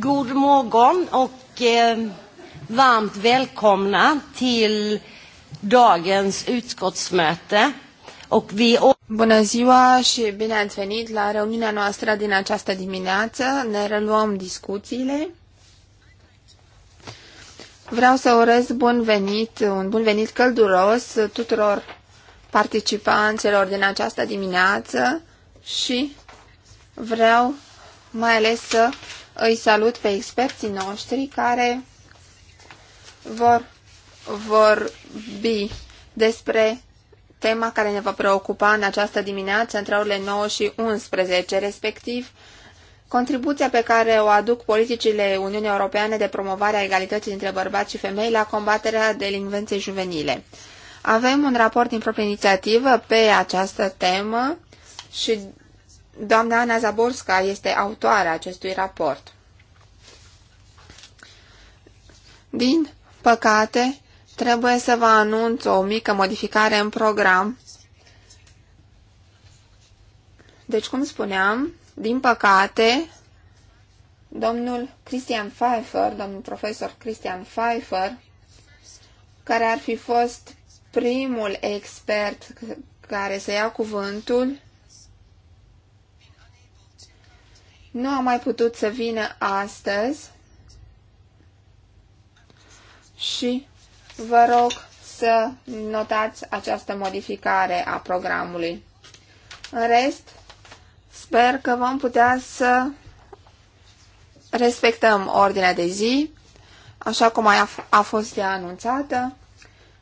God morgon och eh, varmt välkomna till dagens utskottsmöte. Och vi... Bună ziua și bine ați venit la reuniunea noastră din această dimineață. Ne reluăm discuțiile. Vreau să urez bun venit, un bun venit călduros tuturor participanților din această dimineață și vreau mai ales să îi salut pe experții noștri care vor vorbi despre tema care ne va preocupa în această dimineață între orele 9 și 11, respectiv contribuția pe care o aduc politicile Uniunii Europene de promovare a egalității între bărbați și femei la combaterea delinvenței juvenile. Avem un raport din proprie inițiativă pe această temă și Doamna Ana Zaborska este autoarea acestui raport. Din păcate, trebuie să vă anunț o mică modificare în program. Deci, cum spuneam, din păcate, domnul Christian Pfeiffer, domnul profesor Christian Pfeiffer, care ar fi fost primul expert care să ia cuvântul, nu a mai putut să vină astăzi și vă rog să notați această modificare a programului. În rest, sper că vom putea să respectăm ordinea de zi, așa cum a fost ea anunțată.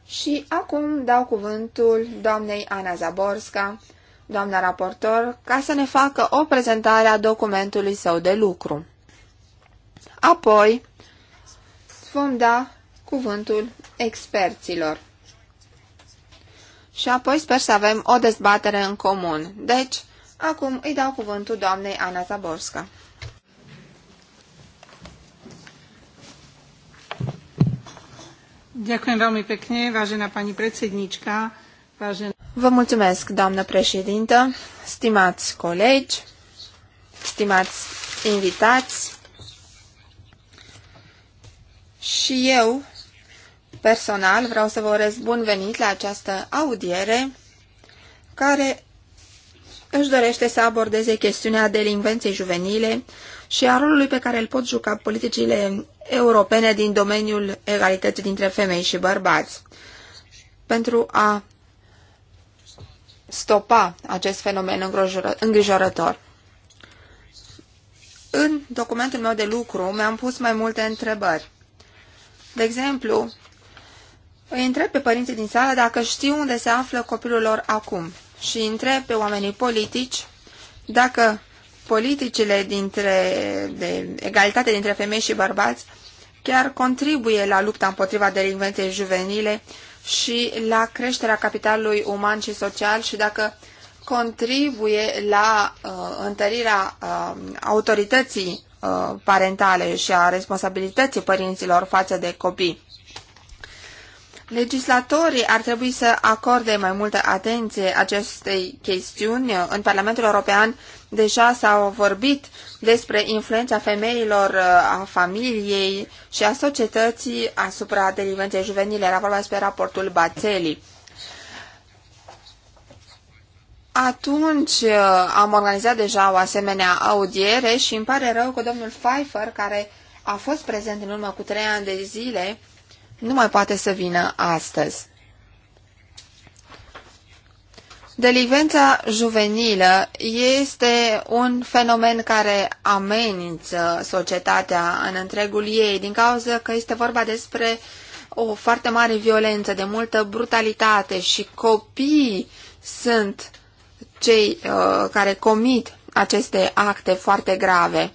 Și acum dau cuvântul doamnei Ana Zaborska, doamna raportor, ca să ne facă o prezentare a documentului său de lucru. Apoi vom da cuvântul experților. Și apoi sper să avem o dezbatere în comun. Deci, acum îi dau cuvântul doamnei Ana Zaborska. Ďakujem veľmi pekne, vážená pani predsedníčka. Vă mulțumesc, doamnă președintă, stimați colegi, stimați invitați și eu, personal, vreau să vă urez bun venit la această audiere care își dorește să abordeze chestiunea delinvenței juvenile și a rolului pe care îl pot juca politicile europene din domeniul egalității dintre femei și bărbați pentru a stopa acest fenomen îngrijorător. În documentul meu de lucru mi-am pus mai multe întrebări. De exemplu, îi întreb pe părinții din sală dacă știu unde se află copilul lor acum și îi întreb pe oamenii politici dacă politicile dintre, de egalitate dintre femei și bărbați chiar contribuie la lupta împotriva delinvenței juvenile și la creșterea capitalului uman și social și dacă contribuie la uh, întărirea uh, autorității uh, parentale și a responsabilității părinților față de copii. Legislatorii ar trebui să acorde mai multă atenție acestei chestiuni. În Parlamentul European deja s-au vorbit despre influența femeilor, uh, a familiei și a societății asupra delinvenței juvenile. Era vorba despre raportul Bațeli. Atunci uh, am organizat deja o asemenea audiere și îmi pare rău că domnul Pfeiffer, care a fost prezent în urmă cu trei ani de zile, nu mai poate să vină astăzi. Delivența juvenilă este un fenomen care amenință societatea în întregul ei, din cauza că este vorba despre o foarte mare violență, de multă brutalitate și copiii sunt cei uh, care comit aceste acte foarte grave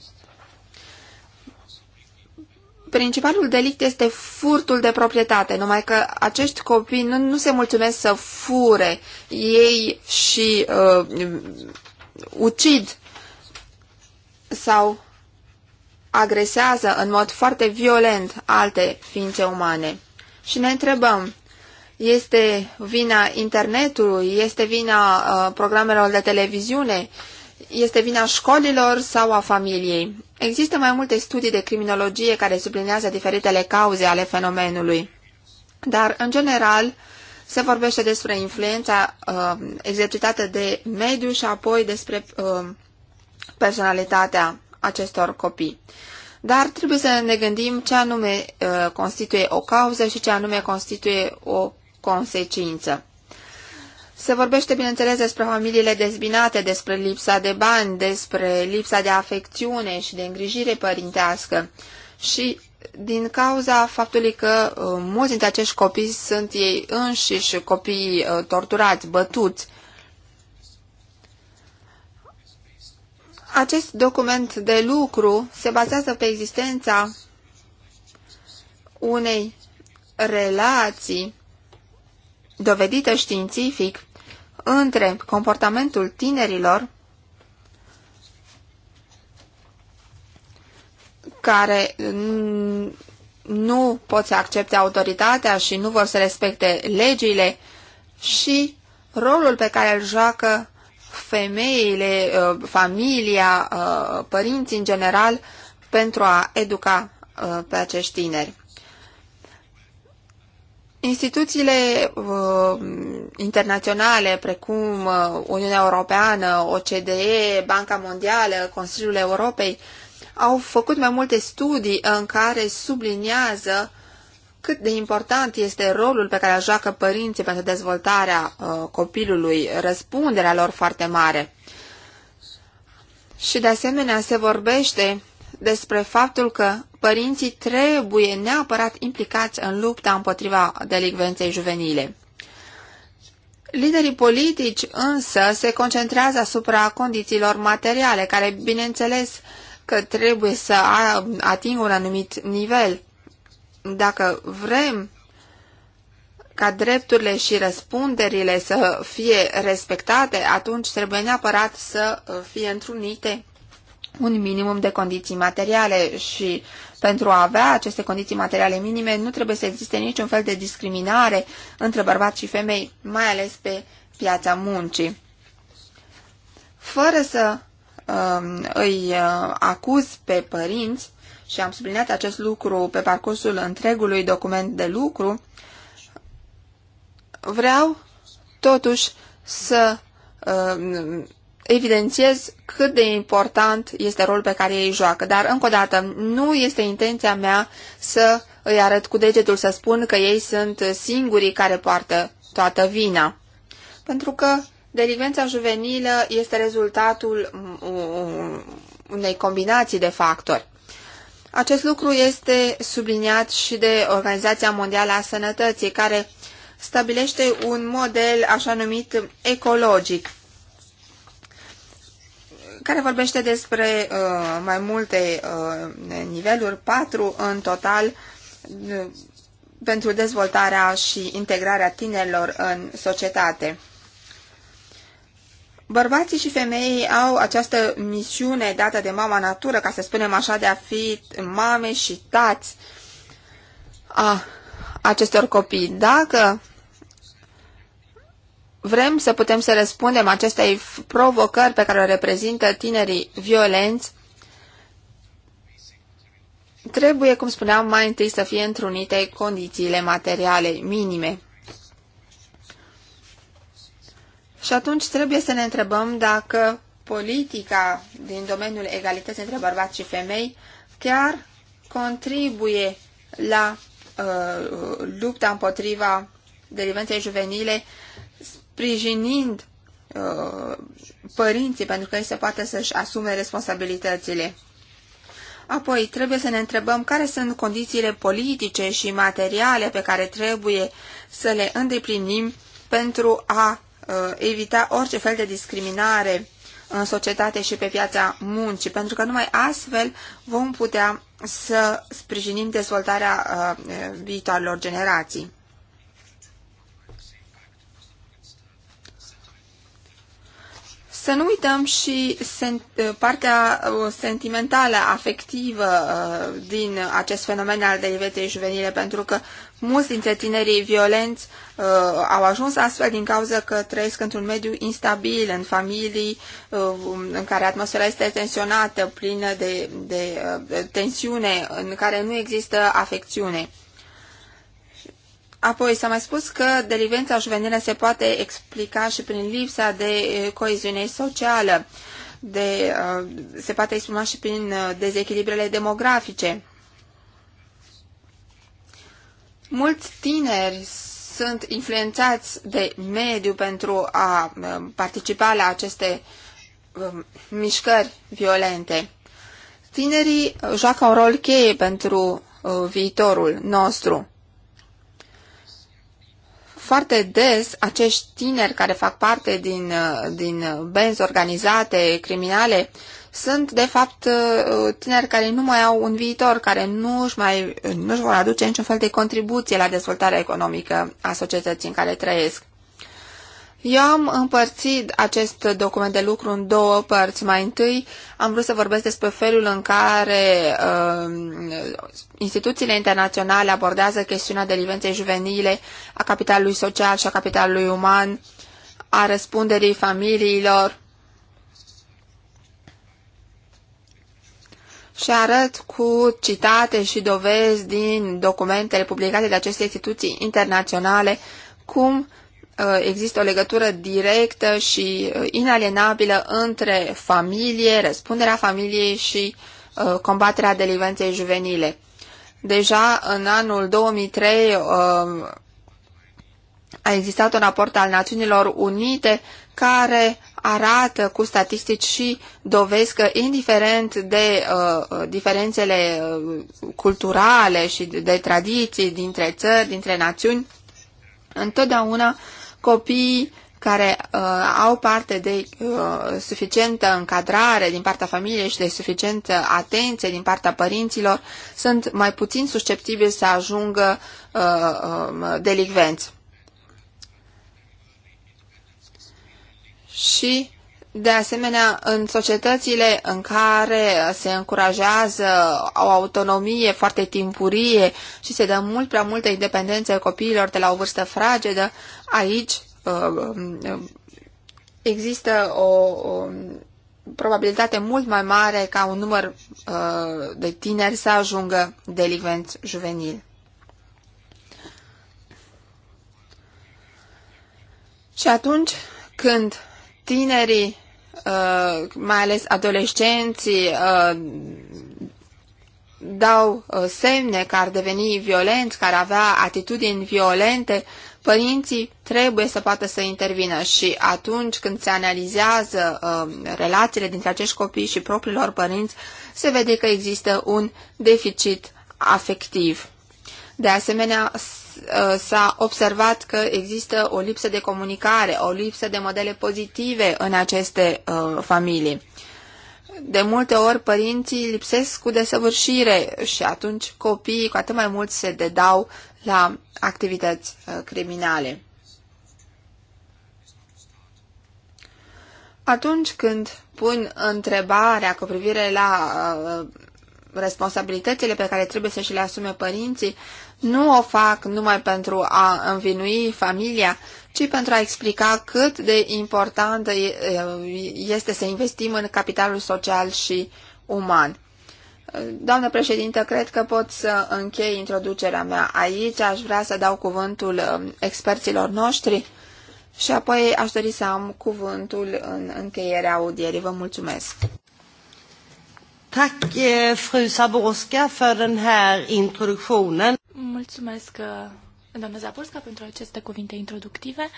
principalul delict este furtul de proprietate, numai că acești copii nu, nu se mulțumesc să fure ei și uh, ucid sau agresează în mod foarte violent alte ființe umane. Și ne întrebăm, este vina internetului, este vina uh, programelor de televiziune, uh, este vina școlilor sau a familiei. Există mai multe studii de criminologie care sublinează diferitele cauze ale fenomenului, dar, în general, se vorbește despre influența uh, exercitată de mediu și apoi despre uh, personalitatea acestor copii. Dar trebuie să ne gândim ce anume uh, constituie o cauză și ce anume constituie o consecință. Se vorbește, bineînțeles, despre familiile dezbinate, despre lipsa de bani, despre lipsa de afecțiune și de îngrijire părintească. Și din cauza faptului că uh, mulți dintre acești copii sunt ei înșiși copii uh, torturați, bătuți. Acest document de lucru se bazează pe existența unei relații dovedită științific între comportamentul tinerilor care nu pot să accepte autoritatea și nu vor să respecte legile și rolul pe care îl joacă femeile, uh, familia, uh, părinții în general pentru a educa uh, pe acești tineri. Instituțiile uh, internaționale, precum uh, Uniunea Europeană, OCDE, Banca Mondială, Consiliul Europei, au făcut mai multe studii în care subliniază cât de important este rolul pe care îl joacă părinții pentru dezvoltarea uh, copilului, răspunderea lor foarte mare. Și de asemenea se vorbește despre faptul că părinții trebuie neapărat implicați în lupta împotriva delicvenței juvenile. Liderii politici însă se concentrează asupra condițiilor materiale, care bineînțeles că trebuie să atingă un anumit nivel. Dacă vrem ca drepturile și răspunderile să fie respectate, atunci trebuie neapărat să fie întrunite un minimum de condiții materiale și pentru a avea aceste condiții materiale minime nu trebuie să existe niciun fel de discriminare între bărbați și femei, mai ales pe piața muncii. Fără să uh, îi uh, acuz pe părinți, și am subliniat acest lucru pe parcursul întregului document de lucru, vreau totuși să uh, evidențiez cât de important este rolul pe care ei joacă. Dar, încă o dată, nu este intenția mea să îi arăt cu degetul să spun că ei sunt singurii care poartă toată vina. Pentru că delivența juvenilă este rezultatul unei combinații de factori. Acest lucru este subliniat și de Organizația Mondială a Sănătății, care stabilește un model așa numit ecologic, care vorbește despre uh, mai multe uh, niveluri, patru în total, uh, pentru dezvoltarea și integrarea tinerilor în societate. Bărbații și femeii au această misiune dată de mama natură, ca să spunem așa, de a fi mame și tați a acestor copii. Dacă vrem să putem să răspundem acestei provocări pe care o reprezintă tinerii violenți, trebuie, cum spuneam, mai întâi să fie întrunite condițiile materiale minime. Și atunci trebuie să ne întrebăm dacă politica din domeniul egalității între bărbați și femei chiar contribuie la uh, lupta împotriva derivenței juvenile sprijinind uh, părinții pentru că ei se poate să-și asume responsabilitățile. Apoi, trebuie să ne întrebăm care sunt condițiile politice și materiale pe care trebuie să le îndeplinim pentru a uh, evita orice fel de discriminare în societate și pe piața muncii, pentru că numai astfel vom putea să sprijinim dezvoltarea uh, viitoarelor generații. Să nu uităm și uh, partea uh, sentimentală, afectivă uh, din acest fenomen al derivetei juvenile, pentru că mulți dintre tinerii violenți au ajuns astfel din cauza că trăiesc într-un mediu instabil, în familii în care atmosfera este tensionată, plină de, de tensiune, în care nu există afecțiune. Apoi s-a mai spus că delivența juvenilă se poate explica și prin lipsa de coeziune socială, de, se poate exprima și prin dezechilibrele demografice. Mulți tineri sunt influențați de mediu pentru a participa la aceste mișcări violente. Tinerii joacă un rol cheie pentru viitorul nostru. Foarte des, acești tineri care fac parte din, uh, din benzi organizate, criminale, sunt de fapt uh, tineri care nu mai au un viitor, care nu își, mai, nu își vor aduce niciun fel de contribuție la dezvoltarea economică a societății în care trăiesc. Eu am împărțit acest document de lucru în două părți. Mai întâi am vrut să vorbesc despre felul în care uh, instituțiile internaționale abordează chestiunea delivenței juvenile, a capitalului social și a capitalului uman, a răspunderii familiilor. Și arăt cu citate și dovezi din documentele publicate de aceste instituții internaționale cum Uh, există o legătură directă și uh, inalienabilă între familie, răspunderea familiei și uh, combaterea delinvenței juvenile. Deja în anul 2003 um, a existat un raport al Națiunilor Unite care arată cu statistici și dovezi că, indiferent de uh, diferențele culturale și de tradiții dintre țări, dintre națiuni, întotdeauna copiii care uh, au parte de uh, suficientă încadrare din partea familiei și de suficientă atenție din partea părinților sunt mai puțin susceptibili să ajungă uh, uh, um, delicvenți. Și de asemenea, în societățile în care se încurajează o autonomie foarte timpurie și se dă mult prea multă independență copiilor de la o vârstă fragedă, aici uh, um, există o, o probabilitate mult mai mare ca un număr uh, de tineri să ajungă delinvenți juvenil. Și atunci când tinerii, uh, mai ales adolescenții, uh, dau uh, semne că ar deveni violenți, care avea atitudini violente, părinții trebuie să poată să intervină și atunci când se analizează uh, relațiile dintre acești copii și propriilor părinți, se vede că există un deficit afectiv. De asemenea, Uh, s-a observat că există o lipsă de comunicare, o lipsă de modele pozitive în aceste uh, familii. De multe ori părinții lipsesc cu desăvârșire și atunci copiii cu atât mai mult se dedau la activități uh, criminale. Atunci când pun întrebarea cu privire la uh, responsabilitățile pe care trebuie să și le asume părinții, nu o fac numai pentru a învinui familia, ci pentru a explica cât de importantă este să investim în capitalul social și uman. Doamnă președintă, cred că pot să închei introducerea mea aici. Aș vrea să dau cuvântul um, experților noștri și apoi aș dori să am cuvântul în încheierea audierii. Vă mulțumesc! Tack eh, fru Saborska för den här introduktionen. Mulțumesc, uh, doamnă Zapolska, pentru aceste cuvinte introductive.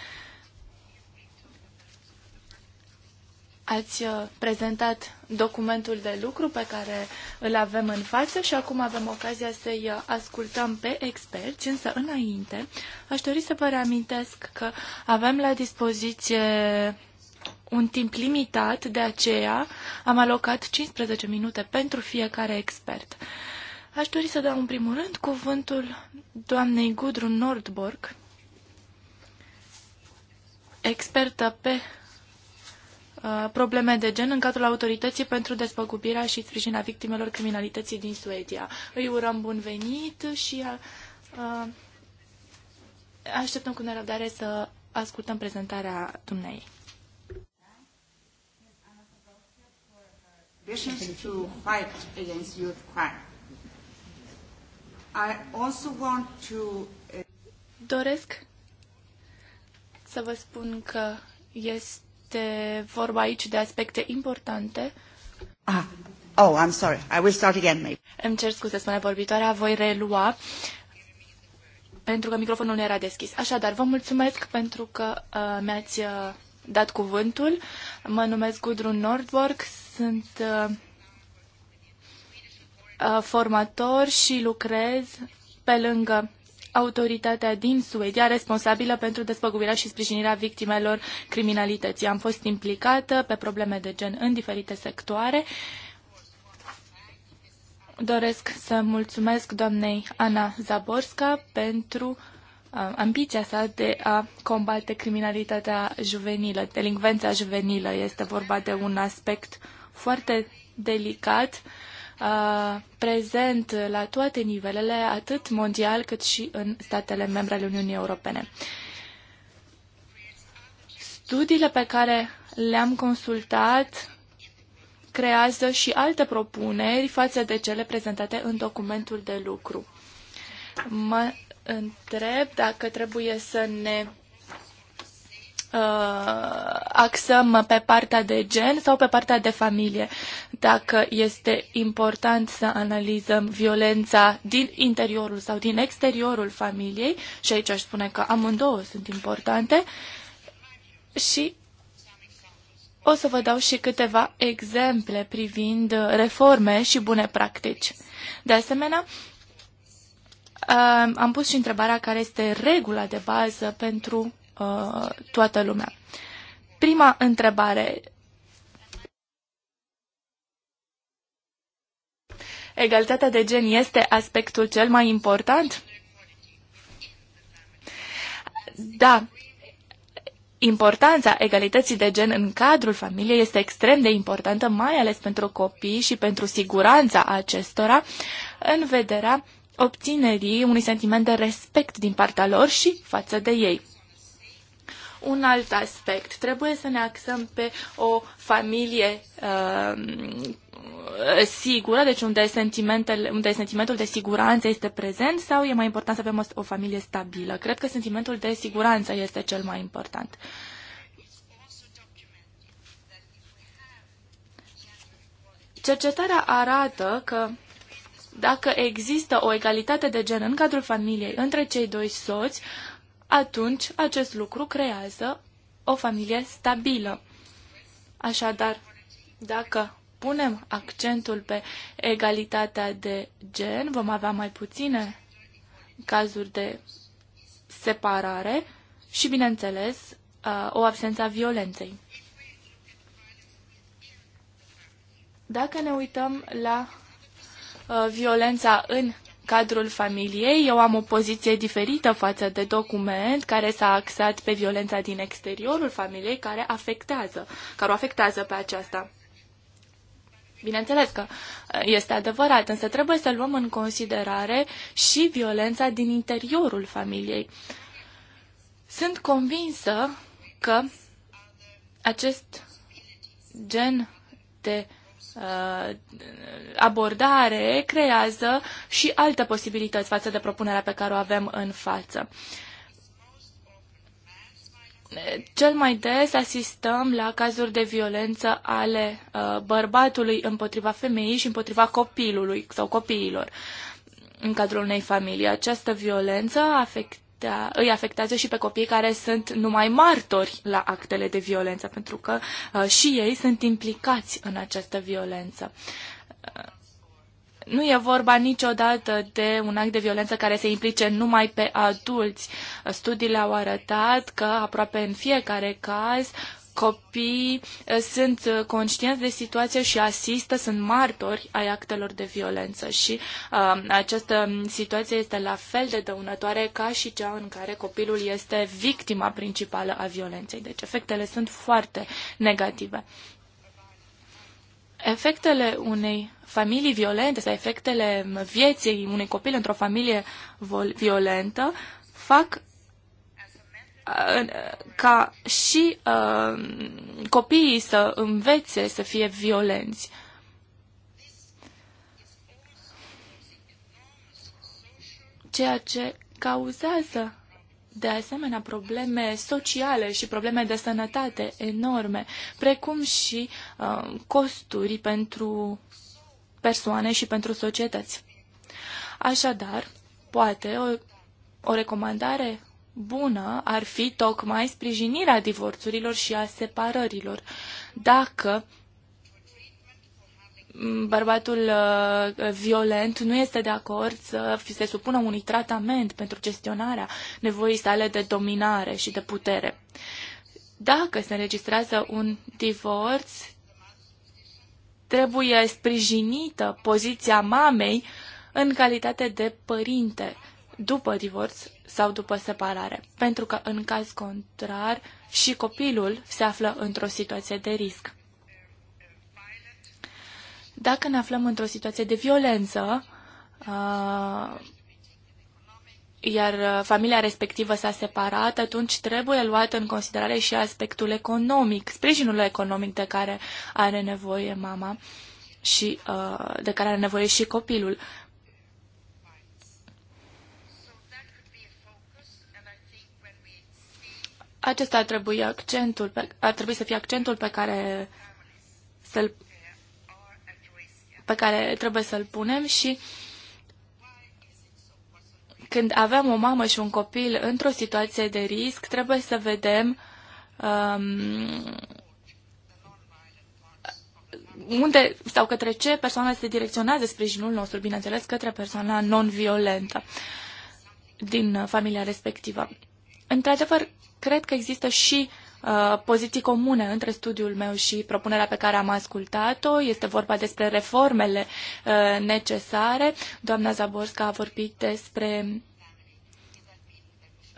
Ați uh, prezentat documentul de lucru pe care îl avem în față și acum avem ocazia să-i uh, ascultăm pe experți, însă înainte aș dori să vă reamintesc că avem la dispoziție un timp limitat, de aceea am alocat 15 minute pentru fiecare expert. Aș dori să dau în primul rând cuvântul doamnei Gudrun Nordborg, expertă pe uh, probleme de gen în cadrul Autorității pentru Despăgubirea și Sprijinirea Victimelor Criminalității din Suedia. Îi urăm bun venit și uh, așteptăm cu nerăbdare să ascultăm prezentarea dumneei. Visions to fight against youth crime. I also want to... Eh, Doresc să vă spun că este vorba aici de aspecte importante. Ah, oh, I'm sorry. I will start again, maybe. Îmi cer scuze, spune vorbitoarea, voi relua pentru că microfonul nu era deschis. Așadar, vă mulțumesc pentru că uh, mi-ați uh, dat cuvântul. Mă numesc Gudrun Nordborg, sunt uh, Uh, formator și lucrez pe lângă autoritatea din Suedia responsabilă pentru despăgubirea și sprijinirea victimelor criminalității. Am fost implicată pe probleme de gen în diferite sectoare. Doresc să mulțumesc doamnei Ana Zaborska pentru uh, ambiția sa de a combate criminalitatea juvenilă. Delinvența juvenilă este vorba de un aspect foarte delicat uh, prezent la toate nivelele, atât mondial cât și în statele membre ale Uniunii Europene. Studiile pe care le-am consultat creează și alte propuneri față de cele prezentate în documentul de lucru. Mă întreb dacă trebuie să ne Uh, axăm pe partea de gen sau pe partea de familie. Dacă este important să analizăm violența din interiorul sau din exteriorul familiei, și aici aș spune că amândouă sunt importante, și o să vă dau și câteva exemple privind reforme și bune practici. De asemenea, uh, am pus și întrebarea care este regula de bază pentru Uh, toată lumea. Prima întrebare. Egalitatea de gen este aspectul cel mai important? Da, Importanța egalității de gen în cadrul familiei este extrem de importantă, mai ales pentru copii și pentru siguranța acestora, în vederea obținerii unui sentiment de respect din partea lor și față de ei un alt aspect. Trebuie să ne axăm pe o familie uh, sigură, deci unde, sentimentele, unde sentimentul de siguranță este prezent sau e mai important să avem o, familie stabilă? Cred că sentimentul de siguranță este cel mai important. Cercetarea arată că dacă există o egalitate de gen în cadrul familiei între cei doi soți, atunci acest lucru creează o familie stabilă. Așadar, dacă punem accentul pe egalitatea de gen, vom avea mai puține cazuri de separare și, bineînțeles, o absență a violenței. Dacă ne uităm la violența în cadrul familiei, eu am o poziție diferită față de document care s-a axat pe violența din exteriorul familiei care afectează, care o afectează pe aceasta. Bineînțeles că uh, este adevărat, însă trebuie să luăm în considerare și violența din interiorul familiei. Sunt convinsă că acest gen de uh, Uh, abordare creează și alte posibilități față de propunerea pe care o avem în față. Cel mai des asistăm la cazuri de violență ale uh, bărbatului împotriva femeii și împotriva copilului sau copiilor în cadrul unei familii. Această violență afectează afectea, îi afectează și pe copiii care sunt numai martori la actele de violență, pentru că uh, și ei sunt implicați în această violență. nu e vorba niciodată de un act de violență care se implice numai pe adulți. Studiile au arătat că aproape în fiecare caz copiii eh, sunt eh, conștienți de situație și asistă, sunt martori ai actelor de violență și această mm, situație este la fel de dăunătoare ca și cea în care copilul este victima principală a violenței. Deci efectele sunt foarte negative. Efectele unei familii violente sau efectele vieții unui copil într-o familie violentă fac ca și uh, copiii să învețe să fie violenți. Ceea ce cauzează de asemenea probleme sociale și probleme de sănătate enorme, precum și uh, costuri pentru persoane și pentru societăți. Așadar, poate o, o recomandare bună ar fi tocmai sprijinirea divorțurilor și a separărilor. Dacă bărbatul uh, violent nu este de acord să se supună unui tratament pentru gestionarea nevoii sale de dominare și de putere. Dacă se înregistrează un divorț, trebuie sprijinită poziția mamei în calitate de părinte după divorț sau după separare, pentru că în caz contrar și copilul se află într-o situație de risc. Dacă ne aflăm într-o situație de violență, uh, iar familia respectivă s-a separat, atunci trebuie luat în considerare și aspectul economic, sprijinul economic de care are nevoie mama și uh, de care are nevoie și copilul. Acesta ar trebui, accentul pe, ar trebui să fie accentul pe care, să pe care trebuie să-l punem și când avem o mamă și un copil într-o situație de risc, trebuie să vedem um, unde sau către ce persoană se direcționează sprijinul nostru, bineînțeles, către persoana non-violentă din familia respectivă. Într-adevăr, cred că există și uh, poziții comune între studiul meu și propunerea pe care am ascultat-o. Este vorba despre reformele uh, necesare. Doamna Zaborska a vorbit despre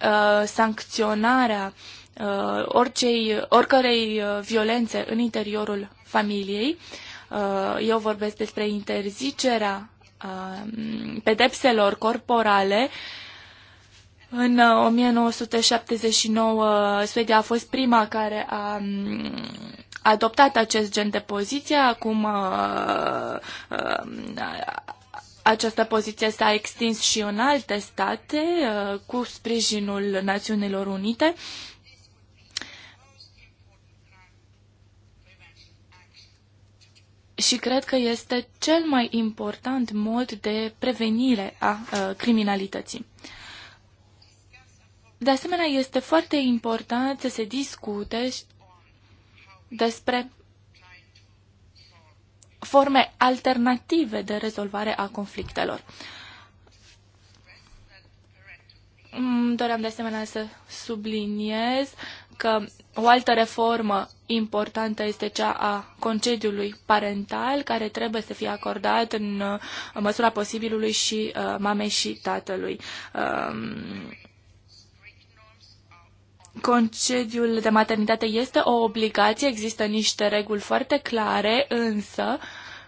uh, sancționarea uh, oricei, oricărei uh, violențe în interiorul familiei. Uh, eu vorbesc despre interzicerea uh, pedepselor corporale uh, în 1979, uh, uh, Suedia a fost prima care a mm, adoptat acest gen de poziție. Acum uh, această poziție s-a extins și în alte state cu sprijinul Națiunilor Unite. Și cred că este cel mai important mod de prevenire a criminalității. De asemenea, este foarte important să se discute despre forme alternative de rezolvare a conflictelor. Mm, doream de asemenea să subliniez că o altă reformă importantă este cea a concediului parental, care trebuie să fie acordat în uh, măsura posibilului și uh, mamei și tatălui. Um, Concediul de maternitate este o obligație, există niște reguli foarte clare, însă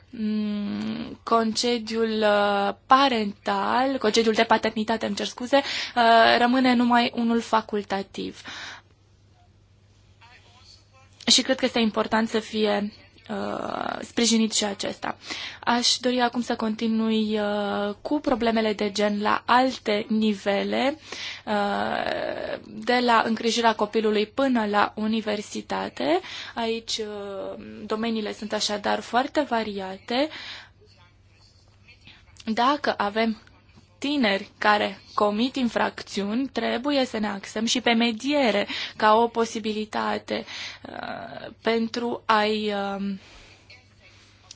mm, concediul uh, parental, concediul de paternitate, îmi cer scuze, uh, rămâne numai unul facultativ. Și cred că este important să fie uh, sprijinit și acesta. Aș dori acum să continui uh, cu problemele de gen la alte nivele, uh, de la îngrijirea copilului până la universitate. Aici uh, domeniile sunt așadar foarte variate. Dacă avem tineri care comit infracțiuni, trebuie să ne axăm și pe mediere ca o posibilitate uh, pentru a-i uh,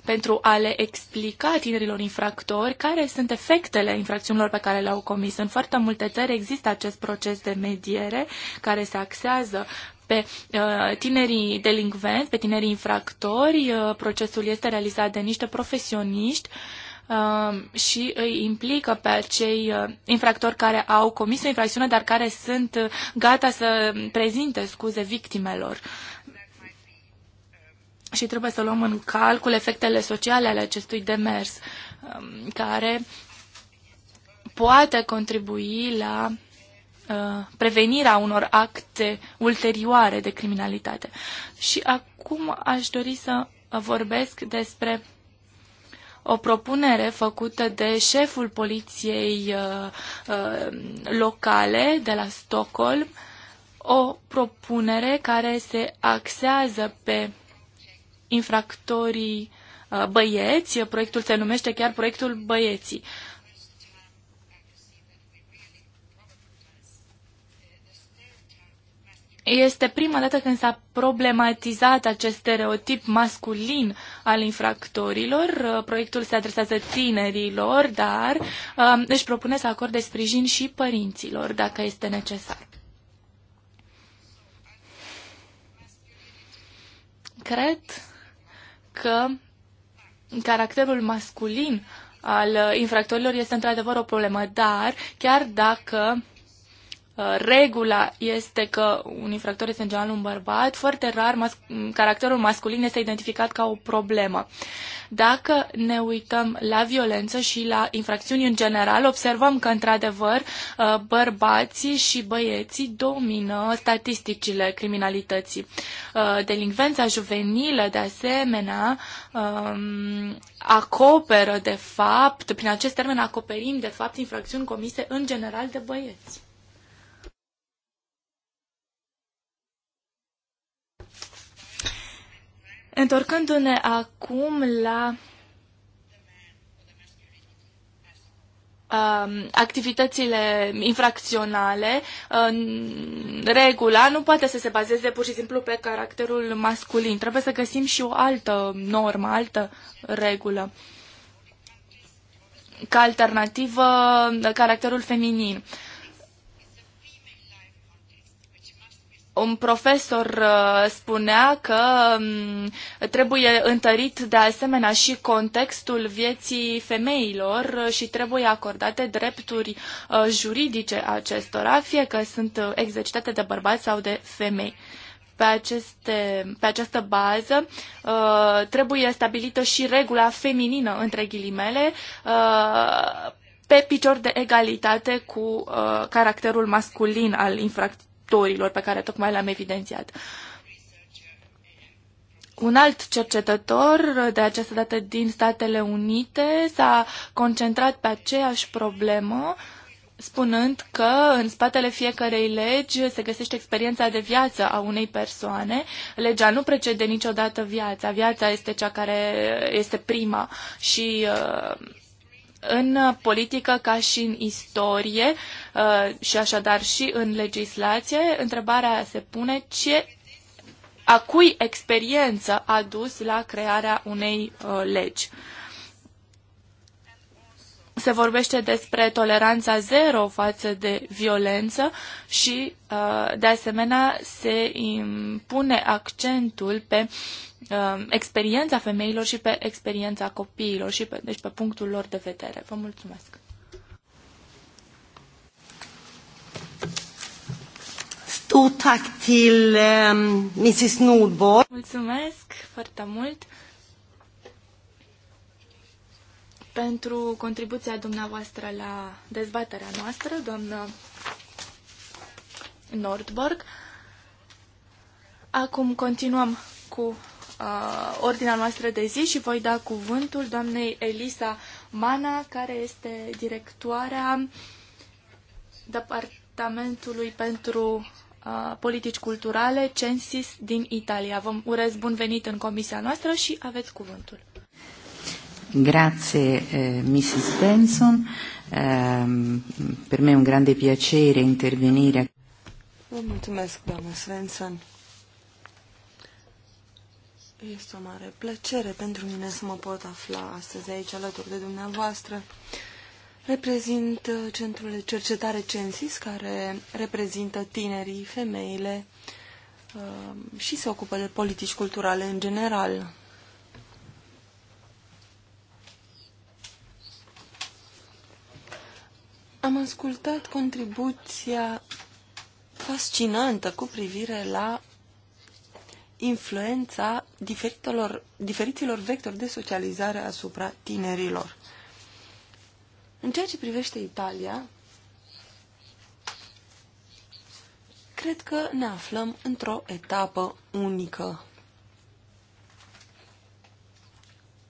pentru a le explica tinerilor infractori care sunt efectele infracțiunilor pe care le-au comis. În foarte multe țări există acest proces de mediere care se axează pe uh, tinerii delincvenți, pe tinerii infractori. Uh, procesul este realizat de niște profesioniști uh, Um, și îi implică pe acei uh, infractori care au comis o infracțiune, dar care sunt uh, gata să prezinte scuze victimelor. Și trebuie să luăm în calcul efectele sociale ale acestui demers, um, care poate contribui la uh, prevenirea unor acte ulterioare de criminalitate. Și acum aș dori să vorbesc despre o propunere făcută de șeful poliției uh, uh, locale de la Stockholm, o propunere care se axează pe infractorii uh, băieți. Proiectul se numește chiar proiectul băieții. Este prima dată când s-a problematizat acest stereotip masculin al infractorilor. Uh, proiectul se adresează tinerilor, dar uh, își propune să acorde sprijin și părinților, dacă este necesar. Cred că caracterul masculin al infractorilor este într-adevăr o problemă, dar chiar dacă Uh, regula este că un infractor este în general un bărbat, foarte rar mas- caracterul masculin este identificat ca o problemă. Dacă ne uităm la violență și la infracțiuni în general, observăm că, într-adevăr, uh, bărbații și băieții domină statisticile criminalității. Uh, delinvența juvenilă, de asemenea, um, acoperă, de fapt, prin acest termen acoperim, de fapt, infracțiuni comise în general de băieți. Întorcându-ne acum la um, activitățile infracționale, regula nu poate să se bazeze pur și simplu pe caracterul masculin. Trebuie să găsim și o altă normă, altă regulă. Ca alternativă, caracterul feminin. Uh, un profesor uh, spunea că um, trebuie întărit de asemenea și contextul vieții femeilor și trebuie acordate drepturi uh, juridice acestora, fie că sunt exercitate de bărbați sau de femei. Pe, aceste, pe această bază uh, trebuie stabilită și regula feminină, între ghilimele, pe picior de egalitate cu caracterul masculin al infracțiunilor factorilor pe care tocmai le-am evidențiat. Un alt cercetător, de această dată din Statele Unite, s-a concentrat pe aceeași problemă, spunând că în spatele fiecărei legi se găsește experiența de viață a unei persoane. Legea nu precede niciodată viața. Viața este cea care este prima și uh, în politică ca și în istorie uh, și așadar și în legislație, întrebarea se pune ce a cui experiență a dus la crearea unei uh, legi. Se vorbește despre toleranța zero față de violență și, uh, de asemenea, se impune accentul pe uh, Um, experiența femeilor și pe experiența copiilor și pe, deci pe punctul lor de vedere. Vă mulțumesc! Stort tack um, Mrs Nordborg. Mulțumesc foarte mult pentru contribuția dumneavoastră la dezbaterea noastră, doamnă Nordborg. Acum continuăm cu uh, ordinea noastră de zi și voi da cuvântul doamnei Elisa Mana, care este directoarea Departamentului pentru uh, Politici Culturale Censis din Italia. Vă urez bun venit în comisia noastră și aveți cuvântul. Grazie eh, Mrs. Benson, eh, per me è un grande piacere intervenire. Vă mulțumesc, doamna Svensson. Este o mare plăcere pentru mine să mă pot afla astăzi aici alături de dumneavoastră. Reprezint uh, Centrul de Cercetare Censis, care reprezintă tinerii, femeile uh, și se ocupă de politici culturale în general. Am ascultat contribuția fascinantă cu privire la influența diferitelor, diferiților vectori de socializare asupra tinerilor. În ceea ce privește Italia, cred că ne aflăm într-o etapă unică.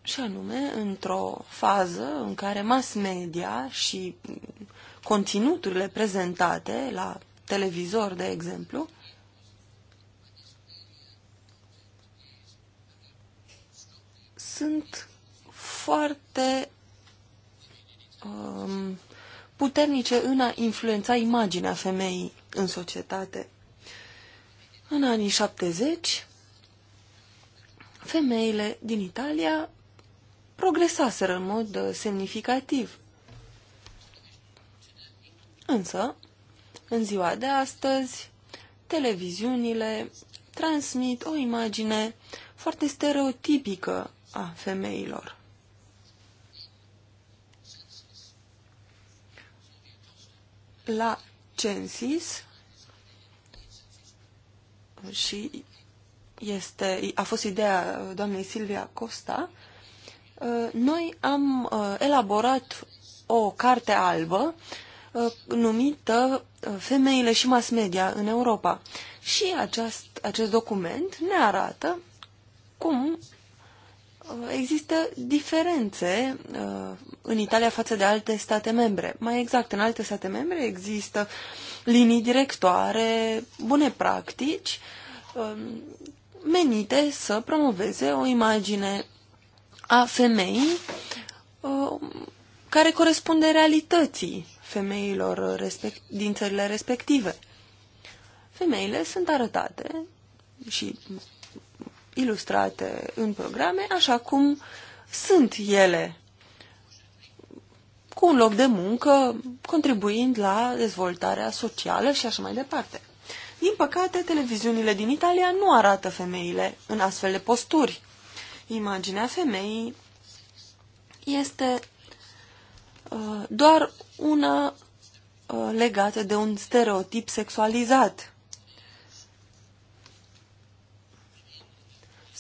Și anume, într-o fază în care mass media și conținuturile prezentate la televizor, de exemplu, sunt foarte um, puternice în a influența imaginea femeii în societate. În anii 70, femeile din Italia progresaseră în mod semnificativ. Însă, în ziua de astăzi, televiziunile transmit o imagine foarte stereotipică a femeilor. La Censis și este, a fost ideea doamnei Silvia Costa, uh, noi am uh, elaborat o carte albă uh, numită Femeile și mass media în Europa. Și acest, acest document ne arată cum există diferențe uh, în Italia față de alte state membre. Mai exact, în alte state membre există linii directoare, bune practici, um, menite să promoveze o imagine a femeii um, care corespunde realității femeilor respect, din țările respective. Femeile sunt arătate și ilustrate în programe așa cum sunt ele, cu un loc de muncă, contribuind la dezvoltarea socială și așa mai departe. Din păcate, televiziunile din Italia nu arată femeile în astfel de posturi. Imaginea femeii este uh, doar una uh, legată de un stereotip sexualizat.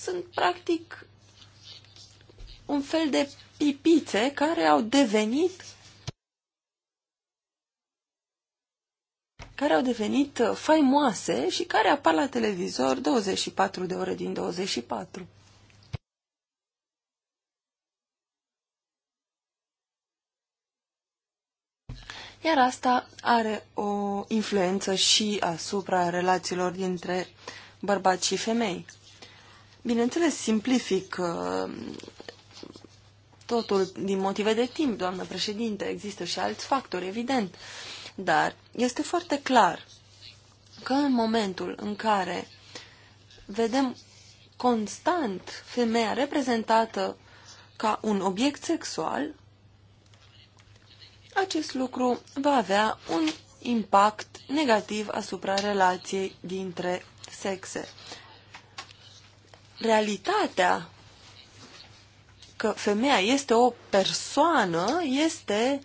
sunt practic un fel de pipițe care au devenit care au devenit uh, faimoase și care apar la televizor 24 de ore din 24. Iar asta are o influență și asupra relațiilor dintre bărbați și femei. Bineînțeles, simplific uh, totul din motive de timp, doamnă președinte, există și alți factori, evident, dar este foarte clar că în momentul în care vedem constant femeia reprezentată ca un obiect sexual, acest lucru va avea un impact negativ asupra relației dintre sexe realitatea că femeia este o persoană este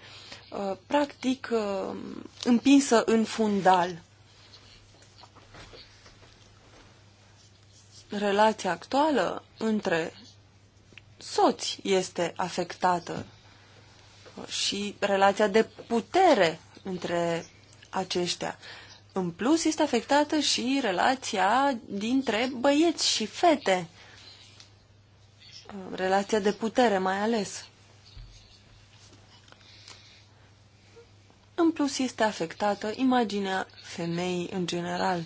uh, practic uh, împinsă în fundal. Relația actuală între soți este afectată uh, și relația de putere între aceștia. În plus, este afectată și relația dintre băieți și fete. Relația de putere, mai ales. În plus, este afectată imaginea femeii în general.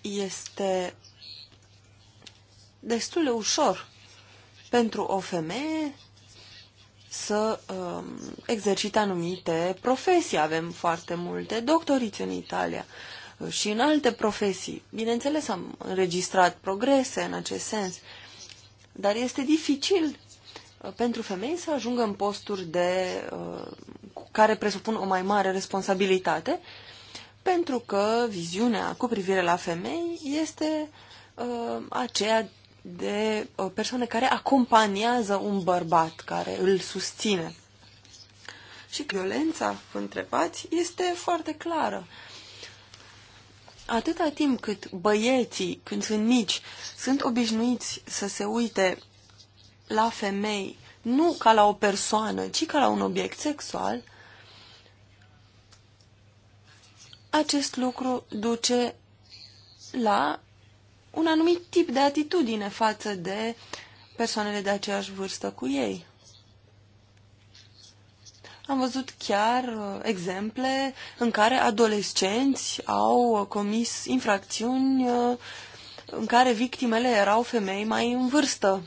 Este destul de ușor pentru o femeie să um, exercite anumite profesii. Avem foarte multe doctoriți în Italia uh, și în alte profesii. Bineînțeles, am înregistrat progrese în acest sens, dar este dificil uh, pentru femei să ajungă în posturi de, uh, care presupun o mai mare responsabilitate, pentru că viziunea cu privire la femei este uh, aceea de o persoane care acompaniază un bărbat, care îl susține. Și violența, vă întrebați, este foarte clară. Atâta timp cât băieții, când sunt mici, sunt obișnuiți să se uite la femei, nu ca la o persoană, ci ca la un obiect sexual, acest lucru duce la un anumit tip de atitudine față de persoanele de aceeași vârstă cu ei. Am văzut chiar uh, exemple în care adolescenți au uh, comis infracțiuni uh, în care victimele erau femei mai în vârstă.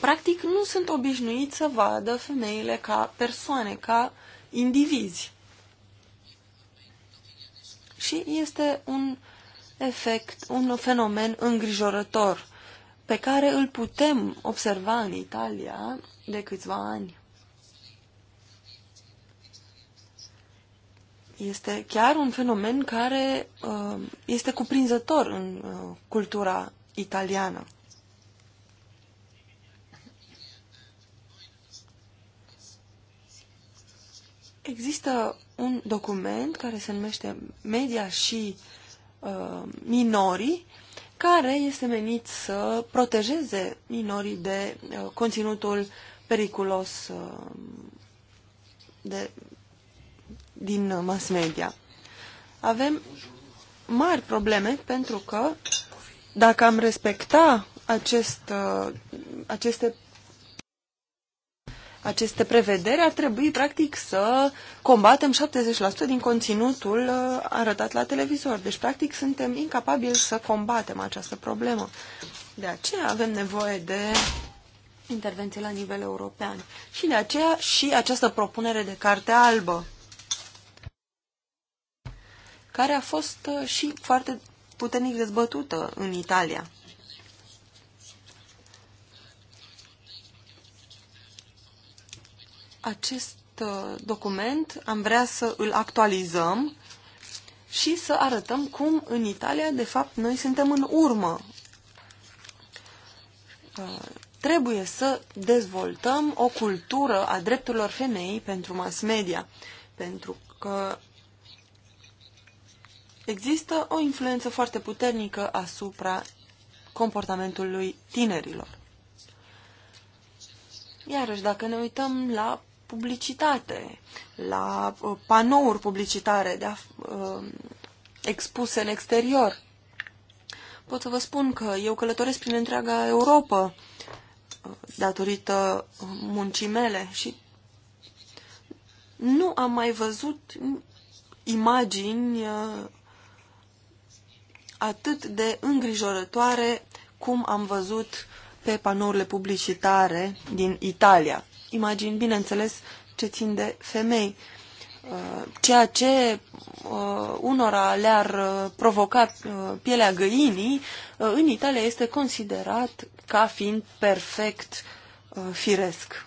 Practic, nu sunt obișnuiți să vadă femeile ca persoane, ca indivizi. Și este un uh, efect, un fenomen îngrijorător pe care îl putem observa în Italia de câțiva ani. Este chiar un fenomen care uh, este cuprinzător în uh, cultura italiană. Există un document care se numește Media și Uh, minorii, care este menit să protejeze minorii de uh, conținutul periculos uh, de, din mass media. Avem mari probleme pentru că dacă am respecta acest, aceste aceste prevederi, ar trebui, practic, să combatem 70% din conținutul uh, arătat la televizor. Deci, practic, suntem incapabili să combatem această problemă. De aceea avem nevoie de intervenții la nivel european. Și de aceea și această propunere de carte albă, care a fost uh, și foarte puternic dezbătută în Italia. Acest uh, document am vrea să îl actualizăm și să arătăm cum în Italia, de fapt, noi suntem în urmă. Uh, trebuie să dezvoltăm o cultură a drepturilor femeii pentru mass media, pentru că există o influență foarte puternică asupra comportamentului tinerilor. Iarăși, dacă ne uităm la publicitate, la uh, panouri publicitare de a, uh, expuse în exterior. Pot să vă spun că eu călătoresc prin întreaga Europa uh, datorită muncii mele și nu am mai văzut imagini atât de îngrijorătoare cum am văzut pe panourile publicitare din Italia imagini, bineînțeles, ce țin de femei. Uh, ceea ce uh, unora le-ar uh, provoca pielea găinii, în Italia este considerat ca fiind perfect firesc.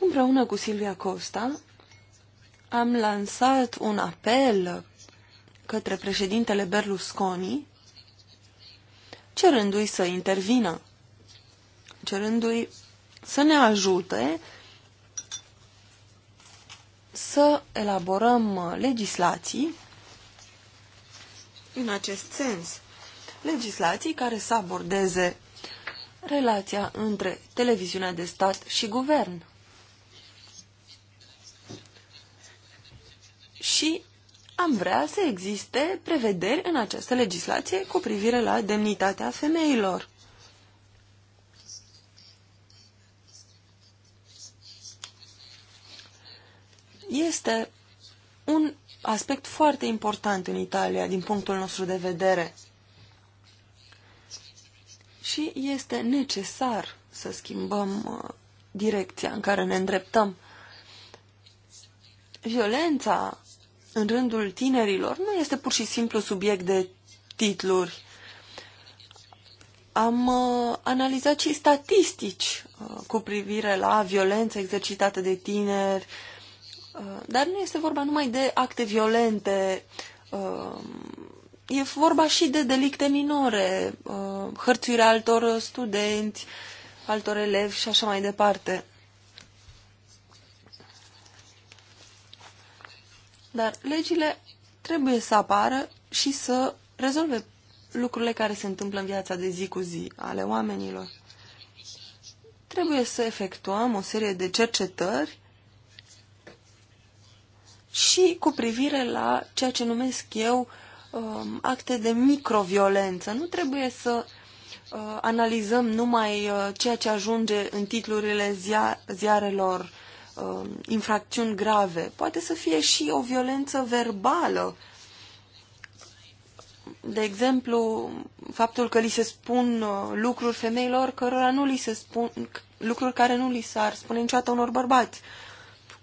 Împreună cu Silvia Costa am lansat un apel către președintele Berlusconi cerându-i să intervină, cerându-i să ne ajute să elaborăm legislații în acest sens. Legislații care să abordeze relația între televiziunea de stat și guvern. Și am vrea să existe prevederi în această legislație cu privire la demnitatea femeilor. Este un aspect foarte important în Italia din punctul nostru de vedere. Și este necesar să schimbăm uh, direcția în care ne îndreptăm. Violența în rândul tinerilor nu este pur și simplu subiect de titluri. Am uh, analizat și statistici uh, cu privire la violență exercitată de tineri, uh, dar nu este vorba numai de acte violente, uh, e vorba și de delicte minore, uh, hărțuirea altor studenți, altor elevi și așa mai departe. Dar legile trebuie să apară și să rezolve lucrurile care se întâmplă în viața de zi cu zi ale oamenilor. Trebuie să efectuăm o serie de cercetări și cu privire la ceea ce numesc eu um, acte de microviolență. Nu trebuie să uh, analizăm numai uh, ceea ce ajunge în titlurile ziarelor uh, infracțiuni grave. Poate să fie și o violență verbală. De exemplu, faptul că li se spun uh, lucruri femeilor cărora nu li se spun lucruri care nu li s-ar spune niciodată unor bărbați.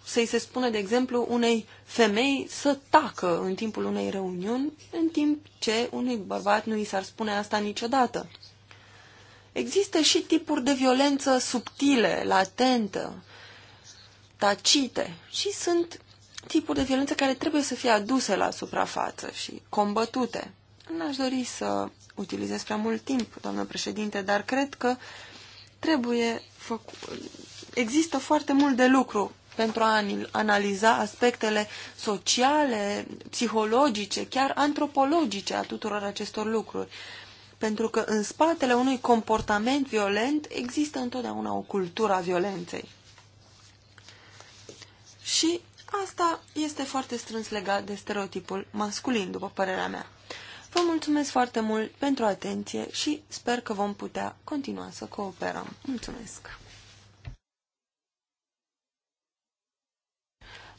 Să-i se spune, de exemplu, unei femei să tacă în timpul unei reuniuni, în timp ce unui bărbat nu i s-ar spune asta niciodată. Există și tipuri de violență subtile, latentă, tacite și sunt tipuri de violență care trebuie să fie aduse la suprafață și combătute. N-aș dori să utilizez prea mult timp, doamnă președinte, dar cred că trebuie făcu... există foarte mult de lucru pentru a analiza aspectele sociale, psihologice, chiar antropologice a tuturor acestor lucruri. Pentru că în spatele unui comportament violent există întotdeauna o cultură a violenței. Și asta este foarte strâns legat de stereotipul masculin, după părerea mea. Vă mulțumesc foarte mult pentru atenție și sper că vom putea continua să cooperăm. Mulțumesc!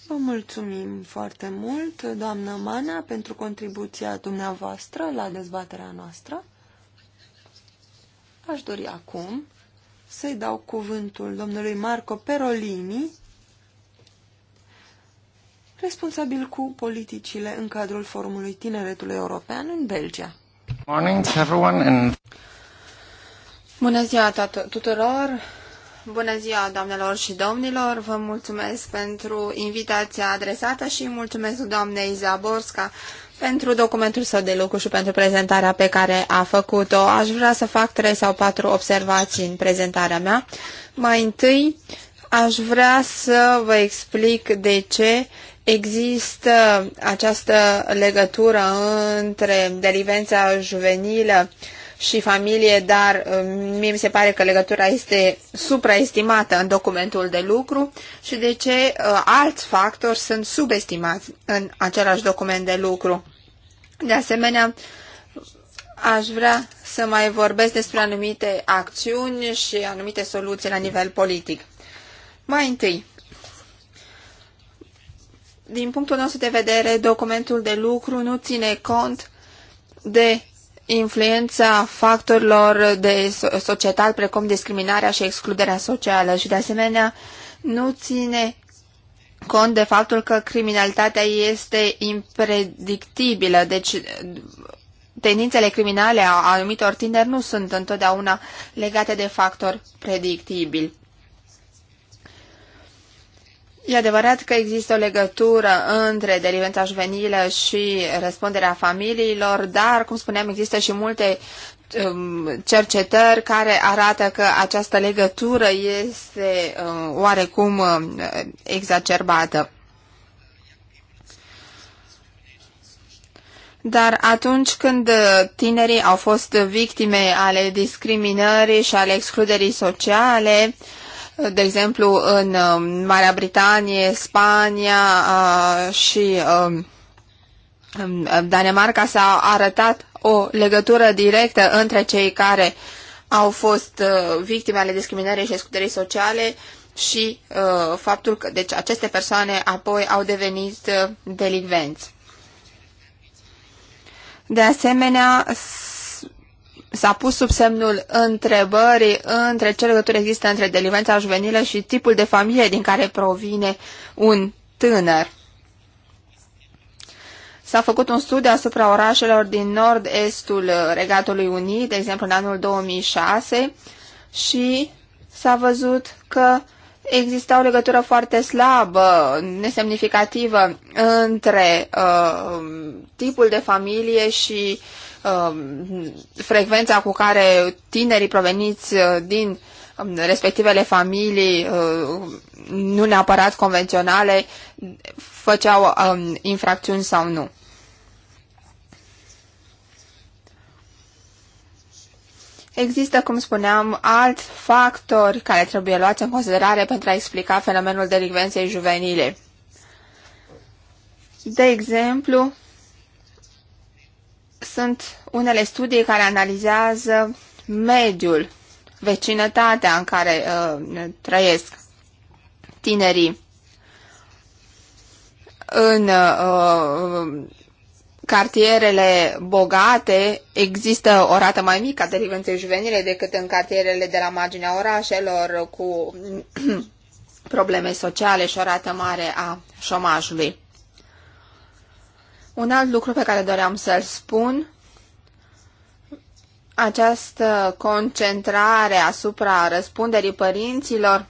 Vă mulțumim foarte mult, doamnă Mana, pentru contribuția dumneavoastră la dezbaterea noastră. Aș dori acum să-i dau cuvântul domnului Marco Perolini, responsabil cu politicile în cadrul Forumului Tineretului European în Belgia. Morning, everyone, and... Bună ziua tuturor! Bună ziua, doamnelor și domnilor! Vă mulțumesc pentru invitația adresată și mulțumesc doamnei Zaborska pentru documentul său de lucru și pentru prezentarea pe care a făcut-o. Aș vrea să fac trei sau patru observații în prezentarea mea. Mai întâi, aș vrea să vă explic de ce Există această legătură între delivența juvenilă și familie, dar uh, mie mi se pare că legătura este supraestimată în documentul de lucru și de ce uh, alți factori sunt subestimați în același document de lucru. De asemenea, aș vrea să mai vorbesc despre anumite acțiuni și anumite soluții la nivel politic. Mai întâi, din punctul nostru de vedere, documentul de lucru nu ține cont de influența factorilor de societal, precum discriminarea și excluderea socială și, de asemenea, nu ține cont de faptul că criminalitatea este impredictibilă, deci tendințele criminale a anumitor tineri nu sunt întotdeauna legate de factori predictibili. E adevărat că există o legătură între delinvența juvenilă și răspunderea familiilor, dar, cum spuneam, există și multe um, cercetări care arată că această legătură este um, oarecum um, exacerbată. Dar atunci când tinerii au fost victime ale discriminării și ale excluderii sociale, de exemplu, în um, Marea Britanie, Spania și um, Danemarca s-a arătat o legătură directă între cei care au fost uh, victime ale discriminării și excluderii sociale și uh, faptul că deci, aceste persoane apoi au devenit uh, delinvenți. De asemenea, s-a pus sub semnul întrebării între ce legătură există între delinvența juvenilă și tipul de familie din care provine un tânăr. S-a făcut un studiu asupra orașelor din nord-estul Regatului Unit, de exemplu în anul 2006, și s-a văzut că exista o legătură foarte slabă, nesemnificativă, între uh, tipul de familie și Um, frecvența cu care tinerii proveniți uh, din um, respectivele familii, uh, nu neapărat convenționale, făceau um, infracțiuni sau nu. Există, cum spuneam, alt factori care trebuie luați în considerare pentru a explica fenomenul delicvenței juvenile. De exemplu, sunt unele studii care analizează mediul, vecinătatea în care uh, trăiesc tinerii în uh, cartierele bogate există o rată mai mică a delinvenței juvenile decât în cartierele de la marginea orașelor cu probleme sociale și o rată mare a șomajului. Un alt lucru pe care doream să-l spun, această concentrare asupra răspunderii părinților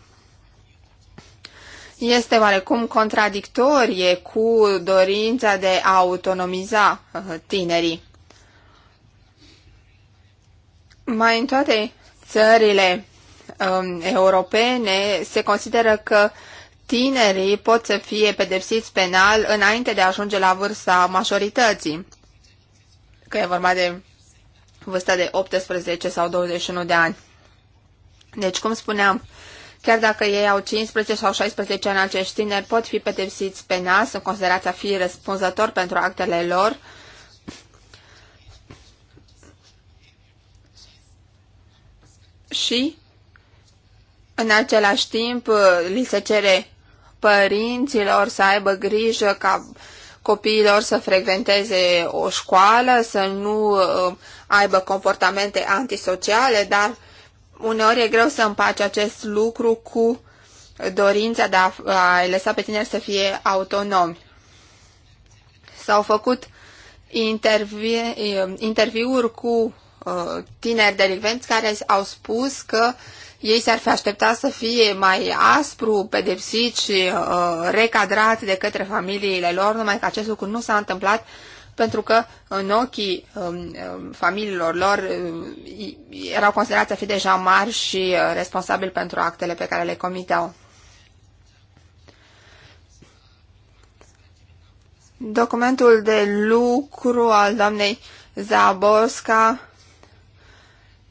este oarecum contradictorie cu dorința de a autonomiza uh, tinerii. Mai în toate țările um, europene se consideră că uh, tinerii pot să fie pedepsiți penal înainte de a ajunge la vârsta majorității, că e vorba de vârsta de 18 sau 21 de ani. Deci, cum spuneam, chiar dacă ei au 15 sau 16 ani, acești tineri pot fi pedepsiți penal, sunt considerați a fi răspunzători pentru actele lor, și în același timp li se cere părinților să aibă grijă ca copiilor să frecventeze o școală, să nu uh, aibă comportamente antisociale, dar uneori e greu să împaci acest lucru cu dorința de a, lăsa pe tineri să fie autonomi. S-au făcut intervi, uh, interviuri cu uh, tineri delinvenți care au spus că ei s-ar fi așteptat să fie mai aspru, pedepsit și uh, recadrat de către familiile lor, numai că acest lucru nu s-a întâmplat pentru că în ochii um, um familiilor lor uh, erau considerați a fi deja mari și uh, responsabili pentru actele pe care le comiteau. Documentul de lucru al doamnei Zaborska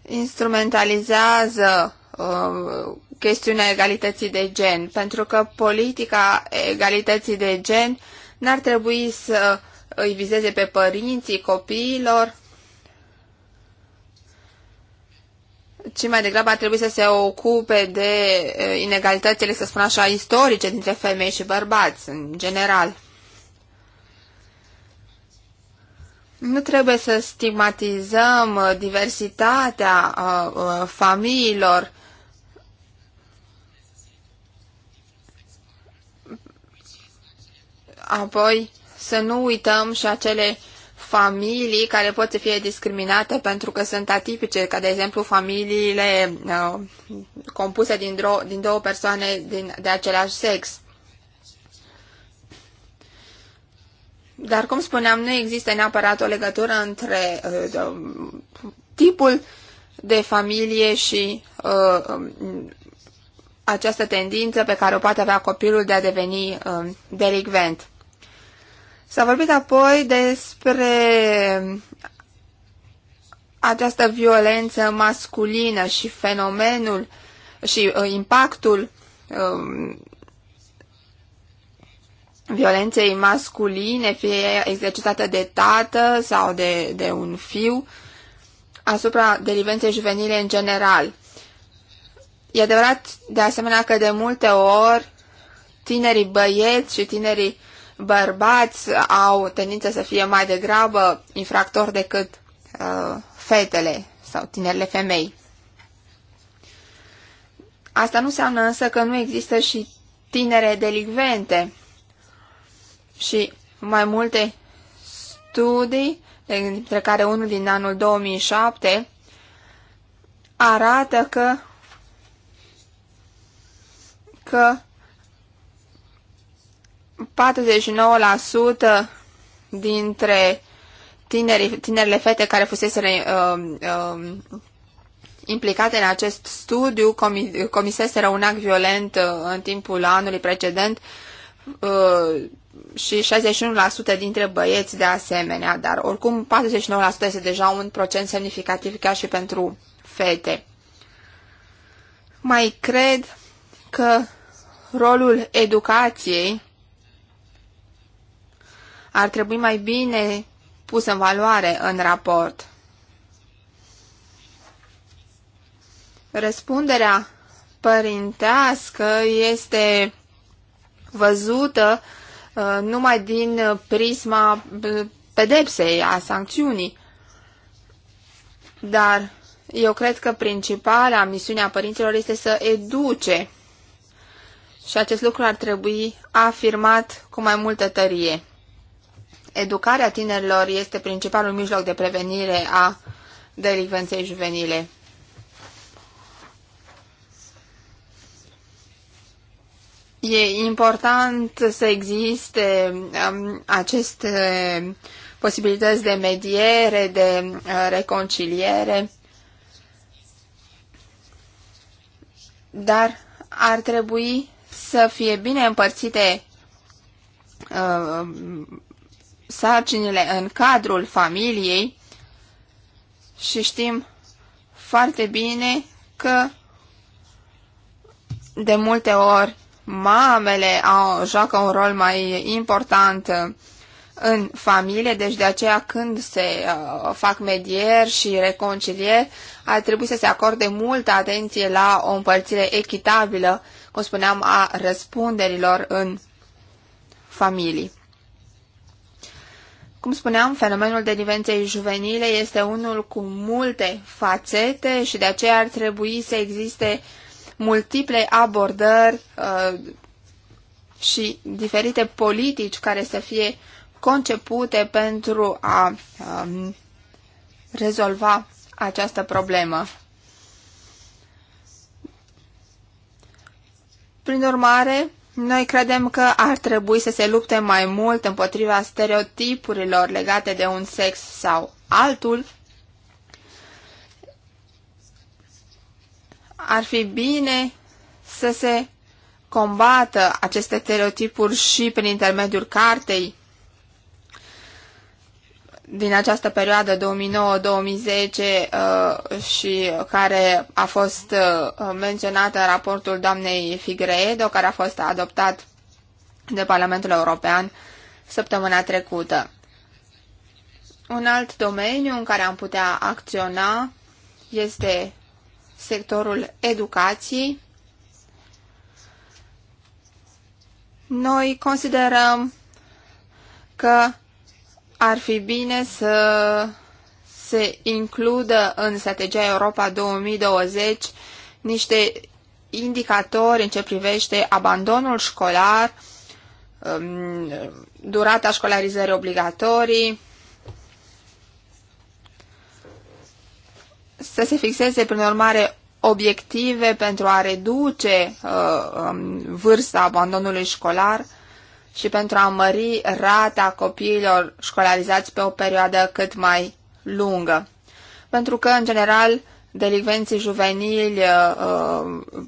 instrumentalizează Um, chestiunea egalității de gen, pentru că politica egalității de gen n-ar trebui să îi vizeze pe părinții copiilor, ci mai degrabă ar trebui să se ocupe de uh, inegalitățile, să spun așa, istorice dintre femei și bărbați, în general. Nu trebuie să stigmatizăm uh, diversitatea uh, familiilor Apoi să nu uităm și acele familii care pot să fie discriminate pentru că sunt atipice, ca de exemplu familiile uh, compuse din, dro- din două persoane din, de același sex. Dar, cum spuneam, nu există neapărat o legătură între uh, uh tipul de familie și uh, um, această tendință pe care o poate avea copilul de a deveni uh, delicvent. S-a vorbit apoi despre această violență masculină și fenomenul și uh, impactul uh, violenței masculine, fie exercitată de tată sau de, de un fiu, asupra delivenței juvenile în general. E adevărat, de asemenea, că de multe ori tinerii băieți și tinerii bărbați au tendința să fie mai degrabă infractori decât uh, fetele sau tinerile femei. Asta nu înseamnă însă că nu există și tinere delicvente și mai multe studii, dintre care unul din anul 2007, arată că, că 49% dintre tinerii, tinerile fete care fusese uh, uh, implicate în acest studiu comi, comiseseră un act violent uh, în timpul anului precedent uh, și 61% dintre băieți de asemenea, dar oricum 49% este deja un procent semnificativ chiar și pentru fete. Mai cred că rolul educației ar trebui mai bine pus în valoare în raport. Răspunderea părintească este văzută uh, numai din prisma uh, pedepsei, a sancțiunii. Dar eu cred că principala misiune a părinților este să educe și acest lucru ar trebui afirmat cu mai multă tărie educarea tinerilor este principalul mijloc de prevenire a delinvenței juvenile. E important să existe um, aceste posibilități de mediere, de uh, reconciliere, dar ar trebui să fie bine împărțite uh, sarcinile în cadrul familiei și știm foarte bine că de multe ori mamele au, joacă un rol mai important în familie, deci de aceea când se uh, fac medieri și reconcilieri, ar trebui să se acorde multă atenție la o împărțire echitabilă, cum spuneam, a răspunderilor în familii. Cum spuneam, fenomenul delinvenței juvenile este unul cu multe fațete și de aceea ar trebui să existe multiple abordări uh, și diferite politici care să fie concepute pentru a um, rezolva această problemă. Prin urmare, noi credem că ar trebui să se lupte mai mult împotriva stereotipurilor legate de un sex sau altul. Ar fi bine să se combată aceste stereotipuri și prin intermediul cartei din această perioadă 2009-2010 uh, și care a fost uh, menționată în raportul doamnei Figreedo, care a fost adoptat de Parlamentul European săptămâna trecută. Un alt domeniu în care am putea acționa este sectorul educației. Noi considerăm că ar fi bine să se includă în strategia Europa 2020 niște indicatori în ce privește abandonul școlar, um, durata școlarizării obligatorii, să se fixeze, prin urmare, obiective pentru a reduce uh, um, vârsta abandonului școlar și pentru a mări rata copiilor școlarizați pe o perioadă cât mai lungă. Pentru că, în general, delicvenții juvenili uh, uh,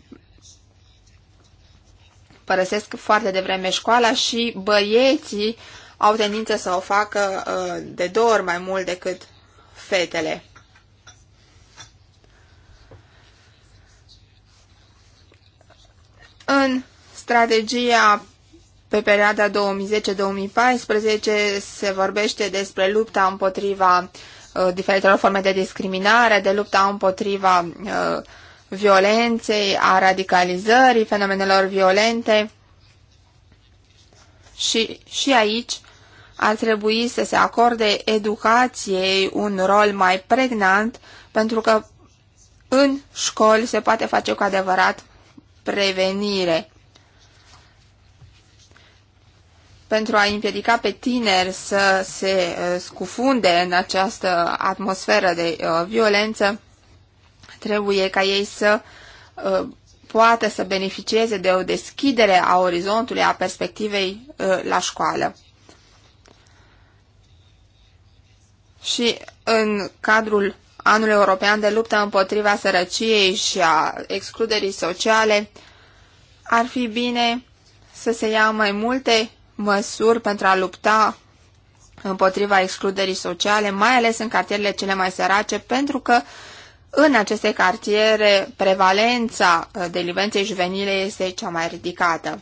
părăsesc foarte devreme școala și băieții au tendință să o facă uh, de două ori mai mult decât fetele. În strategia pe perioada 2010-2014 se vorbește despre lupta împotriva uh, diferitelor forme de discriminare, de lupta împotriva uh, violenței, a radicalizării, fenomenelor violente. Și, și aici ar trebui să se acorde educației un rol mai pregnant, pentru că în școli se poate face cu adevărat prevenire. pentru a împiedica pe tineri să se uh, scufunde în această atmosferă de uh, violență, trebuie ca ei să uh, poată să beneficieze de o deschidere a orizontului, a perspectivei la școală. Și în cadrul anului european de luptă împotriva sărăciei și a excluderii sociale, ar fi bine să se ia mai multe măsuri pentru a lupta împotriva excluderii sociale, mai ales în cartierele cele mai sărace, pentru că în aceste cartiere prevalența uh, delivenței juvenile este cea mai ridicată.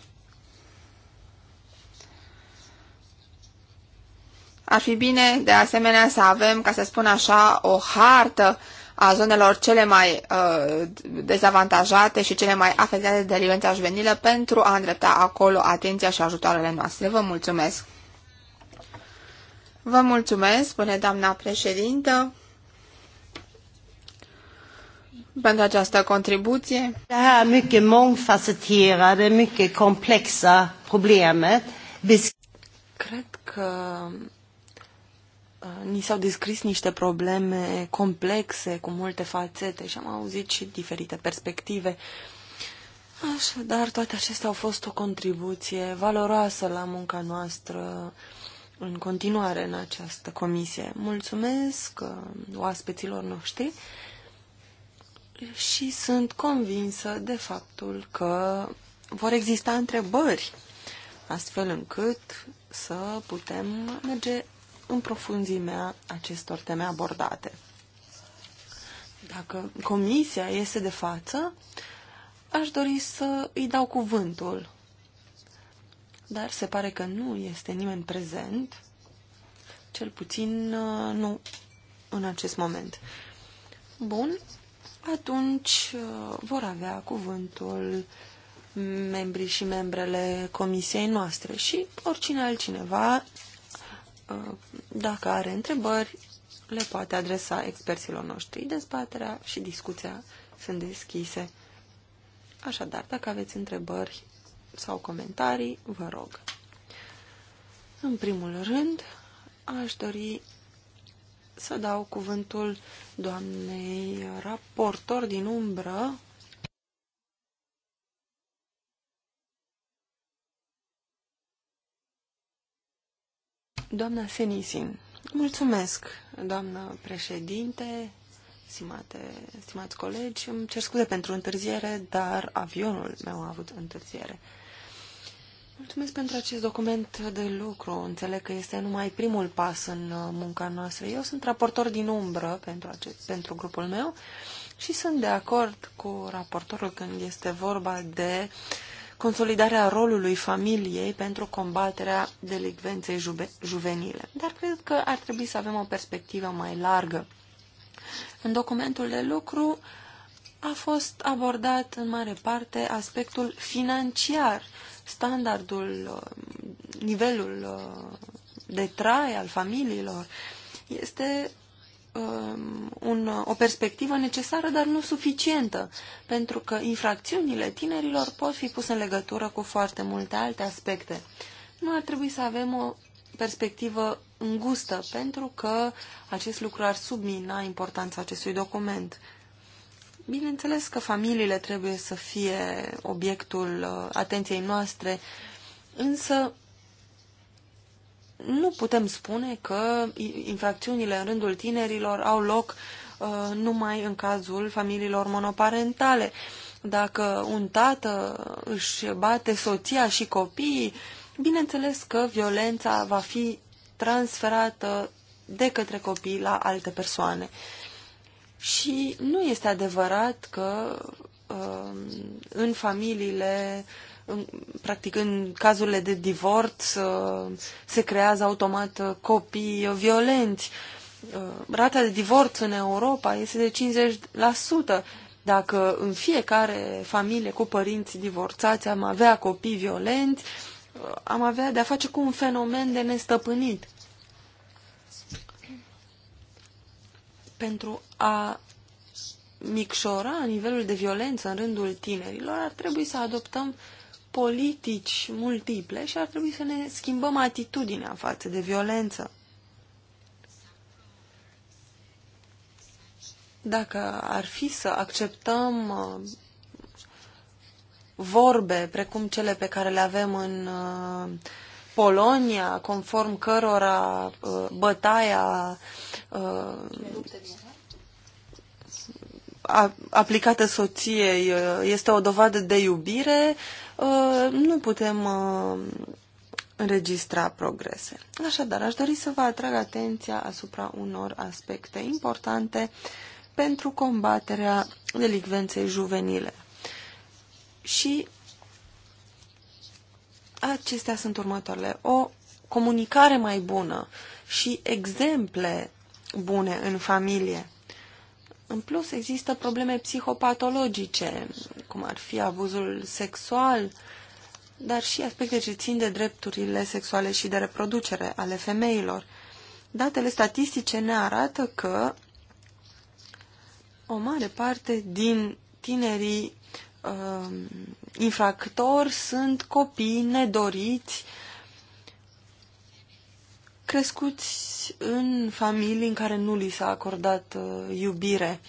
Ar fi bine, de asemenea, să avem, ca să spun așa, o hartă a zonelor cele mai uh, dezavantajate și cele mai afectate de delinvența juvenilă pentru a îndrepta acolo atenția și ajutoarele noastre. Vă mulțumesc! Vă mulțumesc, spune doamna președintă, pentru această contribuție. Det här mycket mångfacetterade, mycket komplexa problemet. Cred că Uh, ni s-au descris niște probleme complexe, cu multe fațete și am auzit și diferite perspective. Așadar, toate acestea au fost o contribuție valoroasă la munca noastră în continuare în această comisie. Mulțumesc uh, oaspeților noștri și sunt convinsă de faptul că vor exista întrebări, astfel încât să putem merge în profunzimea acestor teme abordate. Dacă comisia este de față, aș dori să îi dau cuvântul. Dar se pare că nu este nimeni prezent, cel puțin uh, nu în acest moment. Bun, atunci uh, vor avea cuvântul membrii și membrele comisiei noastre și oricine altcineva Uh, dacă are întrebări, le poate adresa experților noștri. Dezbaterea și discuția sunt deschise. Așadar, dacă aveți întrebări sau comentarii, vă rog. În primul rând, aș dori să dau cuvântul doamnei raportor din umbră, Doamna Senisin, mulțumesc, doamnă președinte, stimate, stimați colegi. Îmi cer scuze pentru întârziere, dar avionul meu a avut întârziere. Mulțumesc pentru acest document de lucru. Înțeleg că este numai primul pas în uh, munca noastră. Eu sunt raportor din umbră pentru, acest, pentru grupul meu și sunt de acord cu raportorul când este vorba de consolidarea rolului familiei pentru combaterea delicvenței juvenile. Dar cred că ar trebui să avem o perspectivă mai largă. În documentul de lucru a fost abordat în mare parte aspectul financiar, standardul, nivelul uh, de trai al familiilor. Este Um, un, o perspectivă necesară, dar nu suficientă, pentru că infracțiunile tinerilor pot fi puse în legătură cu foarte multe alte aspecte. Nu ar trebui să avem o perspectivă îngustă, pentru că acest lucru ar submina importanța acestui document. Bineînțeles că familiile trebuie să fie obiectul uh, atenției noastre, însă nu putem spune că infracțiunile în rândul tinerilor au loc uh, numai în cazul familiilor monoparentale. Dacă un tată își bate soția și copiii, bineînțeles că violența va fi transferată de către copii la alte persoane. Și nu este adevărat că uh, în familiile uh, practic în cazurile de divorț, se creează automat uh, copii uh, violenți. Uh, rata de divorț în Europa este de 50%. Dacă în fiecare familie cu părinți divorțați am avea copii violenți, am avea de-a face cu un fenomen de nestăpânit. Pentru a micșora nivelul de violență în rândul tinerilor, ar trebui să adoptăm uh, politici multiple și ar trebui să ne schimbăm atitudinea față de violență. Dacă ar fi să acceptăm uh, vorbe precum cele pe care le avem în uh, Polonia, conform cărora uh, bătaia aplicată soției este o dovadă de iubire, Uh, nu putem uh, înregistra progrese. Așadar, aș dori să vă atrag atenția asupra unor aspecte importante pentru combaterea delicvenței juvenile. Și acestea sunt următoarele. O comunicare mai bună și exemple bune în familie. În plus, există probleme psihopatologice, cum ar fi abuzul sexual, dar și aspecte ce țin de drepturile sexuale și de reproducere ale femeilor. Datele statistice ne arată că o mare parte din tinerii uh, infractori sunt copii nedoriți uh, crescuți în familii în care nu li s-a acordat uh, iubire.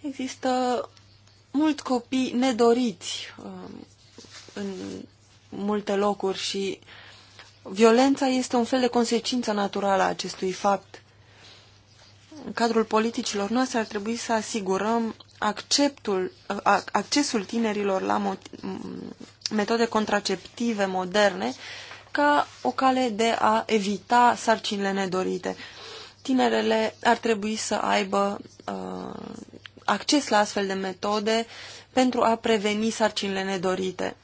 Există mulți copii nedoriți uh, în multe locuri și violența este un fel de consecință naturală a acestui fapt. În cadrul politicilor noastre ar trebui să asigurăm acceptul, uh, accesul tinerilor la metode contraceptive moderne ca o cale de a evita sarcinile nedorite. Tinerele ar trebui să aibă uh, acces la astfel de metode pentru a preveni sarcinile nedorite.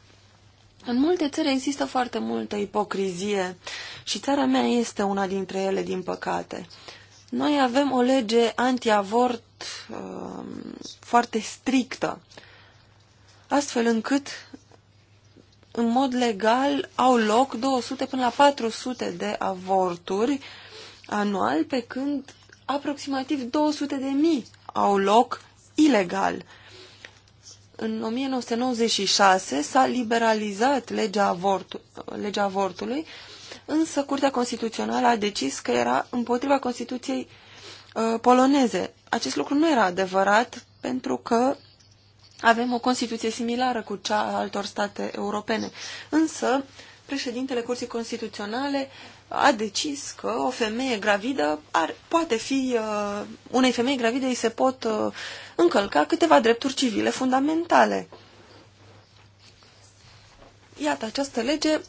În multe țări există foarte multă ipocrizie și țara mea este una dintre ele, din păcate. Noi avem o lege antiavort uh, foarte strictă, astfel încât în mod legal au loc 200 până la 400 de avorturi anual, pe când aproximativ 200 de mii au loc ilegal. În 1996 s-a liberalizat legea, avortu legea avortului, însă Curtea Constituțională a decis că era împotriva Constituției uh, poloneze. Acest lucru nu era adevărat pentru că avem o Constituție similară cu cea a altor state europene. Însă, președintele Curții Constituționale a decis că o femeie gravidă ar, poate fi, uh, unei femei gravide îi se pot uh, încălca câteva drepturi civile fundamentale. Iată, această lege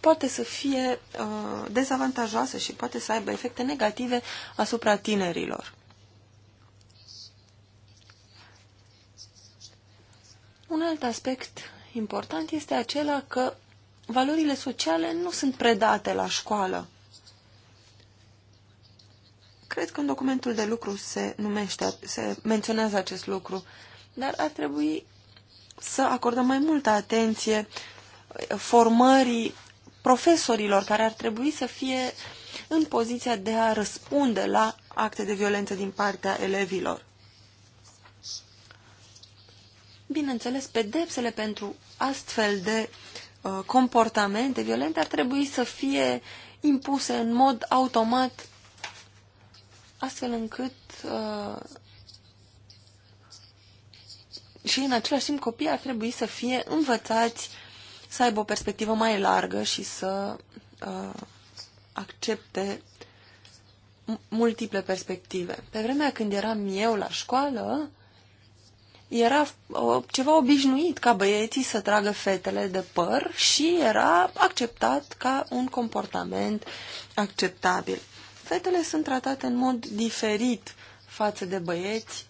poate să fie uh, dezavantajoasă și poate să aibă efecte negative asupra tinerilor. Un alt aspect important este acela că valorile sociale nu sunt predate la școală. Cred că în documentul de lucru se numește, se menționează acest lucru, dar ar trebui să acordăm mai multă atenție formării profesorilor care ar trebui să fie în poziția de a răspunde la acte de violență din partea elevilor. Bineînțeles, pedepsele pentru astfel de uh, comportamente violente ar trebui să fie impuse în mod automat, astfel încât uh, și în același timp copiii ar trebui să fie învățați să aibă o perspectivă mai largă și să uh, accepte multiple perspective. Pe vremea când eram eu la școală, era ceva obișnuit ca băieții să tragă fetele de păr și era acceptat ca un comportament acceptabil. Fetele sunt tratate în mod diferit față de băieți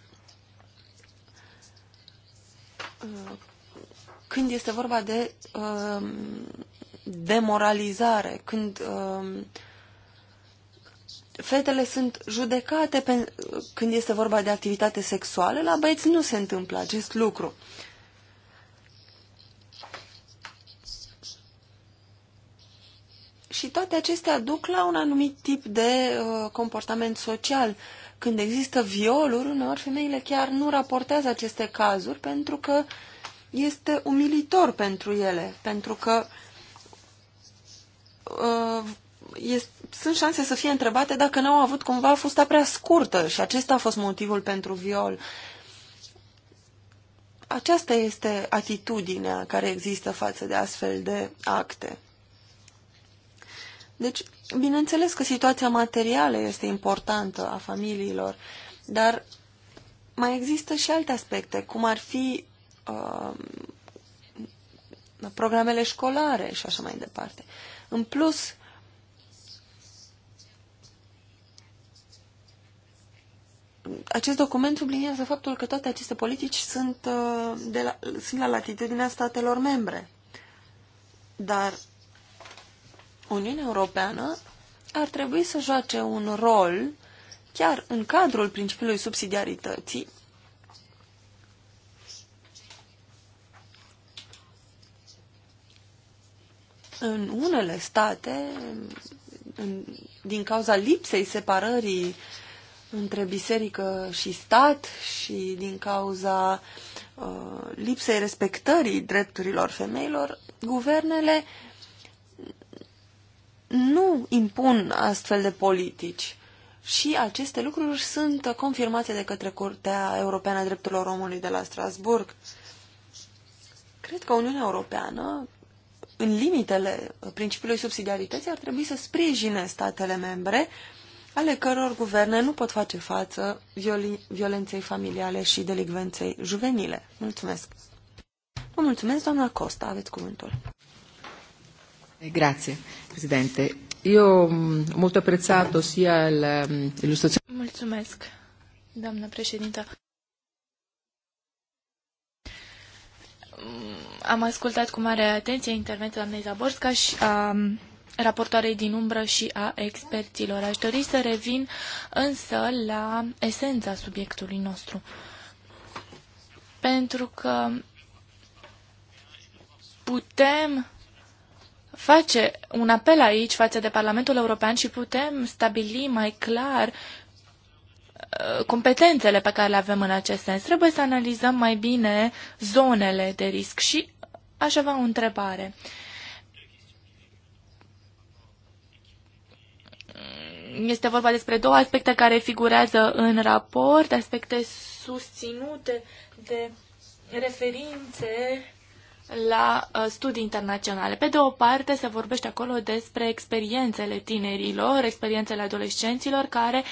uh, când este vorba de um, demoralizare, când um, fetele sunt judecate pe, când este vorba de activitate sexuală, la băieți nu se întâmplă acest lucru. Și toate acestea duc la un anumit tip de uh, comportament social. Când există violuri, uneori femeile chiar nu raportează aceste cazuri pentru că este umilitor pentru ele, pentru că uh, este, sunt șanse să fie întrebate dacă n-au avut cumva fusta prea scurtă și acesta a fost motivul pentru viol. Aceasta este atitudinea care există față de astfel de acte. Deci, bineînțeles că situația materială este importantă a familiilor, dar mai există și alte aspecte, cum ar fi uh, programele școlare și așa mai departe. În plus, acest document subliniază faptul că toate aceste politici sunt, uh, de la, sunt la latitudinea statelor membre. Dar Uniunea Europeană ar trebui să joace un rol chiar în cadrul principiului subsidiarității în unele state, în, din cauza lipsei separării între biserică și stat și din cauza uh, lipsei respectării drepturilor femeilor, guvernele nu impun astfel de politici. Și aceste lucruri sunt confirmate de către Curtea Europeană a Drepturilor Omului de la Strasburg. Cred că Uniunea Europeană, în limitele principiului subsidiarității, ar trebui să sprijine statele membre uh, ale căror guverne nu pot face față violenței familiale și delicvenței juvenile. Mulțumesc! Vă mulțumesc, doamna Costa, aveți cuvântul. Eh, grazie, Presidente. Eu mult mm, apprezzato sia mm, l'illustrazione... Mulțumesc, doamna președintă. Mm, am ascultat cu mare atenție intervenția doamnei Zaborska și a um, raportoarei din umbră și a experților. Aș dori să revin însă la esența subiectului nostru. Pentru că putem face un apel aici față de Parlamentul European și putem stabili mai clar uh, competențele pe care le avem în acest sens. Trebuie să analizăm mai bine zonele de risc și aș avea o întrebare. Uh, Este vorba despre două aspecte care figurează în raport, aspecte susținute de referințe la uh, studii internaționale. Pe de o parte, se vorbește acolo despre experiențele tinerilor, experiențele adolescenților, care,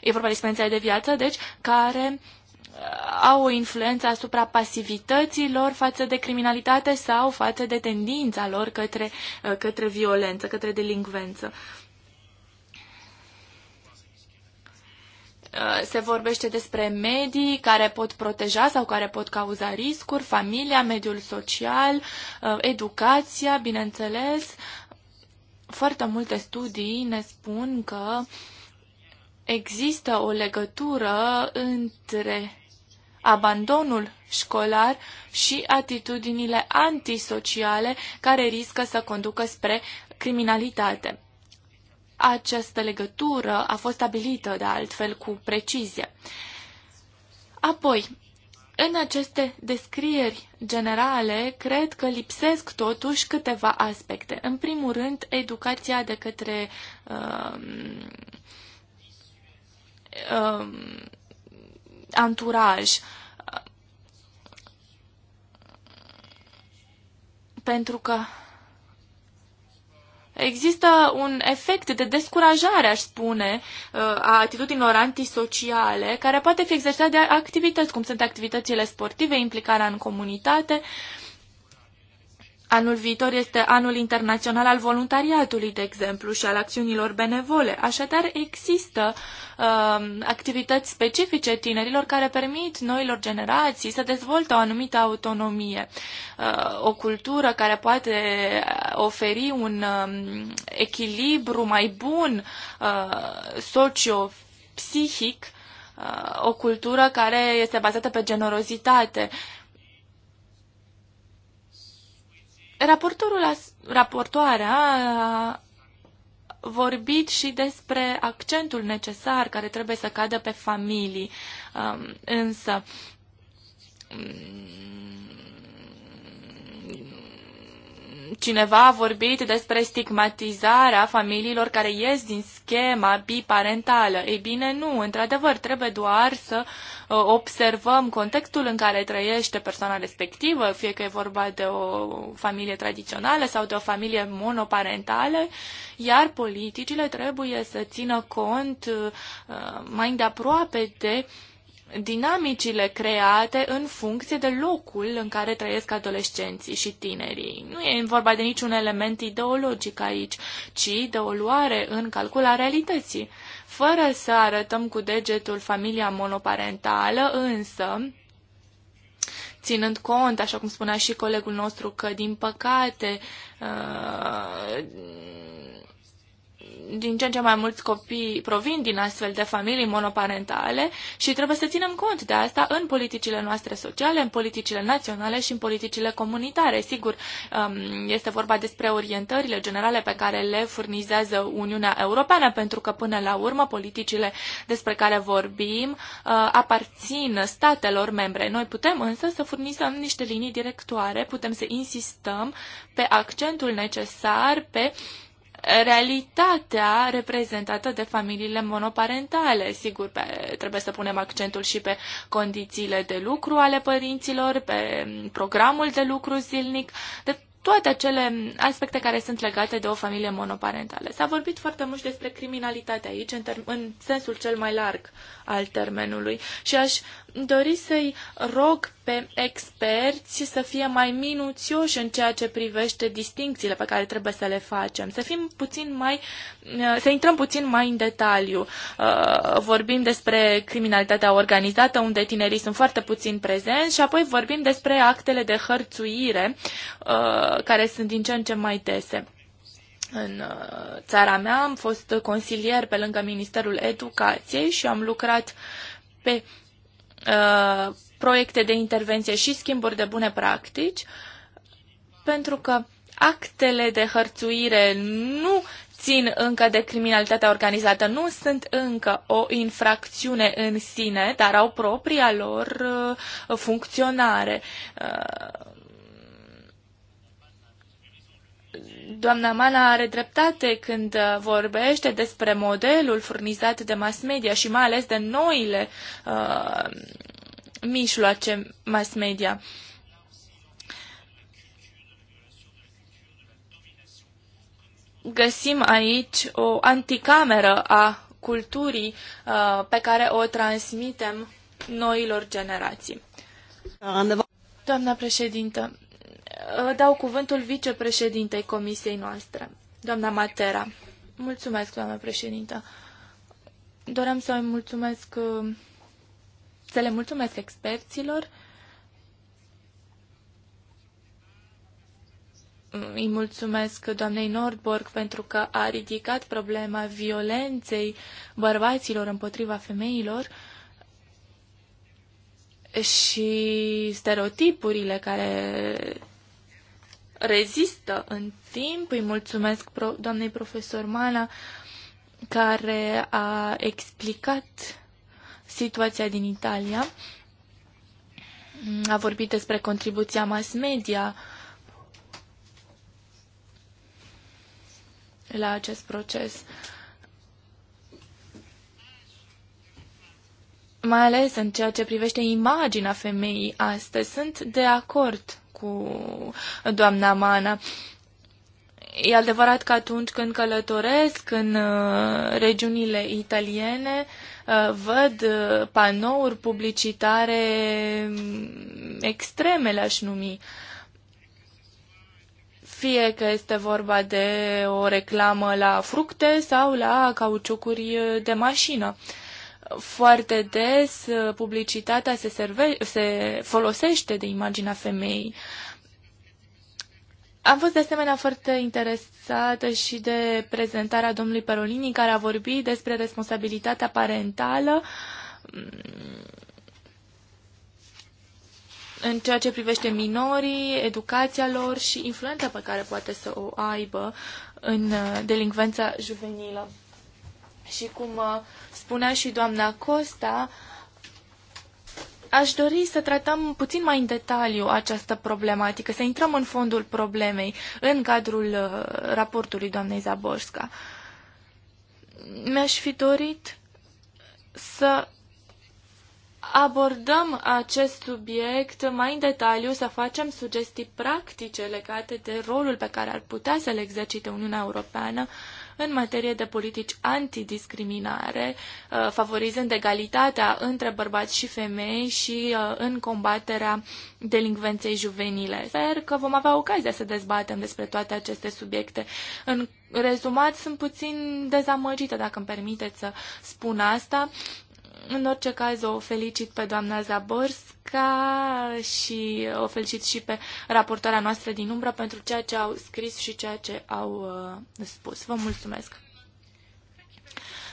e vorba de experiențele de viață, deci, care uh, au o influență asupra pasivităților față de criminalitate sau față de tendința lor către, uh, către violență, către delincvență. Uh, Uh, se vorbește despre medii care pot proteja sau care pot cauza riscuri, familia, mediul social, uh, educația, bineînțeles. Foarte multe studii ne spun că există o legătură între abandonul școlar și atitudinile antisociale care riscă să conducă spre criminalitate. Această legătură a fost stabilită, de altfel, cu precizie. Apoi, în aceste descrieri generale, cred că lipsesc totuși câteva aspecte. În primul rând, educația de către um, um, anturaj. Pentru că există un efect de descurajare, aș spune, uh, a atitudinilor antisociale, care poate fi exercitat de activități, cum sunt activitățile sportive, implicarea în comunitate Anul viitor este anul internațional al voluntariatului, de exemplu, și al acțiunilor benevole. Așadar, există uh, activități specifice tinerilor care permit noilor generații să dezvolte o anumită autonomie, uh, o cultură care poate oferi un uh, echilibru mai bun uh, socio-psihic, uh, o cultură care este bazată pe generozitate. Uh, Raportorul a, raportoarea a vorbit și despre accentul necesar care trebuie să cadă pe familii, um, însă mm, cineva a vorbit despre stigmatizarea familiilor care ies din schema biparentală. Ei bine, nu, într-adevăr, trebuie doar să observăm contextul în care trăiește persoana respectivă, fie că e vorba de o familie tradițională sau de o familie monoparentală, iar politicile trebuie să țină cont uh, mai îndeaproape de dinamicile create în funcție de locul în care trăiesc adolescenții și tinerii. Nu e vorba de niciun element ideologic aici, ci de o luare în calcul a realității. Fără să arătăm cu degetul familia monoparentală, însă, ținând cont, așa cum spunea și colegul nostru, că din păcate uh, din ce în ce mai mulți copii provin din astfel de familii monoparentale și trebuie să ținem cont de asta în politicile noastre sociale, în politicile naționale și în politicile comunitare. Sigur, um, este vorba despre orientările generale pe care le furnizează Uniunea Europeană, pentru că până la urmă politicile despre care vorbim uh, aparțin statelor membre. Noi putem însă să furnizăm niște linii directoare, putem să insistăm pe accentul necesar pe realitatea reprezentată de familiile monoparentale. Sigur, pe, trebuie să punem accentul și pe condițiile de lucru ale părinților, pe programul de lucru zilnic, de toate acele aspecte care sunt legate de o familie monoparentală. S-a vorbit foarte mult despre criminalitate aici, în, în sensul cel mai larg al termenului, și aș dori să-i rog pe experți să fie mai minuțioși în ceea ce privește distincțiile pe care trebuie să le facem, să fim puțin mai, uh, să intrăm puțin mai în detaliu. Uh, vorbim despre criminalitatea organizată, unde tinerii sunt foarte puțin prezenți și apoi vorbim despre actele de hărțuire, uh, care sunt din ce în ce mai dese în țara mea, am fost consilier pe lângă Ministerul Educației și am lucrat pe Uh, proiecte de intervenție și schimburi de bune practici, pentru că actele de hărțuire nu țin încă de criminalitatea organizată, nu sunt încă o infracțiune în sine, dar au propria lor uh, funcționare. Uh, doamna Mana are dreptate când uh, vorbește despre modelul furnizat de mass media și mai ales de noile uh, mișloace mass media. Găsim aici o anticameră a culturii uh, pe care o transmitem noilor generații. Doamna președintă, dau cuvântul vicepreședintei comisiei noastre, doamna Matera. Mulțumesc, doamna președintă. Doream să-i mulțumesc, să le mulțumesc experților. Îi mulțumesc doamnei Nordborg pentru că a ridicat problema violenței bărbaților împotriva femeilor și stereotipurile care rezistă în timp. Îi mulțumesc pro- doamnei profesor Mala care a explicat situația din Italia. A vorbit despre contribuția mass media la acest proces. Mai ales în ceea ce privește imaginea femeii astăzi, sunt de acord cu doamna Mana. E adevărat că atunci când călătoresc în uh, regiunile italiene, uh, văd uh, panouri publicitare mm, extreme, le-aș numi. Fie că este vorba de o reclamă la fructe sau la cauciucuri de mașină. Uh, foarte des uh, publicitatea se, serve, se folosește de imaginea femeii. Am fost de asemenea foarte interesată și de prezentarea domnului Perolini, care a vorbit despre responsabilitatea parentală mm, în ceea ce privește minorii, educația lor și influența pe care poate să o aibă în uh, delincvența juvenilă. Și cum uh, spunea și doamna Costa, aș dori să tratăm puțin mai în detaliu această problematică, să intrăm în fondul problemei în cadrul uh, raportului doamnei Zaborska. Mi-aș fi dorit să abordăm acest subiect mai în detaliu, să facem sugestii practice legate de rolul pe care ar putea să-l exercite Uniunea Europeană uh, în materie de politici antidiscriminare, uh, favorizând egalitatea între bărbați și femei și uh, în combaterea delinvenței juvenile. Sper că vom avea ocazia să dezbatem despre toate aceste subiecte. În rezumat, sunt puțin dezamăgită, dacă îmi permiteți să spun asta, în orice caz o felicit pe doamna Zaborska și o felicit și pe raportoarea noastră din umbră pentru ceea ce au scris și ceea ce au uh, spus. Vă mulțumesc!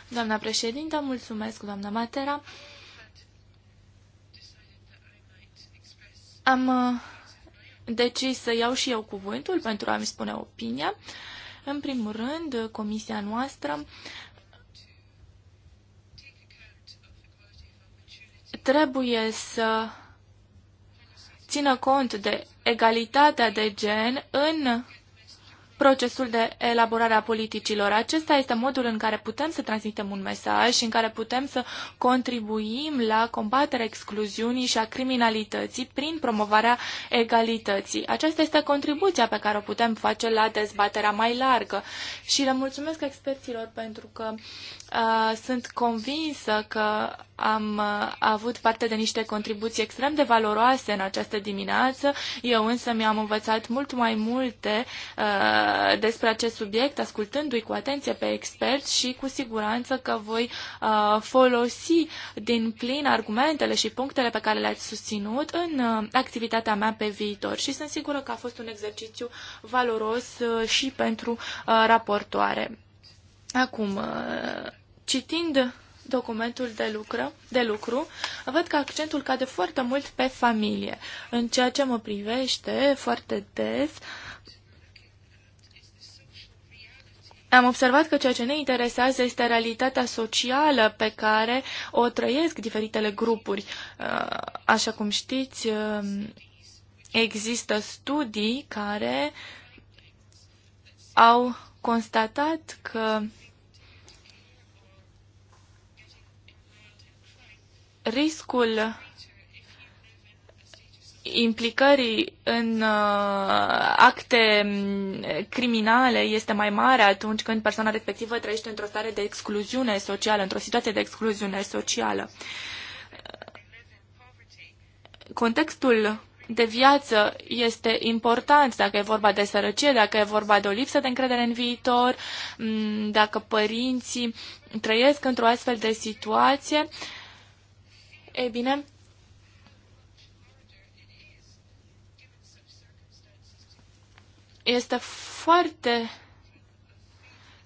Doamna președintă, mulțumesc, doamna Matera. Am uh, decis să iau și eu cuvântul pentru a-mi spune opinia. În primul rând, comisia noastră trebuie să țină cont de egalitatea de gen în procesul de elaborare a politicilor. Acesta este modul în care putem să transmitem un mesaj și în care putem să contribuim la combaterea excluziunii și a criminalității prin promovarea egalității. Aceasta este contribuția pe care o putem face la dezbaterea mai largă și le mulțumesc experților pentru că uh, sunt convinsă că am uh, avut parte de niște contribuții extrem de valoroase în această dimineață. Eu însă mi-am învățat mult mai multe uh, despre acest subiect, ascultându-i cu atenție pe experți și cu siguranță că voi uh, folosi din plin argumentele și punctele pe care le-ați susținut în uh, activitatea mea pe viitor. Și sunt sigură că a fost un exercițiu valoros uh, și pentru uh, raportoare. Acum, uh, citind documentul de, lucră, de lucru, văd că accentul cade foarte mult pe familie. În ceea ce mă privește, foarte des, am observat că ceea ce ne interesează este realitatea socială pe care o trăiesc diferitele grupuri. Uh, așa cum știți, um, există studii care au constatat că riscul implicării în uh, acte mm, criminale este mai mare atunci când persoana respectivă trăiește într-o stare de excluziune socială, într-o situație de excluziune socială. Contextul de viață este important, dacă e vorba de sărăcie, dacă e vorba de o lipsă de încredere în viitor, mm, dacă părinții trăiesc într-o astfel de situație, uh, ei bine, este foarte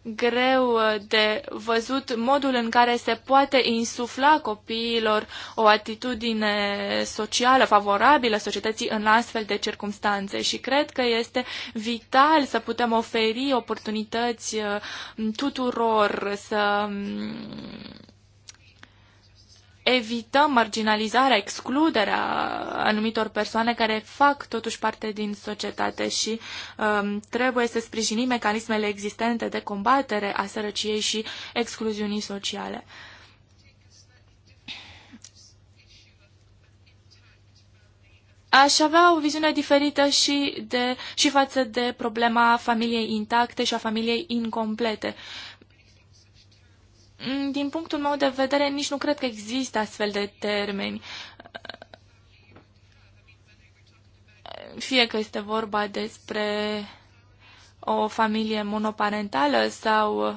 greu de văzut modul în care se poate insufla copiilor o atitudine socială favorabilă societății în astfel de circunstanțe și cred că este vital să putem oferi oportunități uh, tuturor să um, evităm marginalizarea, excluderea anumitor persoane care fac totuși parte din societate și um, trebuie să sprijinim mecanismele existente de combatere a sărăciei și excluziunii sociale. Aș avea o viziune diferită și, de, și față de problema familiei intacte și a familiei incomplete. Uh, Mm, din punctul meu de vedere, nici nu cred că există astfel de termeni. Fie că este vorba despre o familie monoparentală sau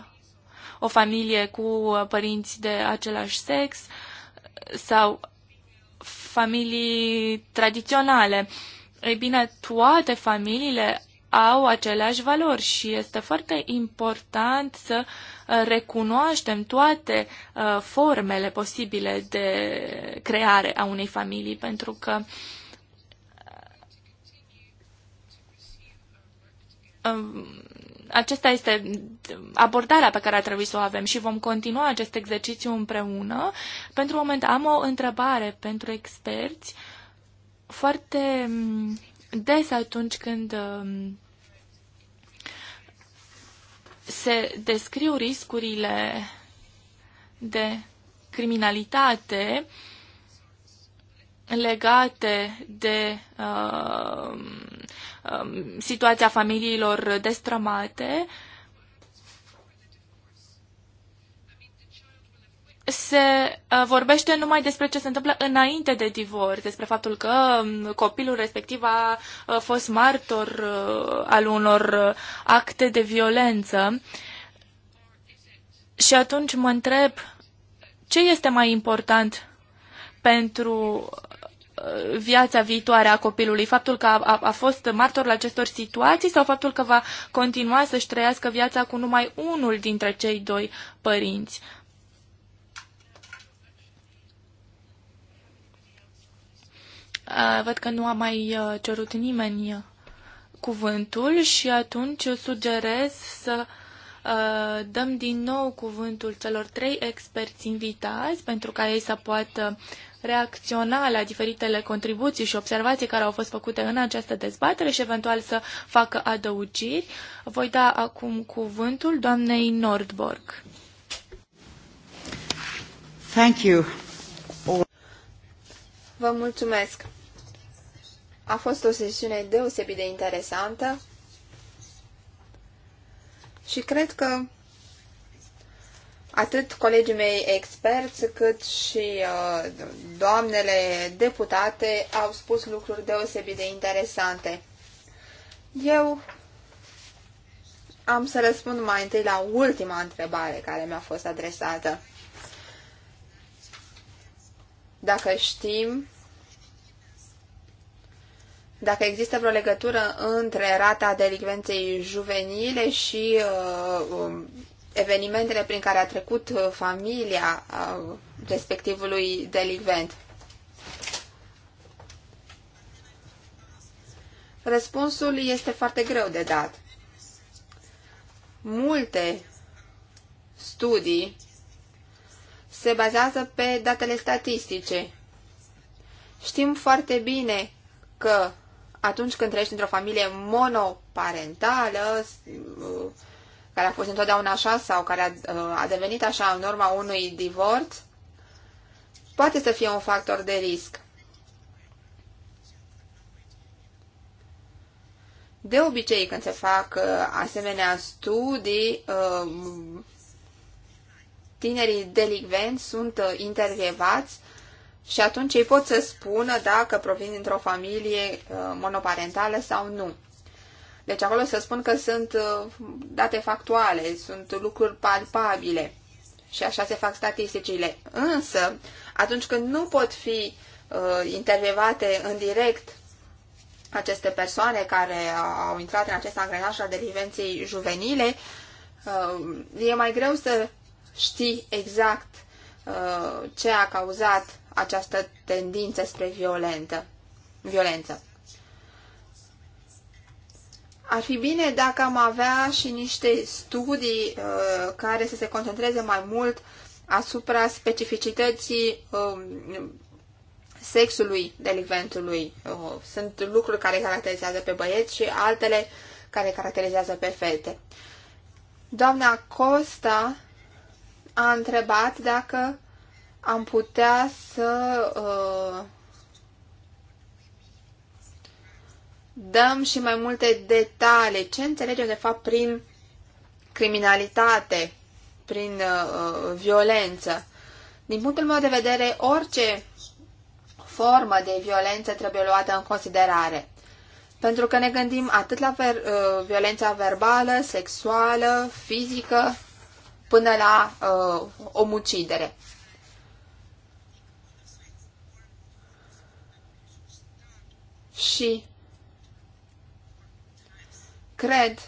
o familie cu părinți de același sex sau familii tradiționale. Ei bine, toate familiile au aceleași valori și este foarte important să uh, recunoaștem toate uh, formele posibile de creare a unei familii, pentru că uh, um, acesta este abordarea pe care ar trebui să o avem și vom continua acest exercițiu împreună. Pentru moment am o întrebare pentru experți. Foarte um, des atunci când um, se descriu riscurile de criminalitate legate de uh, uh, situația familiilor destrămate, uh, se uh, vorbește numai despre ce se întâmplă înainte de divorț, despre faptul că um, copilul respectiv a uh, fost martor uh, al unor acte de violență. Și atunci mă întreb ce este mai important pentru viața viitoare a copilului, faptul că a, a, a fost martor la acestor situații sau faptul că va continua să-și trăiască viața cu numai unul dintre cei doi părinți. Eh, văd că nu a mai eh, cerut nimeni eh, cuvântul și atunci sugerez să dăm din nou cuvântul celor trei experți invitați pentru ca ei să poată reacționa la diferitele contribuții și observații care au fost făcute în această dezbatere și eventual să facă adăugiri. Voi da acum cuvântul doamnei Nordborg. Thank you. Vă mulțumesc! A fost o sesiune deosebit de interesantă și cred că atât colegii mei experți, cât și uh, doamnele deputate au spus lucruri deosebit de interesante. Eu am să răspund mai întâi la ultima întrebare care mi-a fost adresată. Dacă știm dacă există vreo legătură între rata delicvenței juvenile și uh, um, evenimentele prin care a trecut uh, familia uh, respectivului delicvent. Răspunsul este foarte greu de dat. Multe studii se bazează pe datele statistice. Știm foarte bine că atunci când trăiești într-o familie monoparentală, care a fost întotdeauna așa sau care a, uh, a devenit așa în urma unui divorț, poate să fie un factor de risc. De obicei, când se fac uh, asemenea studii, uh, tinerii delicvenți sunt intervievați și atunci ei pot să spună dacă provin dintr-o familie uh, monoparentală sau nu. Deci acolo să spun că sunt uh, date factuale, sunt lucruri palpabile și așa se fac statisticile. Însă, atunci când nu pot fi uh, intervievate în direct aceste persoane care au intrat în acest angrenaj al delivenței juvenile, uh, e mai greu să știi exact uh, ce a cauzat această tendință spre violentă, violență. Ar fi bine dacă am avea și niște studii uh, care să se concentreze mai mult asupra specificității uh, sexului delicventului. Uh, sunt lucruri care caracterizează pe băieți și altele care caracterizează pe fete. Doamna Costa a întrebat dacă am putea să uh, dăm și mai multe detalii. Ce înțelegem de fapt prin criminalitate, prin uh, violență? Din punctul meu de vedere, orice formă de violență trebuie luată în considerare. Pentru că ne gândim atât la ver, uh, violența verbală, sexuală, fizică, până la uh, omucidere. și cred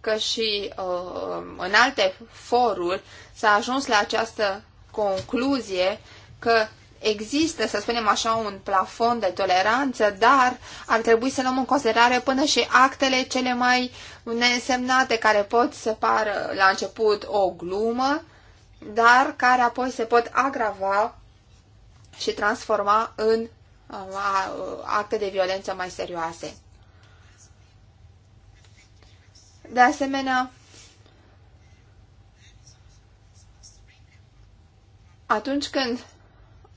că și uh, în alte foruri s-a ajuns la această concluzie că există, să spunem așa, un plafon de toleranță, dar ar trebui să luăm în considerare până și actele cele mai neînsemnate, care pot să pară la început o glumă, dar care apoi se pot agrava și transforma în Uh, acte de violență mai serioase. De asemenea, atunci când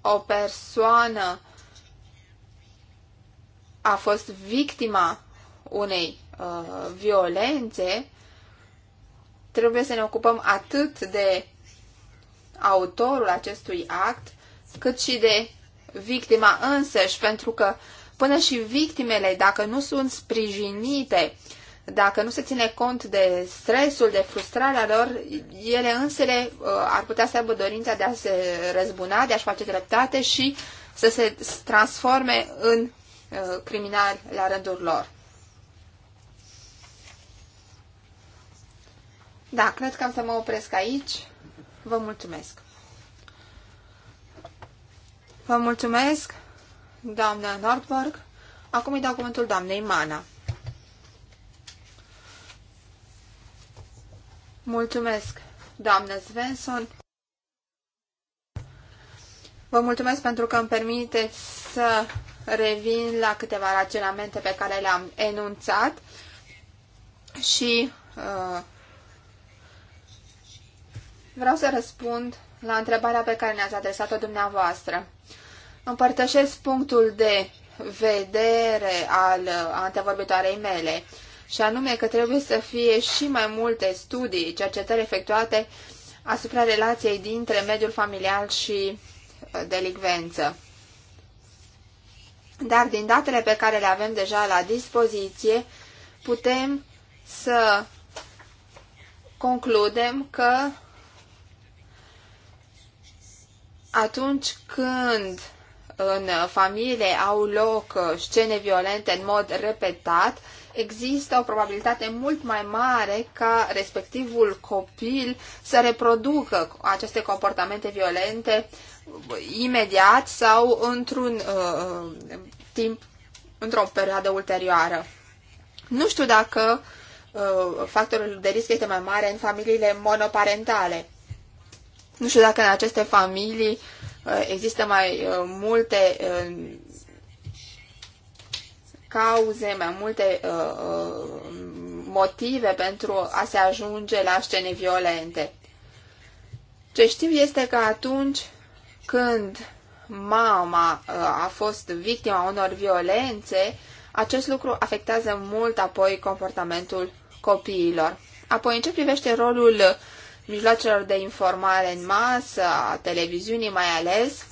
o persoană a fost victima unei uh, violențe, trebuie să ne ocupăm atât de autorul acestui act, cât și de victima însăși, pentru că până și victimele, dacă nu sunt sprijinite, dacă nu se ține cont de stresul, de frustrarea lor, ele însele uh, ar putea să aibă dorința de a se răzbuna, de a-și face dreptate și să se transforme în uh, criminali la rândul lor. Da, cred că am să mă opresc aici. Vă mulțumesc! Vă mulțumesc, doamna Nordberg. Acum îi dau cuvântul doamnei Mana. Mulțumesc, doamnă Svensson. Vă mulțumesc pentru că îmi permiteți să revin la câteva raționamente pe care le-am enunțat și uh, vreau să răspund la întrebarea pe care ne-ați adresat-o dumneavoastră. Împărtășesc punctul de vedere al antevorbitoarei mele, și anume că trebuie să fie și mai multe studii, cercetări efectuate asupra relației dintre mediul familial și uh, delicvență. Dar din datele pe care le avem deja la dispoziție, putem să concludem că atunci când în familie au loc scene violente în mod repetat, există o probabilitate mult mai mare ca respectivul copil să reproducă aceste comportamente violente imediat sau într-un uh, uh timp, într-o perioadă ulterioară. Nu știu dacă uh, factorul de risc este mai mare în familiile monoparentale. Nu știu dacă în aceste familii uh, Există mai uh, multe uh, cauze, mai multe uh, motive pentru a se ajunge la scene violente. Ce știu este că atunci când mama a fost victima unor violențe, acest lucru afectează mult apoi comportamentul copiilor. Apoi, în ce privește rolul mijloacelor de informare în masă, a televiziunii mai ales,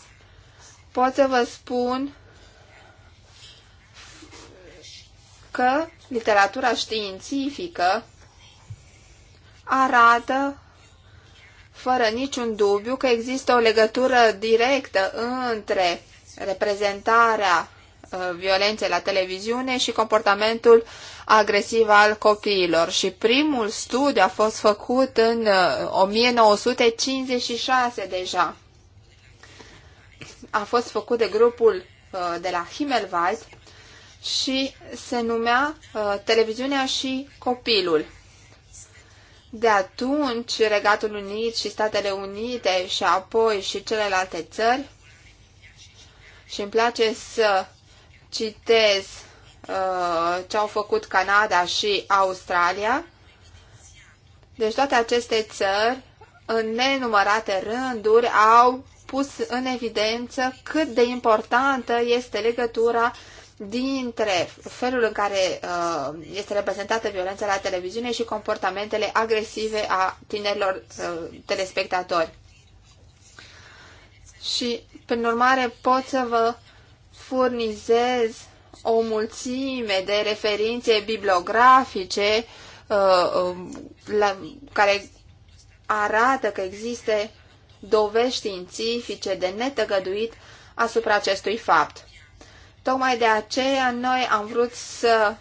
pot să vă spun că literatura științifică arată fără niciun dubiu că există o legătură directă între reprezentarea uh, violenței la televiziune și comportamentul agresiv al copiilor și primul studiu a fost făcut în 1956 uh, deja. A fost făcut de grupul uh, de la Himmelweis și se numea uh, Televiziunea și copilul. De atunci, Regatul Unit și Statele Unite și apoi și celelalte țări și îmi place să citez Uh, ce au făcut Canada și Australia. Deci toate aceste țări, în nenumărate rânduri, au pus în evidență cât de importantă este legătura dintre felul în care uh, este reprezentată violența la televiziune și comportamentele agresive a tinerilor uh, telespectatori. Și, prin urmare, pot să vă furnizez o mulțime de referințe bibliografice uh, um, la, care arată că există dovești științifice de netăgăduit asupra acestui fapt. Tocmai de aceea noi am vrut să,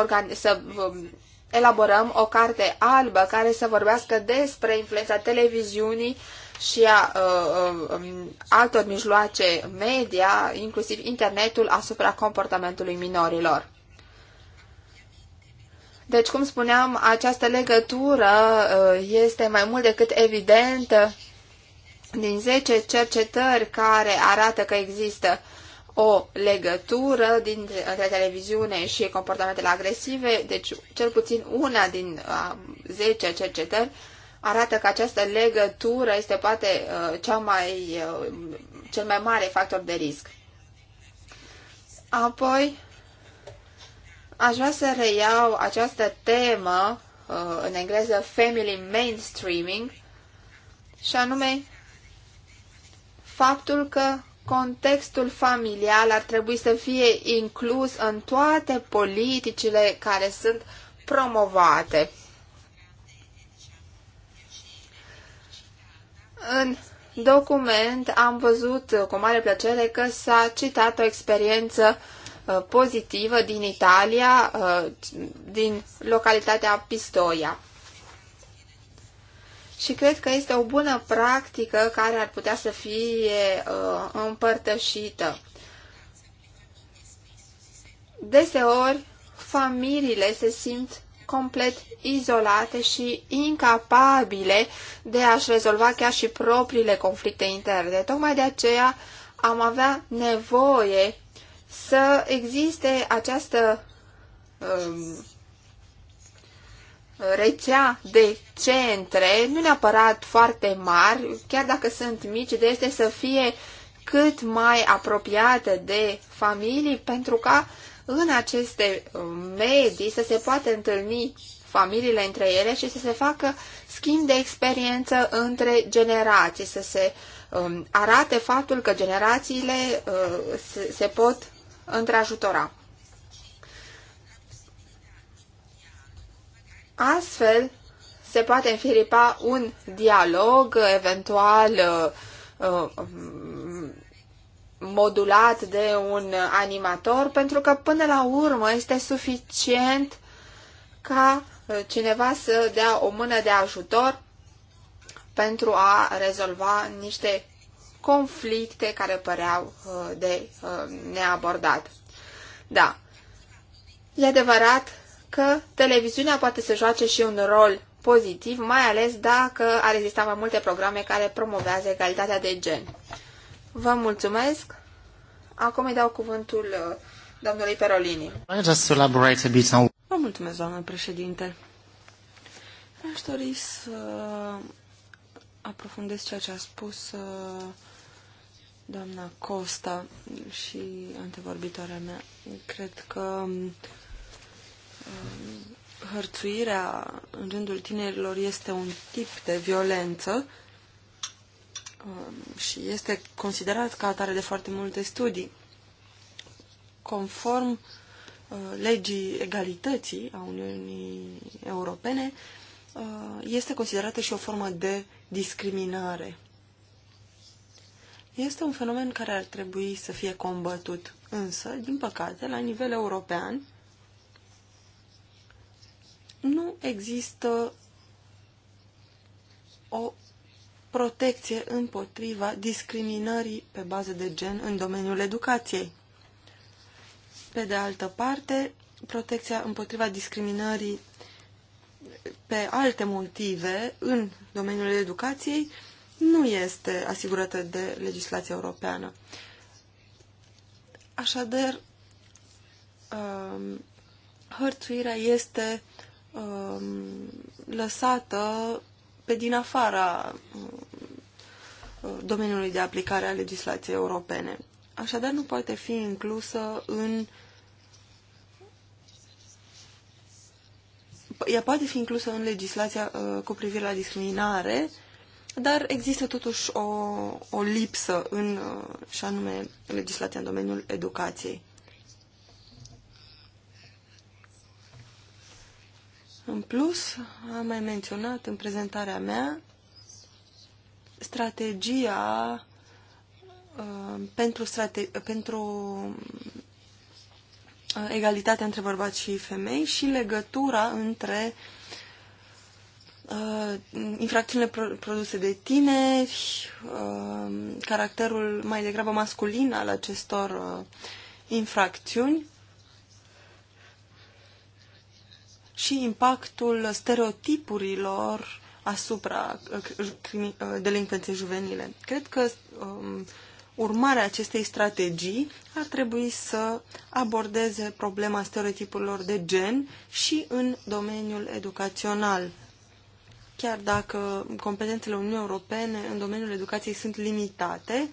uh, să uh, elaborăm o carte albă care să vorbească despre influența televiziunii uh, și a a, uh, uh, um, altor mijloace media, inclusiv internetul, asupra comportamentului minorilor. Deci, cum spuneam, această legătură uh, este mai mult decât evidentă din 10 cercetări care arată că există o legătură dintre televiziune și comportamentele agresive, deci cel puțin una din 10 cercetări arată că această legătură este poate uh, cea mai, uh, cel mai mare factor de risc. Apoi, aș vrea să reiau această temă uh, în engleză family mainstreaming și anume faptul că contextul familial ar trebui să fie inclus în toate politicile care sunt promovate În document am văzut cu mare plăcere că s-a citat o experiență uh, pozitivă din Italia, uh, din localitatea Pistoia. Și cred că este o bună practică care ar putea să fie uh, împărtășită. Deseori, familiile se simt complet izolate și incapabile de a-și rezolva chiar și propriile conflicte interne. Tocmai de aceea am avea nevoie să existe această um, rețea de centre, nu neapărat foarte mari, chiar dacă sunt mici, de este să fie cât mai apropiate de familii pentru ca în aceste uh, medii să se poată întâlni familiile între ele și să se facă schimb de experiență între generații, să se um, arate faptul că generațiile uh, se, se pot întreajutora. Astfel se poate înfiripa un dialog eventual uh, uh, modulat de un animator, pentru că până la urmă este suficient ca uh, cineva să dea o mână de ajutor pentru a rezolva niște conflicte care păreau uh, de uh, neabordat. Da, e adevărat că televiziunea poate să joace și un rol pozitiv, mai ales dacă ar exista mai multe programe care promovează egalitatea de gen. Vă mulțumesc. Acum îi dau cuvântul uh, domnului Perolini. Vă mulțumesc, doamnă președinte. Aș dori să aprofundez ceea ce a spus uh, doamna Costa și antevorbitoarea mea. Cred că um, hărțuirea în rândul tinerilor este un tip de violență Um, și este considerat ca atare de foarte multe studii. Conform uh, legii egalității a Uniunii Europene, uh, este considerată și o formă de discriminare. Este un fenomen care ar trebui să fie combătut, însă, din păcate, la nivel european, nu există o protecție împotriva discriminării pe bază de gen în domeniul educației. Pe de altă parte, protecția împotriva discriminării pe alte motive în domeniul educației nu este asigurată de legislația europeană. Așadar, um, hărțuirea este um, lăsată pe din afara uh, domeniului de aplicare a legislației europene. Așadar, nu poate fi inclusă în ea poate fi inclusă în legislația uh, cu privire la discriminare, dar există totuși o, o lipsă în, uh, și anume, legislația în domeniul educației. În plus, am mai menționat în prezentarea mea strategia uh, pentru, strate pentru uh, egalitatea între bărbați și femei și legătura între uh, infracțiunile pro produse de tineri, uh, caracterul mai degrabă masculin al acestor uh, infracțiuni și impactul stereotipurilor asupra uh, uh, delincvenței juvenile. Cred că um, urmarea acestei strategii ar trebui să abordeze problema stereotipurilor de gen și în domeniul educațional. Chiar dacă competențele Uniunii Europene în domeniul educației sunt limitate,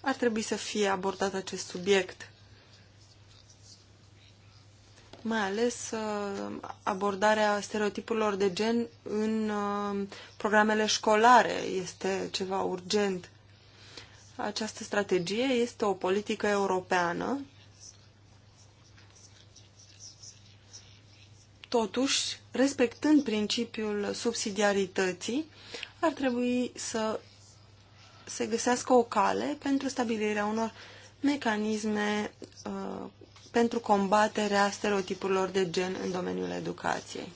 ar trebui să fie abordat acest subiect mai ales uh, abordarea stereotipurilor de gen în uh, programele școlare este ceva urgent. Această strategie este o politică europeană. Totuși, respectând principiul subsidiarității, ar trebui să se găsească o cale pentru stabilirea unor mecanisme uh, pentru combaterea stereotipurilor de gen în domeniul educației.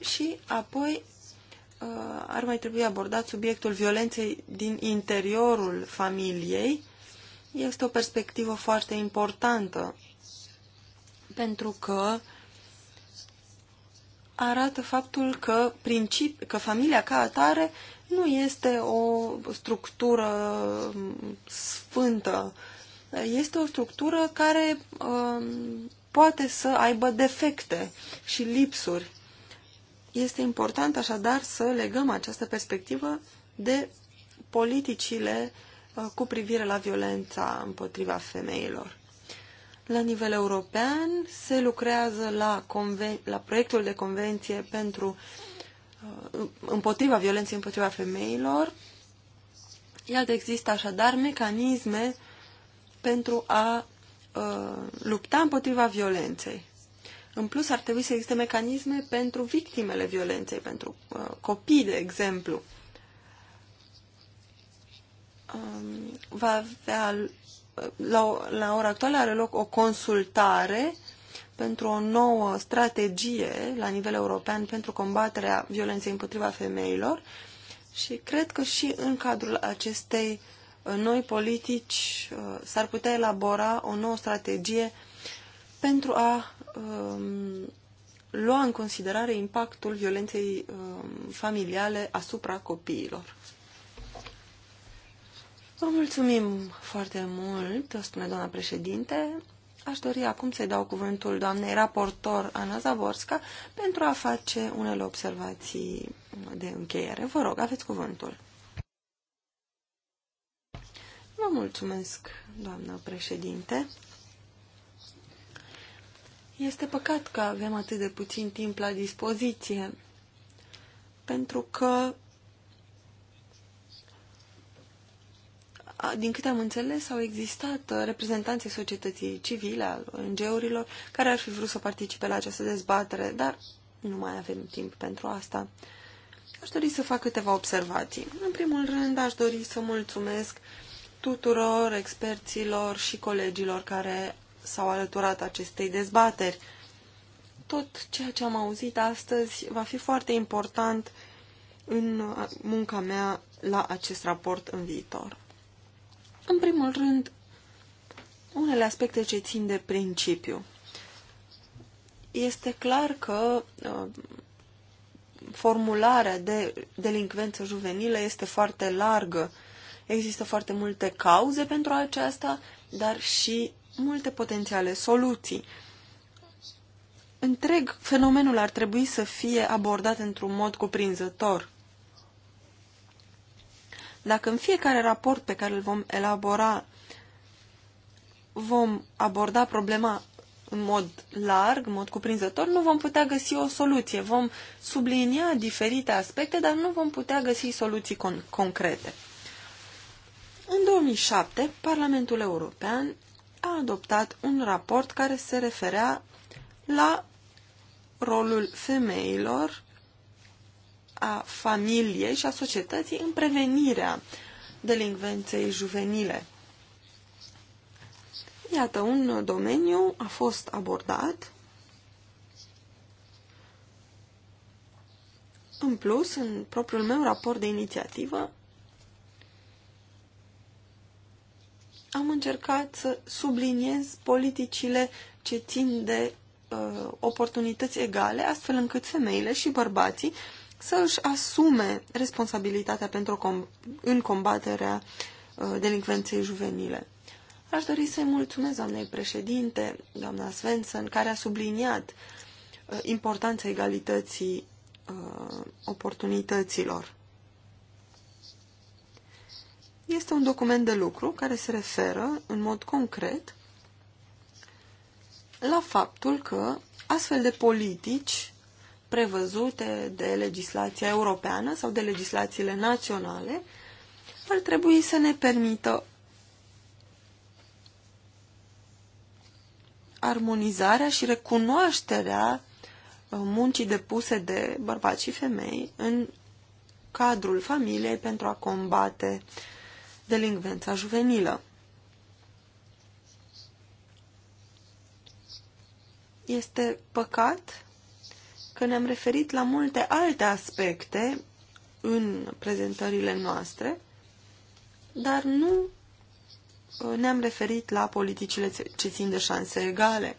Și apoi uh, ar mai trebui abordat subiectul violenței din interiorul familiei. Este o perspectivă foarte importantă pentru că arată faptul că, principi, că familia ca atare nu este o structură sfântă este o structură care um, poate să aibă defecte și lipsuri. Este important așadar să legăm această perspectivă de politicile uh, cu privire la violența împotriva femeilor. La nivel european se lucrează la, la proiectul de convenție pentru uh, împotriva violenței împotriva femeilor. Iată, există așadar mecanisme pentru a uh, lupta împotriva violenței. În plus, ar trebui să existe mecanisme pentru victimele violenței, pentru uh, copii, de exemplu. Um, va avea, uh, la, la ora actuală are loc o consultare pentru o nouă strategie la nivel european pentru combaterea violenței împotriva femeilor și cred că și în cadrul acestei uh, noi politici, uh, s-ar putea elabora o nouă strategie pentru a um, lua în considerare impactul violenței um, familiale asupra copiilor. Vă mulțumim foarte mult, spune doamna președinte. Aș dori acum să-i dau cuvântul doamnei raportor Ana Zaborska pentru a face unele observații de încheiere. Vă rog, aveți cuvântul. Vă mulțumesc, doamnă președinte. Este păcat că avem atât de puțin timp la dispoziție, pentru că, din câte am înțeles, au existat reprezentanții societății civile, al ONG-urilor, care ar fi vrut să participe la această dezbatere, dar nu mai avem timp pentru asta. Aș dori să fac câteva observații. În primul rând, aș dori să mulțumesc uh, tuturor experților și colegilor care s-au alăturat acestei dezbateri. Tot ceea ce am auzit astăzi va fi foarte important în munca mea la acest raport în viitor. În primul rând, unele aspecte ce țin de principiu. Este clar că uh, formularea de delincvență juvenilă este foarte largă Există foarte multe cauze pentru aceasta, dar și multe potențiale soluții. Întreg fenomenul ar trebui să fie abordat într-un mod cuprinzător. Dacă în fiecare raport pe care îl vom elabora vom aborda problema în mod larg, în mod cuprinzător, nu vom putea găsi o soluție. Vom sublinia diferite aspecte, dar nu vom putea găsi soluții con concrete. În 2007, Parlamentul European a adoptat un raport care se referea la rolul femeilor, a familiei și a societății în prevenirea delinvenței juvenile. Iată, un domeniu a fost abordat. În plus, în propriul meu raport de inițiativă, am încercat să subliniez politicile ce țin de uh, oportunități egale, astfel încât femeile și bărbații să își asume responsabilitatea pentru com- în combaterea uh, delincvenței juvenile. Aș dori să-i mulțumesc doamnei președinte, doamna Svensson, care a subliniat uh, importanța egalității uh, oportunităților este un document de lucru care se referă în mod concret la faptul că astfel de politici prevăzute de legislația europeană sau de legislațiile naționale ar trebui să ne permită armonizarea și recunoașterea uh, muncii depuse de bărbați și femei în cadrul familiei pentru a combate uh, delinvența juvenilă. Este păcat că ne-am referit la multe alte aspecte în prezentările noastre, dar nu ă, ne-am referit la politicile ce țin de șanse egale.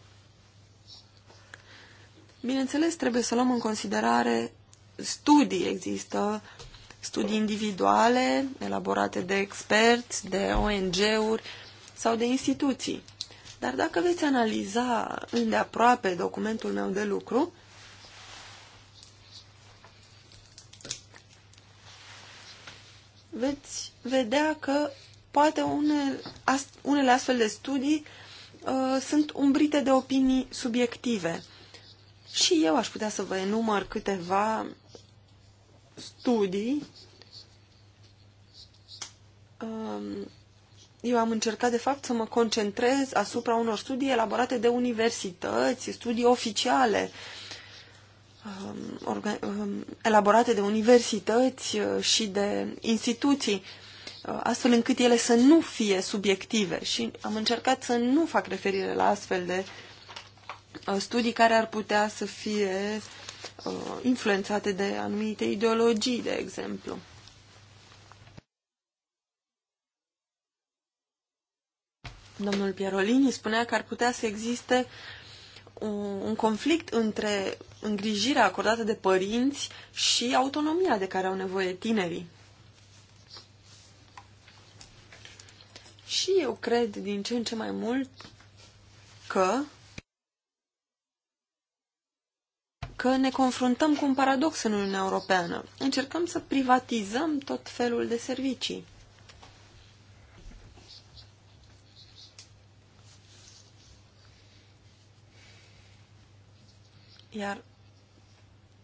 Bineînțeles, trebuie să luăm în considerare studii. Există studii individuale elaborate de experți, de ONG-uri sau de instituții. Dar dacă veți analiza îndeaproape documentul meu de lucru, veți vedea că poate unele astfel de studii uh, sunt umbrite de opinii subiective. Și eu aș putea să vă enumăr câteva studii, um, eu am încercat, de fapt, să mă concentrez asupra unor studii elaborate de universități, studii oficiale, um, um, elaborate de universități uh, și de instituții, uh, astfel încât ele să nu fie subiective. Și am încercat să nu fac referire la astfel de uh, studii care ar putea să fie uh, uh, influențate de anumite ideologii, de exemplu. Domnul Pierolini spunea că ar putea să existe un conflict între îngrijirea acordată de părinți și autonomia de care au nevoie tinerii. Și eu cred din ce în ce mai mult că că ne confruntăm cu un paradox în Uniunea Europeană. Încercăm să privatizăm tot felul de servicii. Iar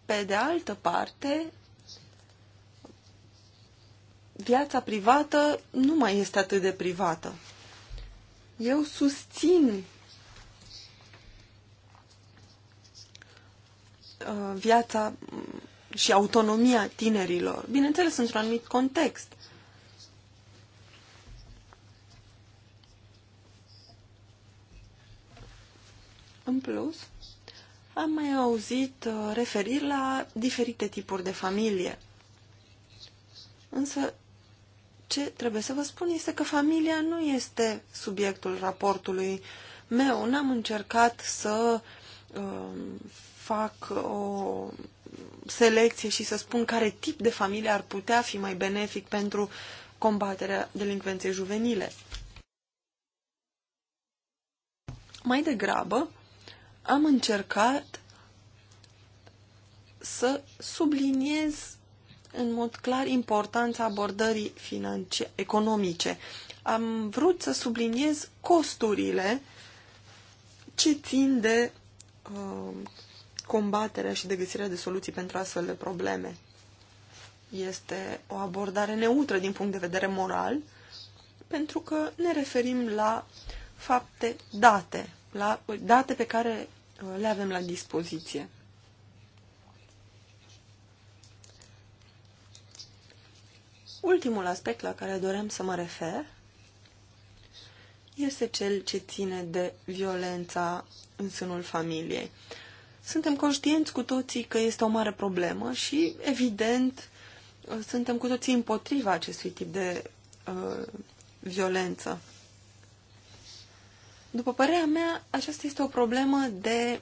pe de altă parte, viața privată nu mai este atât de privată. Eu susțin Uh, viața și autonomia tinerilor. Bineînțeles, într-un anumit context. În plus, am mai auzit uh, referiri la diferite tipuri de familie. Însă, ce trebuie să vă spun este că familia nu este subiectul raportului meu. N-am încercat să uh, fac o selecție și să spun care tip de familie ar putea fi mai benefic pentru combaterea delincvenței juvenile. Mai degrabă, am încercat să subliniez în mod clar importanța abordării financi- economice. Am vrut să subliniez costurile ce țin de uh, combaterea și de găsirea de soluții pentru astfel de probleme. Este o abordare neutră din punct de vedere moral, pentru că ne referim la fapte date, la date pe care uh, le avem la dispoziție. Ultimul aspect la care doream să mă refer este cel ce ține de violența în sânul familiei. Suntem conștienți cu toții că este o mare problemă și, evident, suntem cu toții împotriva acestui tip de uh, violență. După părerea mea, aceasta este o problemă de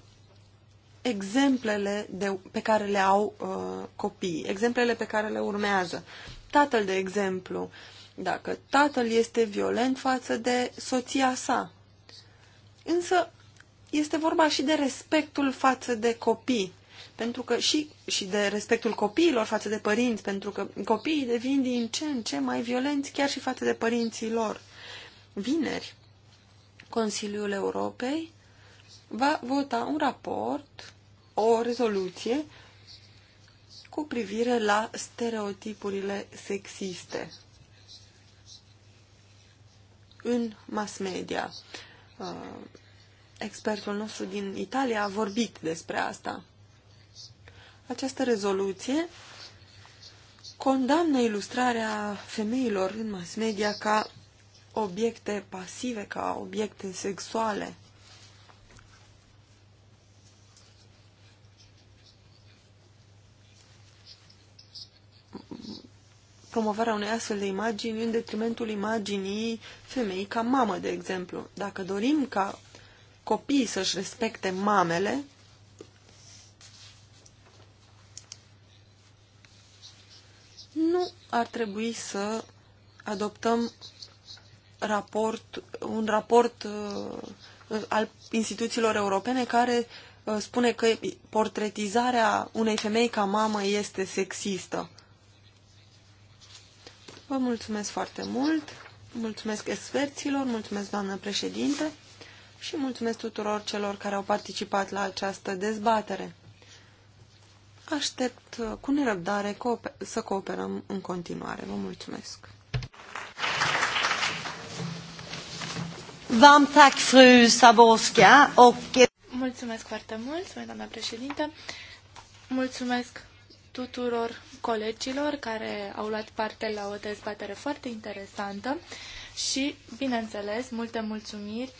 exemplele de, pe care le au uh, copiii, exemplele pe care le urmează. Tatăl, de exemplu, dacă tatăl este violent față de soția sa. Însă este vorba și de respectul față de copii. Pentru că și, și de respectul copiilor față de părinți, pentru că copiii devin din ce în ce mai violenți chiar și față de părinții lor. Vineri, Consiliul Europei va vota un raport, o rezoluție cu privire la stereotipurile sexiste în mass media. Uh, Expertul nostru din Italia a vorbit despre asta. Această rezoluție condamnă ilustrarea femeilor în mass media ca obiecte pasive, ca obiecte sexuale. promovarea unei astfel de imagini în detrimentul imaginii femei ca mamă, de exemplu. Dacă dorim ca copiii să-și respecte mamele, nu ar trebui să adoptăm raport, un raport uh, al instituțiilor europene care uh, spune că portretizarea unei femei ca mamă este sexistă. Vă mulțumesc foarte mult, mulțumesc experților, mulțumesc doamnă președinte și mulțumesc tuturor celor care au participat la această dezbatere. Aștept uh, cu nerăbdare să cooperăm în continuare. Vă mulțumesc! fru Mulțumesc foarte mult, doamna președinte. Mulțumesc tuturor colegilor care au luat parte la o dezbatere foarte interesantă și, bineînțeles, multe mulțumiri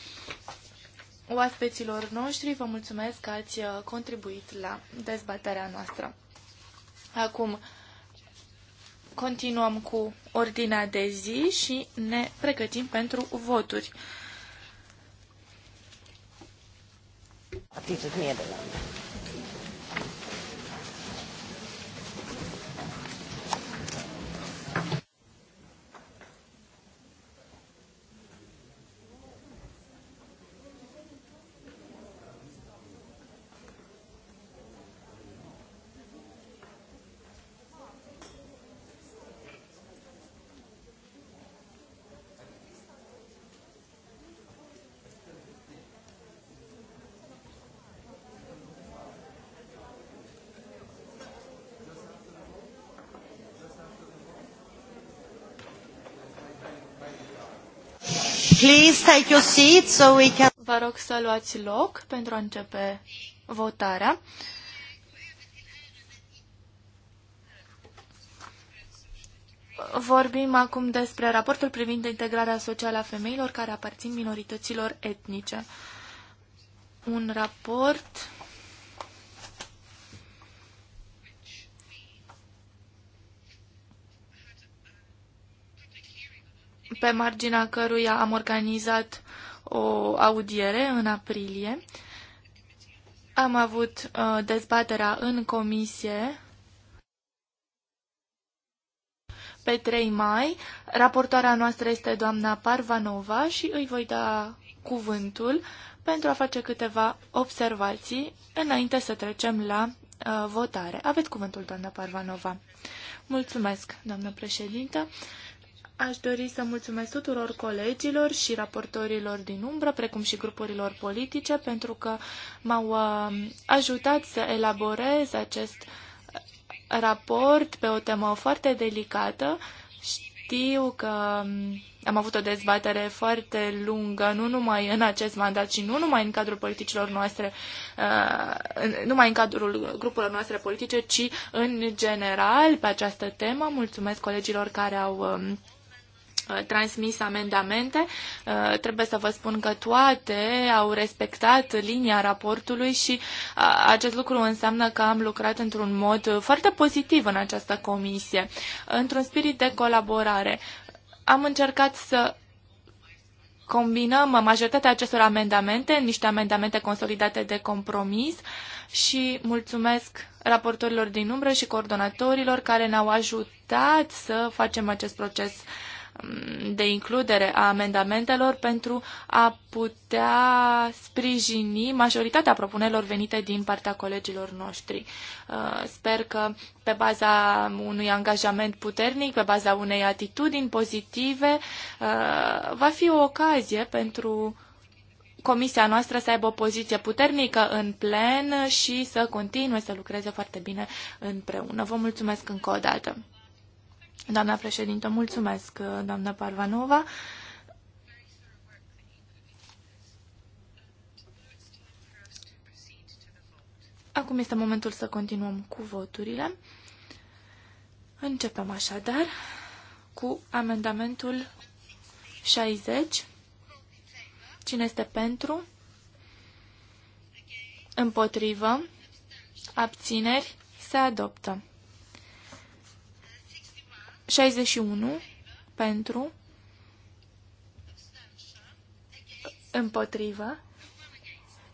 oaspeților noștri. Vă mulțumesc că ați uh, contribuit la dezbaterea noastră. Acum continuăm cu ordinea de zi și ne pregătim pentru voturi. Atitudine de la Please take your seat so we can... Vă rog să luați loc pentru a începe votarea. Vorbim acum despre raportul privind integrarea socială a femeilor care aparțin minorităților etnice. Un raport pe marginea căruia am organizat o audiere în aprilie. Am avut uh, dezbaterea în comisie pe 3 mai. Raportoarea noastră este doamna Parvanova și îi voi da cuvântul pentru a face câteva observații înainte să trecem la uh, votare. Aveți cuvântul, doamna Parvanova. Mulțumesc, doamnă președintă. Uh, Aș dori să mulțumesc tuturor colegilor și raportorilor din umbră, precum și grupurilor politice, pentru că m-au uh, ajutat să elaborez acest uh, raport pe o temă foarte delicată. Știu că um, am avut o dezbatere foarte lungă, nu numai în acest mandat, ci nu numai în cadrul politicilor noastre, uh, nu numai în cadrul grupurilor noastre politice, ci în general pe această temă. Mulțumesc colegilor care au um, Uh, transmis amendamente. Uh, trebuie să vă spun că toate au respectat linia raportului și uh, acest lucru înseamnă că am lucrat într-un mod foarte pozitiv în această comisie, într-un spirit de colaborare. Am încercat să combinăm majoritatea acestor amendamente niște amendamente consolidate de compromis și mulțumesc raportorilor din umbră și coordonatorilor care ne-au ajutat să facem acest proces de includere a amendamentelor pentru a putea sprijini majoritatea propunerilor venite din partea colegilor noștri. Uh, sper că pe baza unui angajament puternic, pe baza unei atitudini pozitive, uh, va fi o ocazie pentru comisia noastră să aibă o poziție puternică în plen și să continue să lucreze foarte bine împreună. Vă mulțumesc încă o dată. Doamna președintă, mulțumesc, doamna Parvanova. Acum este momentul să continuăm cu voturile. Începem așadar cu amendamentul 60. Cine este pentru? Împotrivă? Abțineri? Se adoptă. 61 pentru, împotrivă,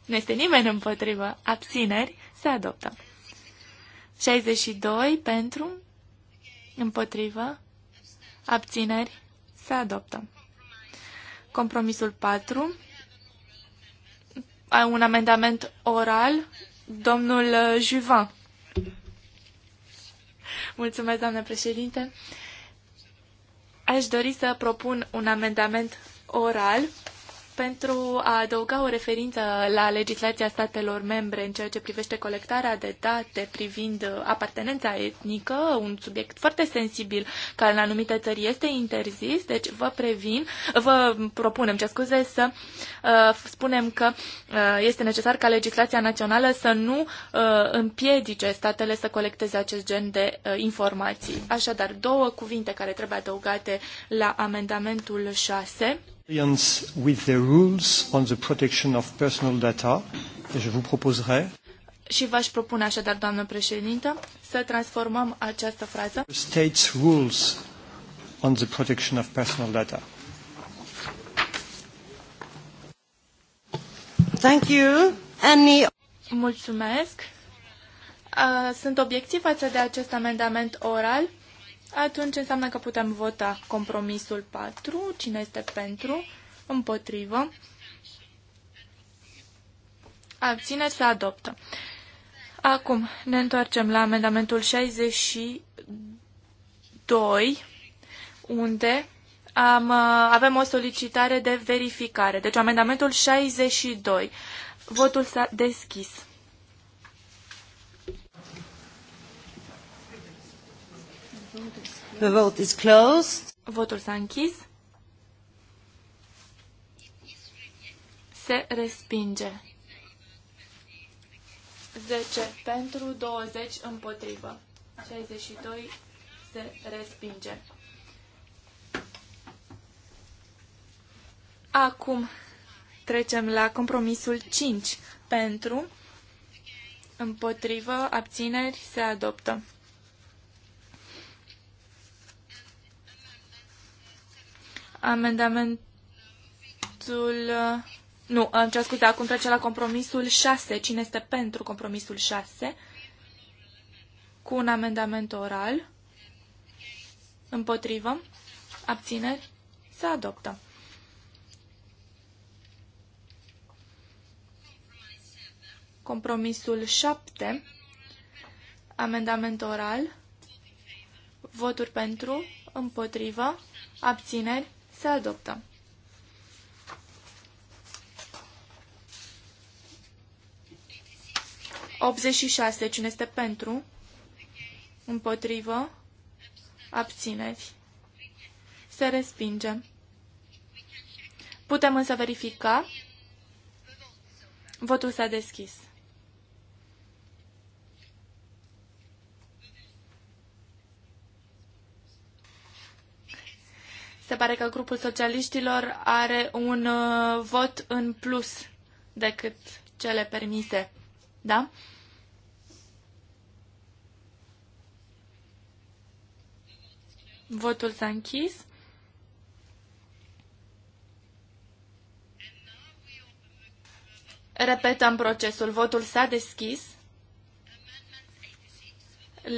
nu este nimeni împotrivă, abțineri, se adoptă. 62 pentru, împotrivă, abțineri, se adoptă. Compromisul 4, un amendament oral, domnul Juvin. Mulțumesc, doamnă președinte. Aș dori să propun un amendament oral pentru a adăuga o referință la legislația statelor membre în ceea ce privește colectarea de date privind uh, apartenența etnică, un subiect foarte sensibil care în anumite țări este interzis, deci vă previn, vă propunem, ce scuze, să uh, spunem că uh, este necesar ca legislația națională să nu uh, împiedice statele să colecteze acest gen de uh, informații. Așadar, două cuvinte care trebuie adăugate la amendamentul 6 With the rules on the protection of personal data, je vous proposerai și v-aș propune așadar, doamnă președintă, să transformăm această frază States rules on the protection of personal data. Thank you. Any... Mulțumesc. Sunt obiectiv față de acest amendament oral. Atunci înseamnă că putem vota compromisul 4. Cine este pentru? Împotrivă. Abține se adoptă. Acum ne întoarcem la amendamentul 62, unde am, uh, avem o solicitare de verificare. Deci amendamentul 62. Votul s-a deschis. The vote is closed. Votul s-a închis. Se respinge. 10 pentru, 20 împotrivă. 62 se respinge. Acum trecem la compromisul 5. Pentru, împotrivă, abțineri, se adoptă. Amendamentul... Uh, nu, am ce scuze, acum trece la compromisul 6. Cine este pentru compromisul 6? Cu un amendament oral. Împotrivă. Abțineri. să adoptă. Compromisul 7. Amendament oral. Voturi pentru. Împotrivă. Abțineri. Se adoptă. și șase. Cine este pentru? Împotrivă? Abțineri. Se respinge. Putem însă verifica. Votul s-a deschis. Se pare că grupul socialiștilor are un uh, vot în plus decât cele permise. Da? Votul s-a închis. Repetăm procesul. Votul s-a deschis.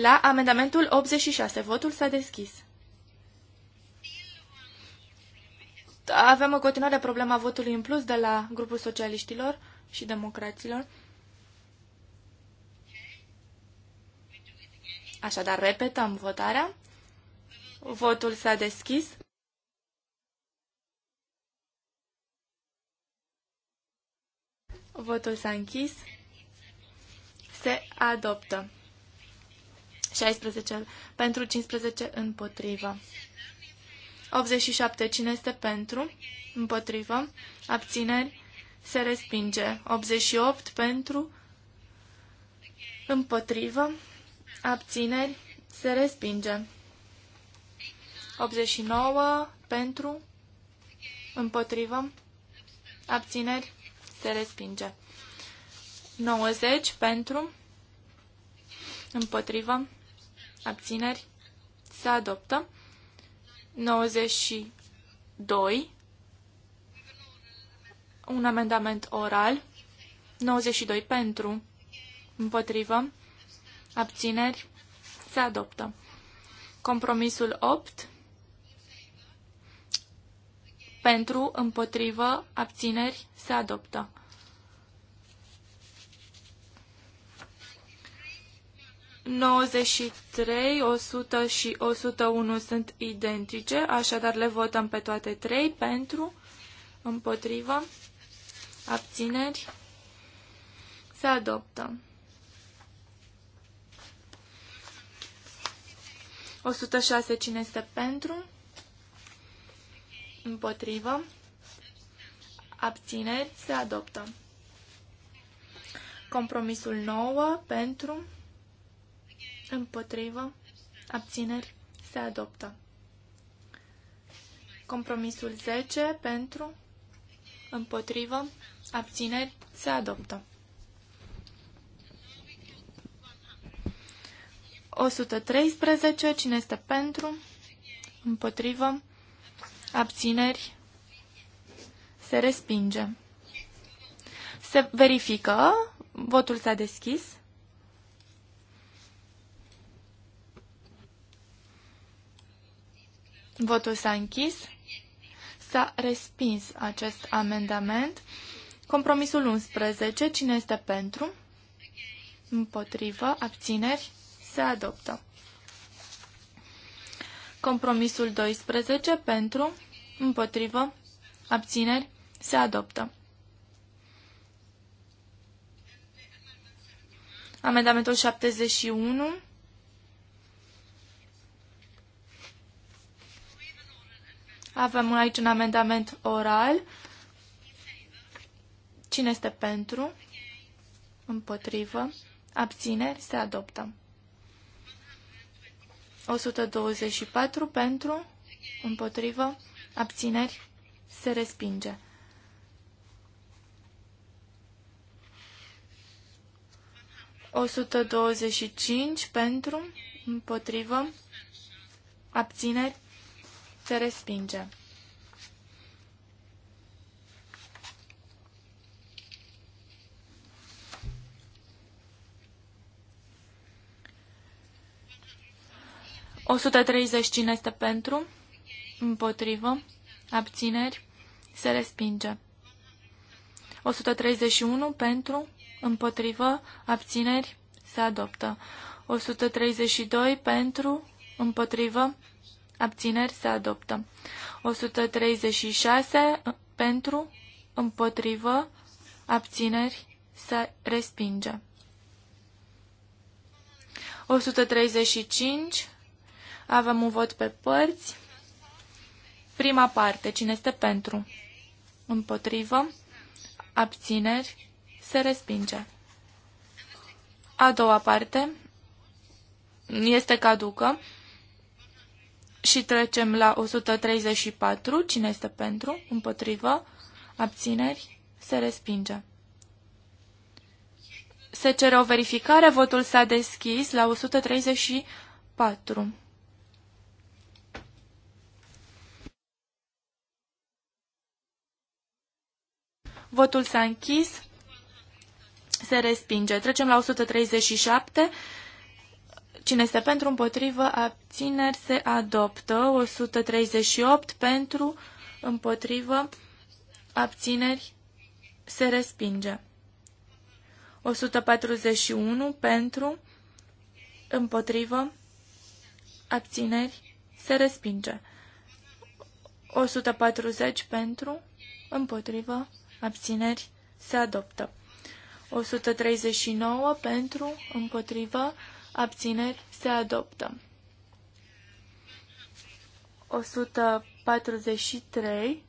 La amendamentul 86, votul s-a deschis. avem o continuare problema votului în plus de la grupul socialiștilor și democraților. Așadar, repetăm votarea. Votul s-a deschis. Votul s-a închis. Se adoptă. 16 pentru 15 împotrivă. 87. Cine este pentru? Împotrivă. Abțineri. Se respinge. 88. Pentru. Împotrivă. Abțineri. Se respinge. 89. Pentru. Împotrivă. Abțineri. Se respinge. 90. Pentru. Împotrivă. Abțineri. Se adoptă. 92. Un amendament oral. 92 pentru. Împotrivă. Abțineri. Se adoptă. Compromisul 8. Pentru, împotrivă, abțineri, se adoptă. 93, 100 și 101 sunt identice, așadar le votăm pe toate trei pentru, împotrivă, abțineri, se adoptă. 106 cine este pentru, împotrivă, abțineri, se adoptă. Compromisul 9 pentru, împotrivă, abțineri, se adoptă. Compromisul 10 pentru, împotrivă, abțineri, se adoptă. 113. Cine este pentru? Împotrivă? Abțineri? Se respinge. Se verifică. Votul s-a deschis. Votul s-a închis. S-a respins acest amendament. Compromisul 11. Cine este pentru? Împotrivă. Abțineri. Se adoptă. Compromisul 12. Pentru. Împotrivă. Abțineri. Se adoptă. Amendamentul 71 Avem aici un amendament oral. Cine este pentru? Împotrivă. Abțineri. Se adoptă. 124 pentru. Împotrivă. Abțineri. Se respinge. O sută douăzeci și cinci pentru, împotrivă, abțineri, se respinge. O sută treizeci cine este pentru? Împotrivă. Abțineri. Se respinge. 131 pentru, împotrivă, abțineri, se adoptă. 132 pentru, împotrivă, abțineri se adoptă. 136 uh, pentru, împotrivă, abțineri se respinge. 135 avem un vot pe părți. Prima parte, cine este pentru? Împotrivă, abțineri, se respinge. A doua parte este caducă. Și trecem la 134. Cine este pentru? Împotrivă? Abțineri? Se respinge. Se cere o verificare. Votul s-a deschis la 134. Votul s-a închis. Se respinge. Trecem la 137. Cine este pentru, împotrivă, abțineri, se adoptă. 138 pentru, împotrivă, abțineri, se respinge. 141 pentru, împotrivă, abțineri, se respinge. 140 pentru, împotrivă, abțineri, se adoptă. 139 pentru, împotrivă, abțineri, se adoptă. 143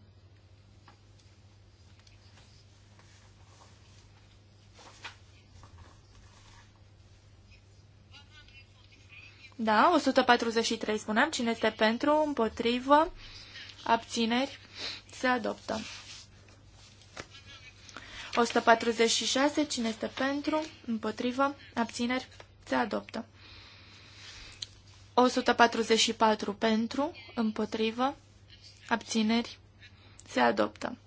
Da, 143 spuneam. Cine este pentru, împotrivă, abțineri, se adoptă. 146. Cine este pentru, împotrivă, abțineri, se adoptă. 144 pentru, împotrivă, abțineri, se adoptă.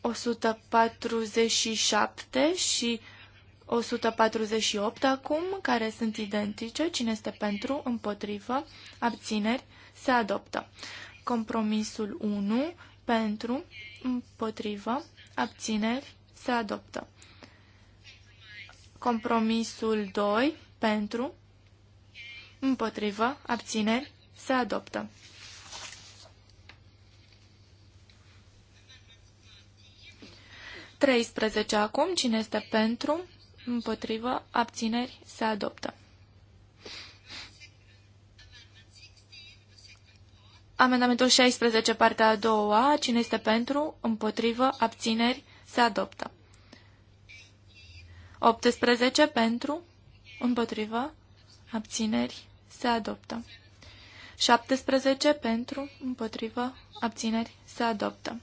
147 și 148 acum, care sunt identice, cine este pentru, împotrivă, abțineri, se adoptă. Compromisul 1, pentru, împotrivă, abțineri, se adoptă. Compromisul 2 pentru, împotrivă, abțineri, se adoptă. Treisprezece acum, cine este pentru, împotrivă, abțineri, se adoptă. Amendamentul 16, partea a doua, cine este pentru, împotrivă, abțineri, se adoptă. 18 pentru, împotrivă, abțineri, se adoptă. 17 pentru, împotrivă, abțineri, se adoptă.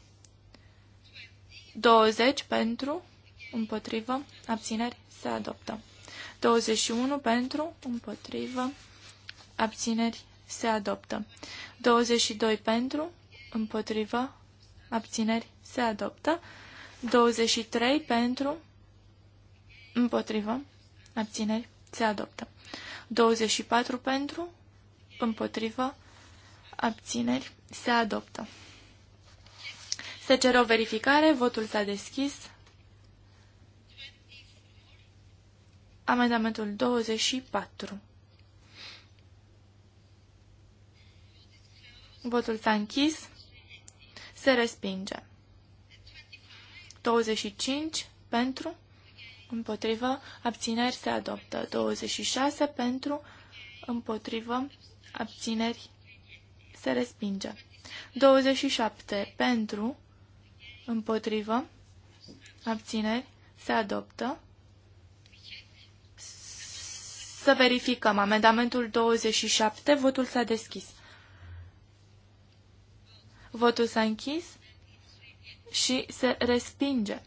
20 pentru, împotrivă, abțineri, se adoptă. 21 pentru, împotrivă, abțineri, se adoptă. 22 pentru, împotrivă, abțineri, se adoptă. 23 pentru, Împotrivă. Abțineri. Se adoptă. 24 pentru. Împotrivă. Abțineri. Se adoptă. Se cere o verificare. Votul s-a deschis. Amendamentul 24. Votul s-a închis. Se respinge. 25 pentru împotrivă, abțineri se adoptă. 26 pentru, împotrivă, abțineri se respinge. 27 pentru, împotrivă, abțineri se adoptă. Să verificăm. Amendamentul 27, votul s-a deschis. Votul s-a închis și se respinge.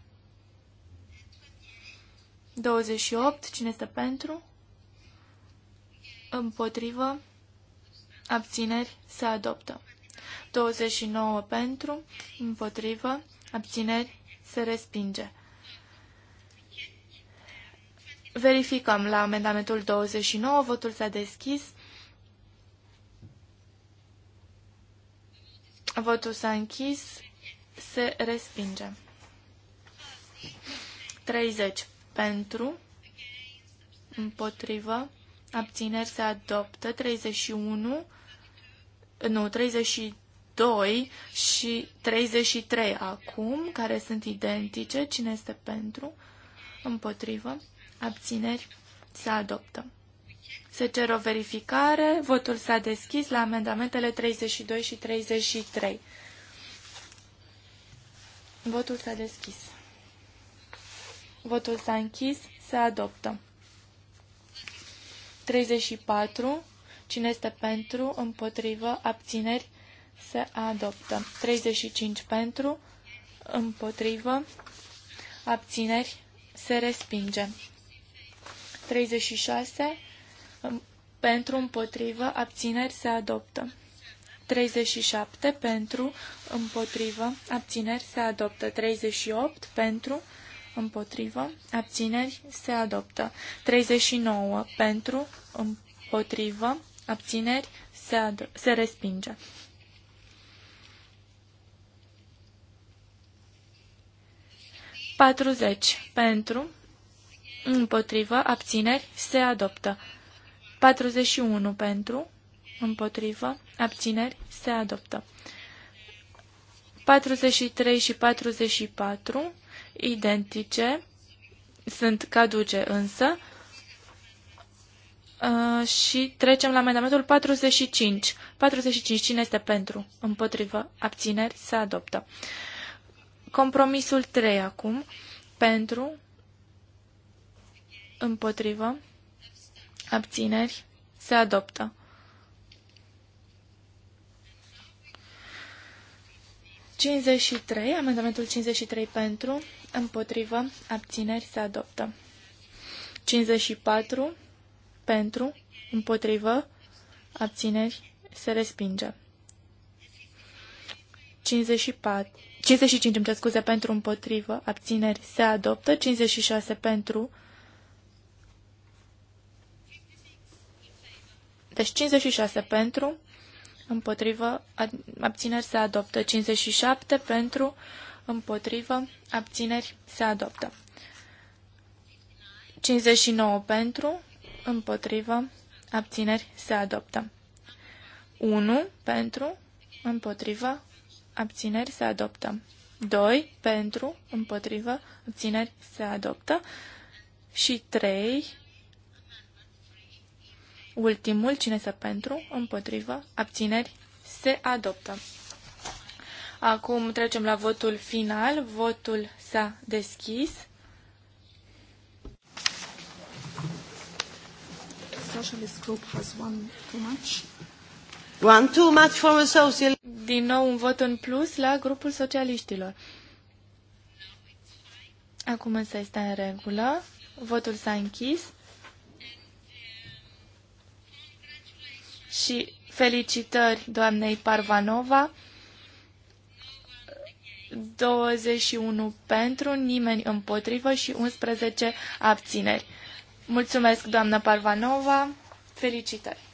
28. Cine este pentru? Împotrivă. Abțineri. Se adoptă. 29 pentru. Împotrivă. Abțineri. Se respinge. Verificăm la amendamentul 29. Votul s-a deschis. Votul s-a închis. Se respinge. 30 pentru, împotrivă, abțineri se adoptă, 31, nu, 32 și 33 acum, care sunt identice, cine este pentru, împotrivă, abțineri se adoptă. Se cer o verificare, votul s-a deschis la amendamentele 32 și 33. Votul s-a deschis. Votul s-a închis. Se adoptă. 34. Cine este pentru, împotrivă, abțineri, se adoptă. 35 pentru, împotrivă, abțineri, se respinge. 36 pentru, împotrivă, abțineri, se adoptă. 37 pentru, împotrivă, abțineri, se adoptă. 38 pentru, împotrivă, abțineri, se adoptă. 39 pentru, împotrivă, abțineri, se, se respinge. Patruzeci pentru, împotrivă, abțineri, se adoptă. 41 pentru, împotrivă, abțineri, se adoptă. 43 și 44 identice, sunt caduce însă. Uh, și trecem la amendamentul 45. 45. Cine este pentru? Împotrivă. Abțineri. Se adoptă. Compromisul 3 acum. Pentru. Împotrivă. Abțineri. Se adoptă. amendamentul 53 pentru, împotrivă, abțineri se adoptă. 54 pentru, împotrivă, abțineri se respinge. 54, 55, îmi cer scuze, pentru împotrivă, abțineri se adoptă. 56 pentru, deci 56 pentru, împotrivă, abțineri se adoptă. 57 pentru, împotrivă, abțineri, se adoptă. 59 pentru, împotrivă, abțineri, se adoptă. 1 pentru, împotrivă, abțineri, se adoptă. 2 pentru, împotrivă, abțineri, se adoptă. Și 3 Ultimul, cine se pentru, împotrivă, abțineri, se adoptă. Acum trecem la votul final. Votul s-a deschis. one too much. for a social. Din nou un vot în plus la grupul socialiștilor. Acum însă este în regulă. Votul s-a închis. Și felicitări doamnei Parvanova. 21 pentru, nimeni împotrivă și 11 abțineri. Mulțumesc, doamna Parvanova. Felicitări!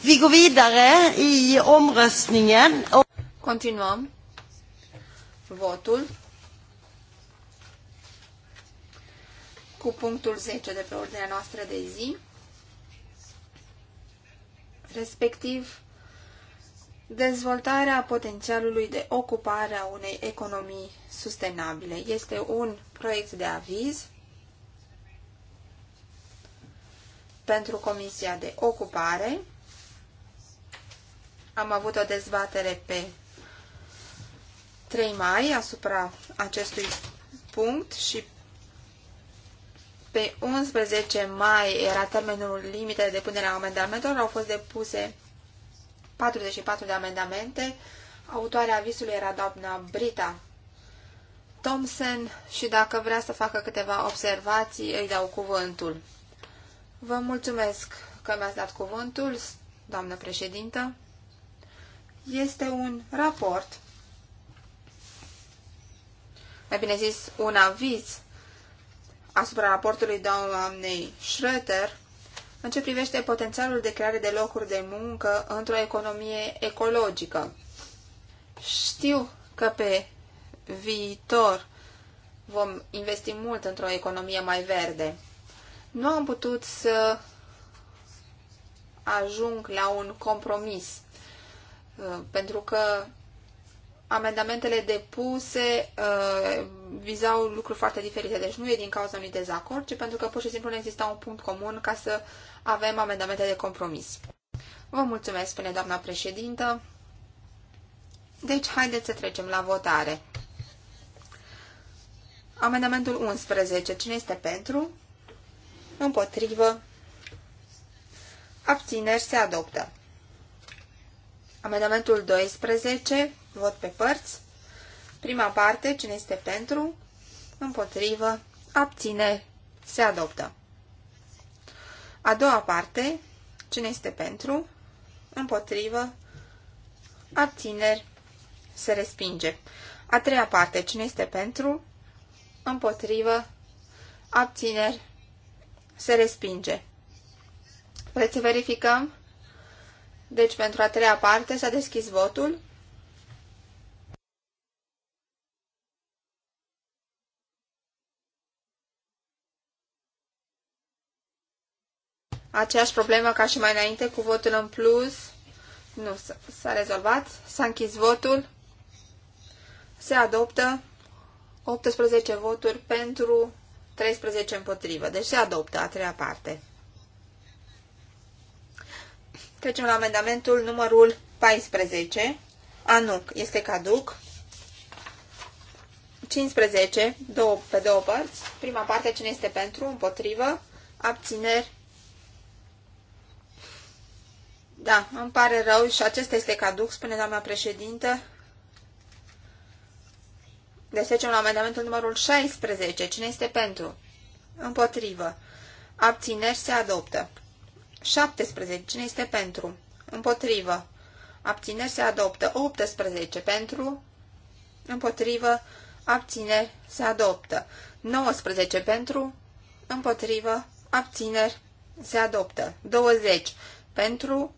Vi går vidare i omröstningen. Continuăm votul cu punctul 10 de pe ordinea noastră de zi, respectiv dezvoltarea potențialului de ocupare a unei economii sustenabile. Este un proiect de aviz pentru Comisia de Ocupare. Am avut o dezbatere pe 3 mai asupra acestui punct și pe 11 mai era termenul limită de depunere a amendamentelor, au fost depuse 44 de amendamente. Autoarea avisului era doamna Brita Thompson și dacă vrea să facă câteva observații, îi dau cuvântul. Vă mulțumesc că mi-ați dat cuvântul, doamnă președintă. Este un raport, mai bine zis, un aviz asupra raportului doamnei Schröter în ce privește potențialul de creare de locuri de muncă într-o economie ecologică. Știu că pe viitor vom investi mult într-o economie mai verde. Nu am putut să ajung la un compromis, uh, pentru că amendamentele depuse uh, vizau lucruri foarte diferite. Deci nu e din cauza unui dezacord, ci pentru că pur și simplu nu exista un punct comun ca să avem amendamente de compromis. Vă mulțumesc, spune doamna președintă. Deci, haideți să trecem la votare. Amendamentul 11. Cine este pentru? Împotrivă. Abțineri se adoptă. Amendamentul 12. Vot pe părți. Prima parte, cine este pentru, împotrivă, abține, se adoptă. A doua parte, cine este pentru, împotrivă, abțineri, se respinge. A treia parte, cine este pentru, împotrivă, abțineri, se respinge. Vreți să verificăm? Deci, pentru a treia parte s-a deschis votul. aceeași problemă ca și mai înainte cu votul în plus. Nu, s-a rezolvat. S-a închis votul. Se adoptă 18 voturi pentru 13 împotrivă. Deci se adoptă a treia parte. Trecem la amendamentul numărul 14. A, nu, este caduc. 15, două, pe două părți. Prima parte, cine este pentru, împotrivă, abțineri, Da, îmi pare rău și acesta este caduc, spune doamna președintă. Deci trecem la amendamentul numărul 16. Cine este pentru? Împotrivă. Abțineri se adoptă. 17. Cine este pentru? Împotrivă. Abțineri se adoptă. 18. Pentru? Împotrivă. Abțineri se adoptă. 19. Pentru? Împotrivă. Abțineri se adoptă. 20. Pentru?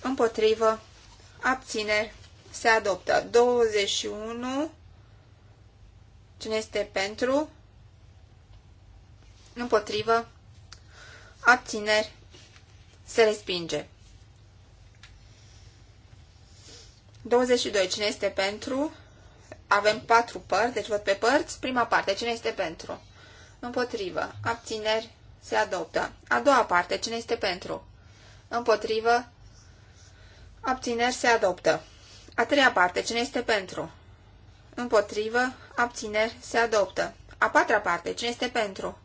împotrivă, abțineri, se adoptă. 21, cine este pentru, împotrivă, abțineri, se respinge. 22. Cine este pentru? Avem patru părți, deci văd pe părți. Prima parte. Cine este pentru? Împotrivă. Abțineri. Se adoptă. A doua parte. Cine este pentru? Împotrivă. Abțineri se adoptă. A treia parte. Cine este pentru? Împotrivă. Abțineri se adoptă. A patra parte. Cine este pentru?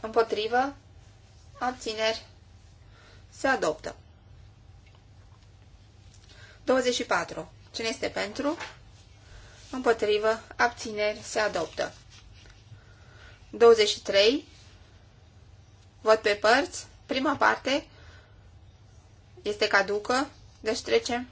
Împotrivă. Abțineri se adoptă. 24. Cine este pentru? Împotrivă. Abțineri se adoptă. 23. Vot pe părți. Prima parte este caducă, deci trece.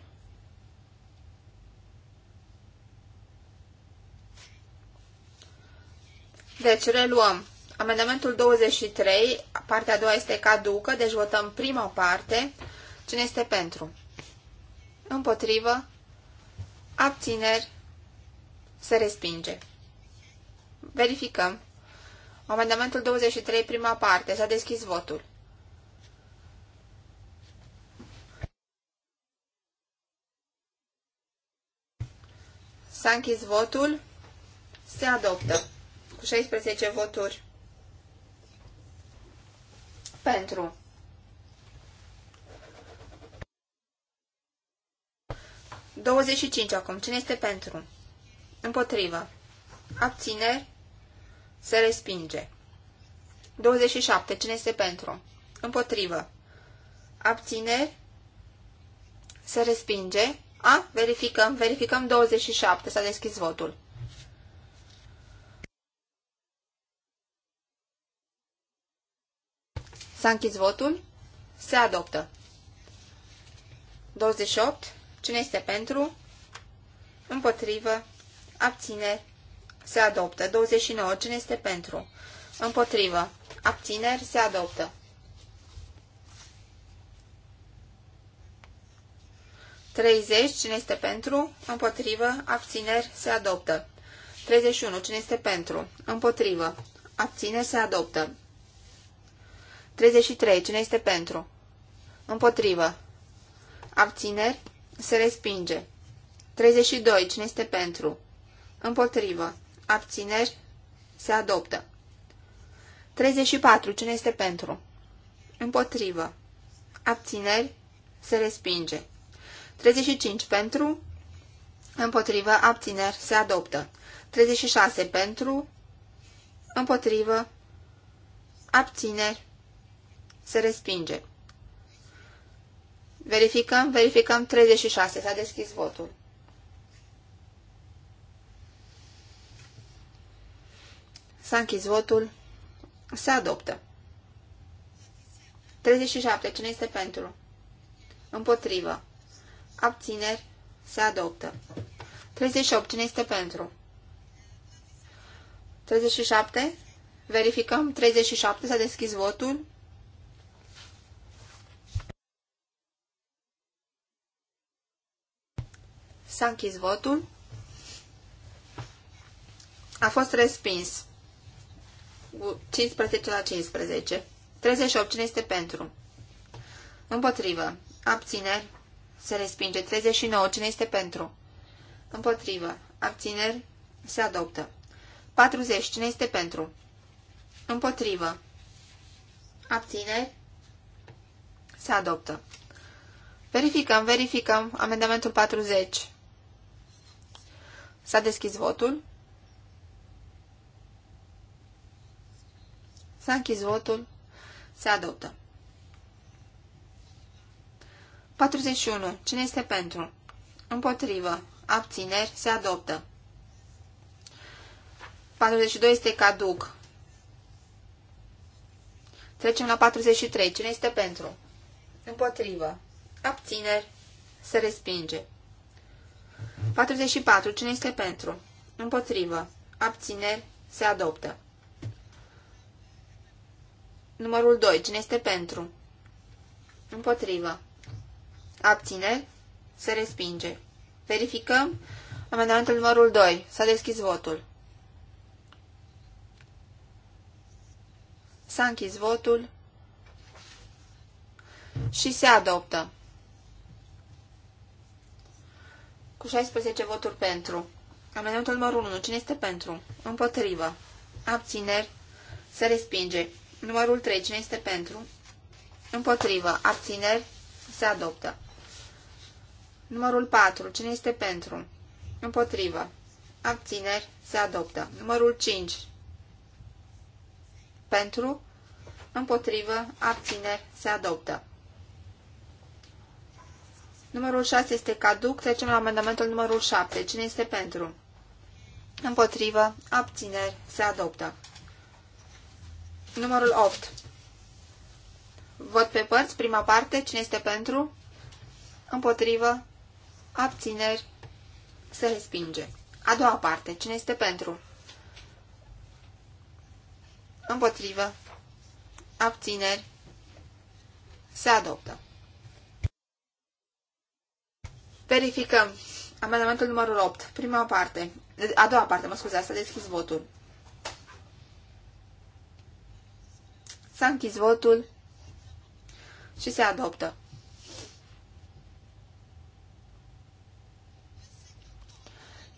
Deci reluăm. Amendamentul 23, partea a doua este caducă, deci votăm prima parte. Cine este pentru? Împotrivă. Abțineri. Se respinge. Verificăm. Amendamentul 23, prima parte. S-a deschis votul. S-a închis votul. Se adoptă. Cu 16 voturi. Pentru. Douăzeci și cinci acum. Cine este pentru? Împotrivă. Abțineri. Se respinge. 27. Cine este pentru? Împotrivă. Abțineri. Se respinge. A, verificăm, verificăm 27, s-a deschis votul. S-a închis votul, se adoptă. 28, cine este pentru, împotrivă, abțineri, se adoptă. 29, cine este pentru, împotrivă, abțineri, se adoptă. 30. Cine este pentru? Împotrivă. Abțineri. Se adoptă. 31. Cine este pentru? Împotrivă. Abțineri. Se adoptă. 33. Cine este pentru? Împotrivă. Abțineri. Se respinge. 32. Cine este pentru? Împotrivă. Abțineri. Se adoptă. 34. Cine este pentru? Împotrivă. Abțineri. Se respinge. 35 pentru, împotrivă, abțineri, se adoptă. 36 pentru, împotrivă, abțineri, se respinge. Verificăm, verificăm 36, s-a deschis votul. S-a închis votul, se adoptă. 37, cine este pentru? Împotrivă abțineri, se adoptă. 38. Cine este pentru? 37. Verificăm. 37. S-a deschis votul. S-a închis votul. A fost respins. 15 la 15. 38. Cine este pentru? Împotrivă. Abțineri se respinge. 39. Cine este pentru? Împotrivă. Abțineri se adoptă. 40. Cine este pentru? Împotrivă. Abțineri se adoptă. Verificăm, verificăm amendamentul 40. S-a deschis votul. S-a închis votul. Se adoptă. 41. Cine este pentru? Împotrivă. Abțineri. Se adoptă. 42 este caduc. Trecem la 43. Cine este pentru? Împotrivă. Abțineri. Se respinge. 44. Cine este pentru? Împotrivă. Abțineri. Se adoptă. Numărul 2. Cine este pentru? Împotrivă abțineri, se respinge. Verificăm amendamentul numărul 2. S-a deschis votul. S-a închis votul și se adoptă. Cu 16 voturi pentru. Amendamentul numărul 1. Cine este pentru? Împotrivă. Abțineri. Se respinge. Numărul 3. Cine este pentru? Împotrivă. Abțineri. Se adoptă. Numărul 4. Cine este pentru? Împotrivă. Abțineri. Se adoptă. Numărul 5. Pentru. Împotrivă. Abțineri. Se adoptă. Numărul 6 este caduc. Trecem la amendamentul numărul 7. Cine este pentru? Împotrivă. Abțineri. Se adoptă. Numărul 8. Vot pe părți. Prima parte. Cine este pentru? Împotrivă abțineri, se respinge. A doua parte, cine este pentru? Împotrivă, abțineri, se adoptă. Verificăm. Amendamentul numărul 8, prima parte, a doua parte, mă scuze, s-a deschis votul. S-a închis votul și se adoptă.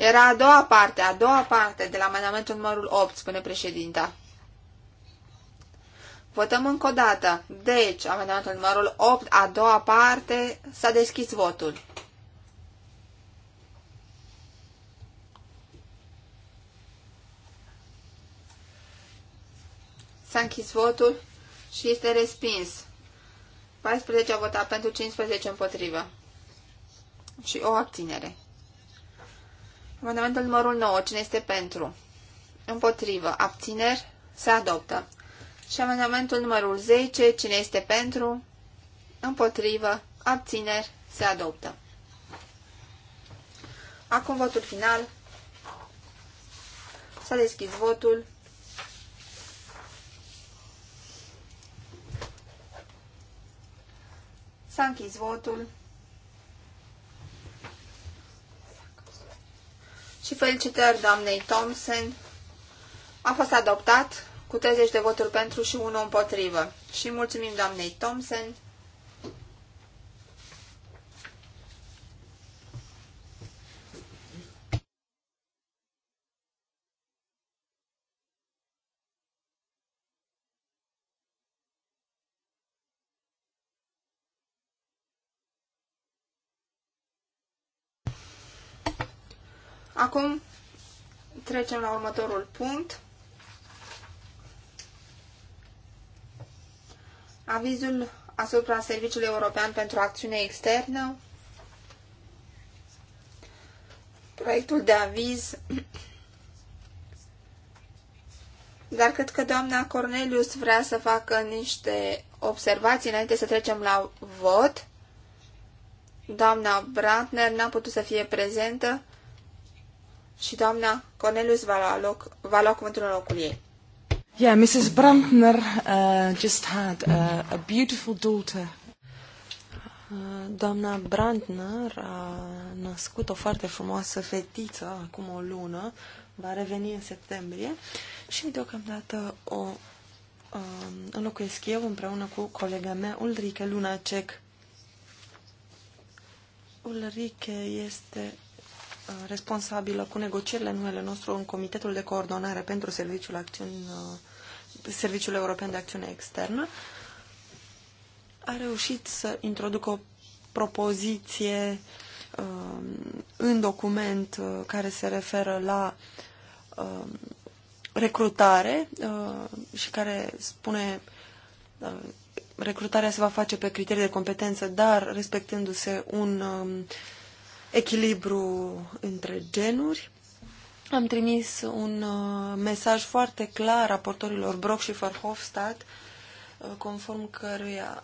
Era a doua parte, a doua parte de la amendamentul numărul 8, spune președinta. Votăm încă o dată. Deci, amendamentul numărul 8, a doua parte, s-a deschis votul. S-a închis votul și este respins. 14 au votat pentru, 15 împotrivă. Și o abținere. Mandamentul numărul 9. Cine este pentru? Împotrivă. Abțineri? Se adoptă. Și amendamentul numărul 10. Cine este pentru? Împotrivă. Abțineri? Se adoptă. Acum votul final. S-a deschis votul. S-a închis votul. și felicitări doamnei Thompson. A fost adoptat cu 30 de voturi pentru și 1 împotrivă. Și mulțumim doamnei Thompson. Acum trecem la următorul punct. Avizul asupra Serviciului European pentru Acțiune Externă. Proiectul de aviz. Dar cred că doamna Cornelius vrea să facă niște observații înainte să trecem la vot. Doamna Brantner n-a putut să fie prezentă și doamna Cornelius va lua, va lua cuvântul în locul ei. Yeah, Mrs. Brandner uh, just had a, uh, a beautiful daughter. Doamna Brandner a născut o foarte frumoasă fetiță acum o lună, va reveni în septembrie și deocamdată o uh, înlocuiesc eu împreună cu colega mea Ulrike Lunacek. Ulrike este responsabilă cu negocierile numele nostru în Comitetul de Coordonare pentru Serviciul, Acțiun, uh, Serviciul European de Acțiune Externă, a reușit să introducă o propoziție uh, în document uh, care se referă la recrutare și care spune recrutarea se va face pe criterii de competență, dar respectându-se un um, echilibru între genuri. Am trimis un uh, mesaj foarte clar raportorilor Brock și Verhofstadt uh, conform căruia,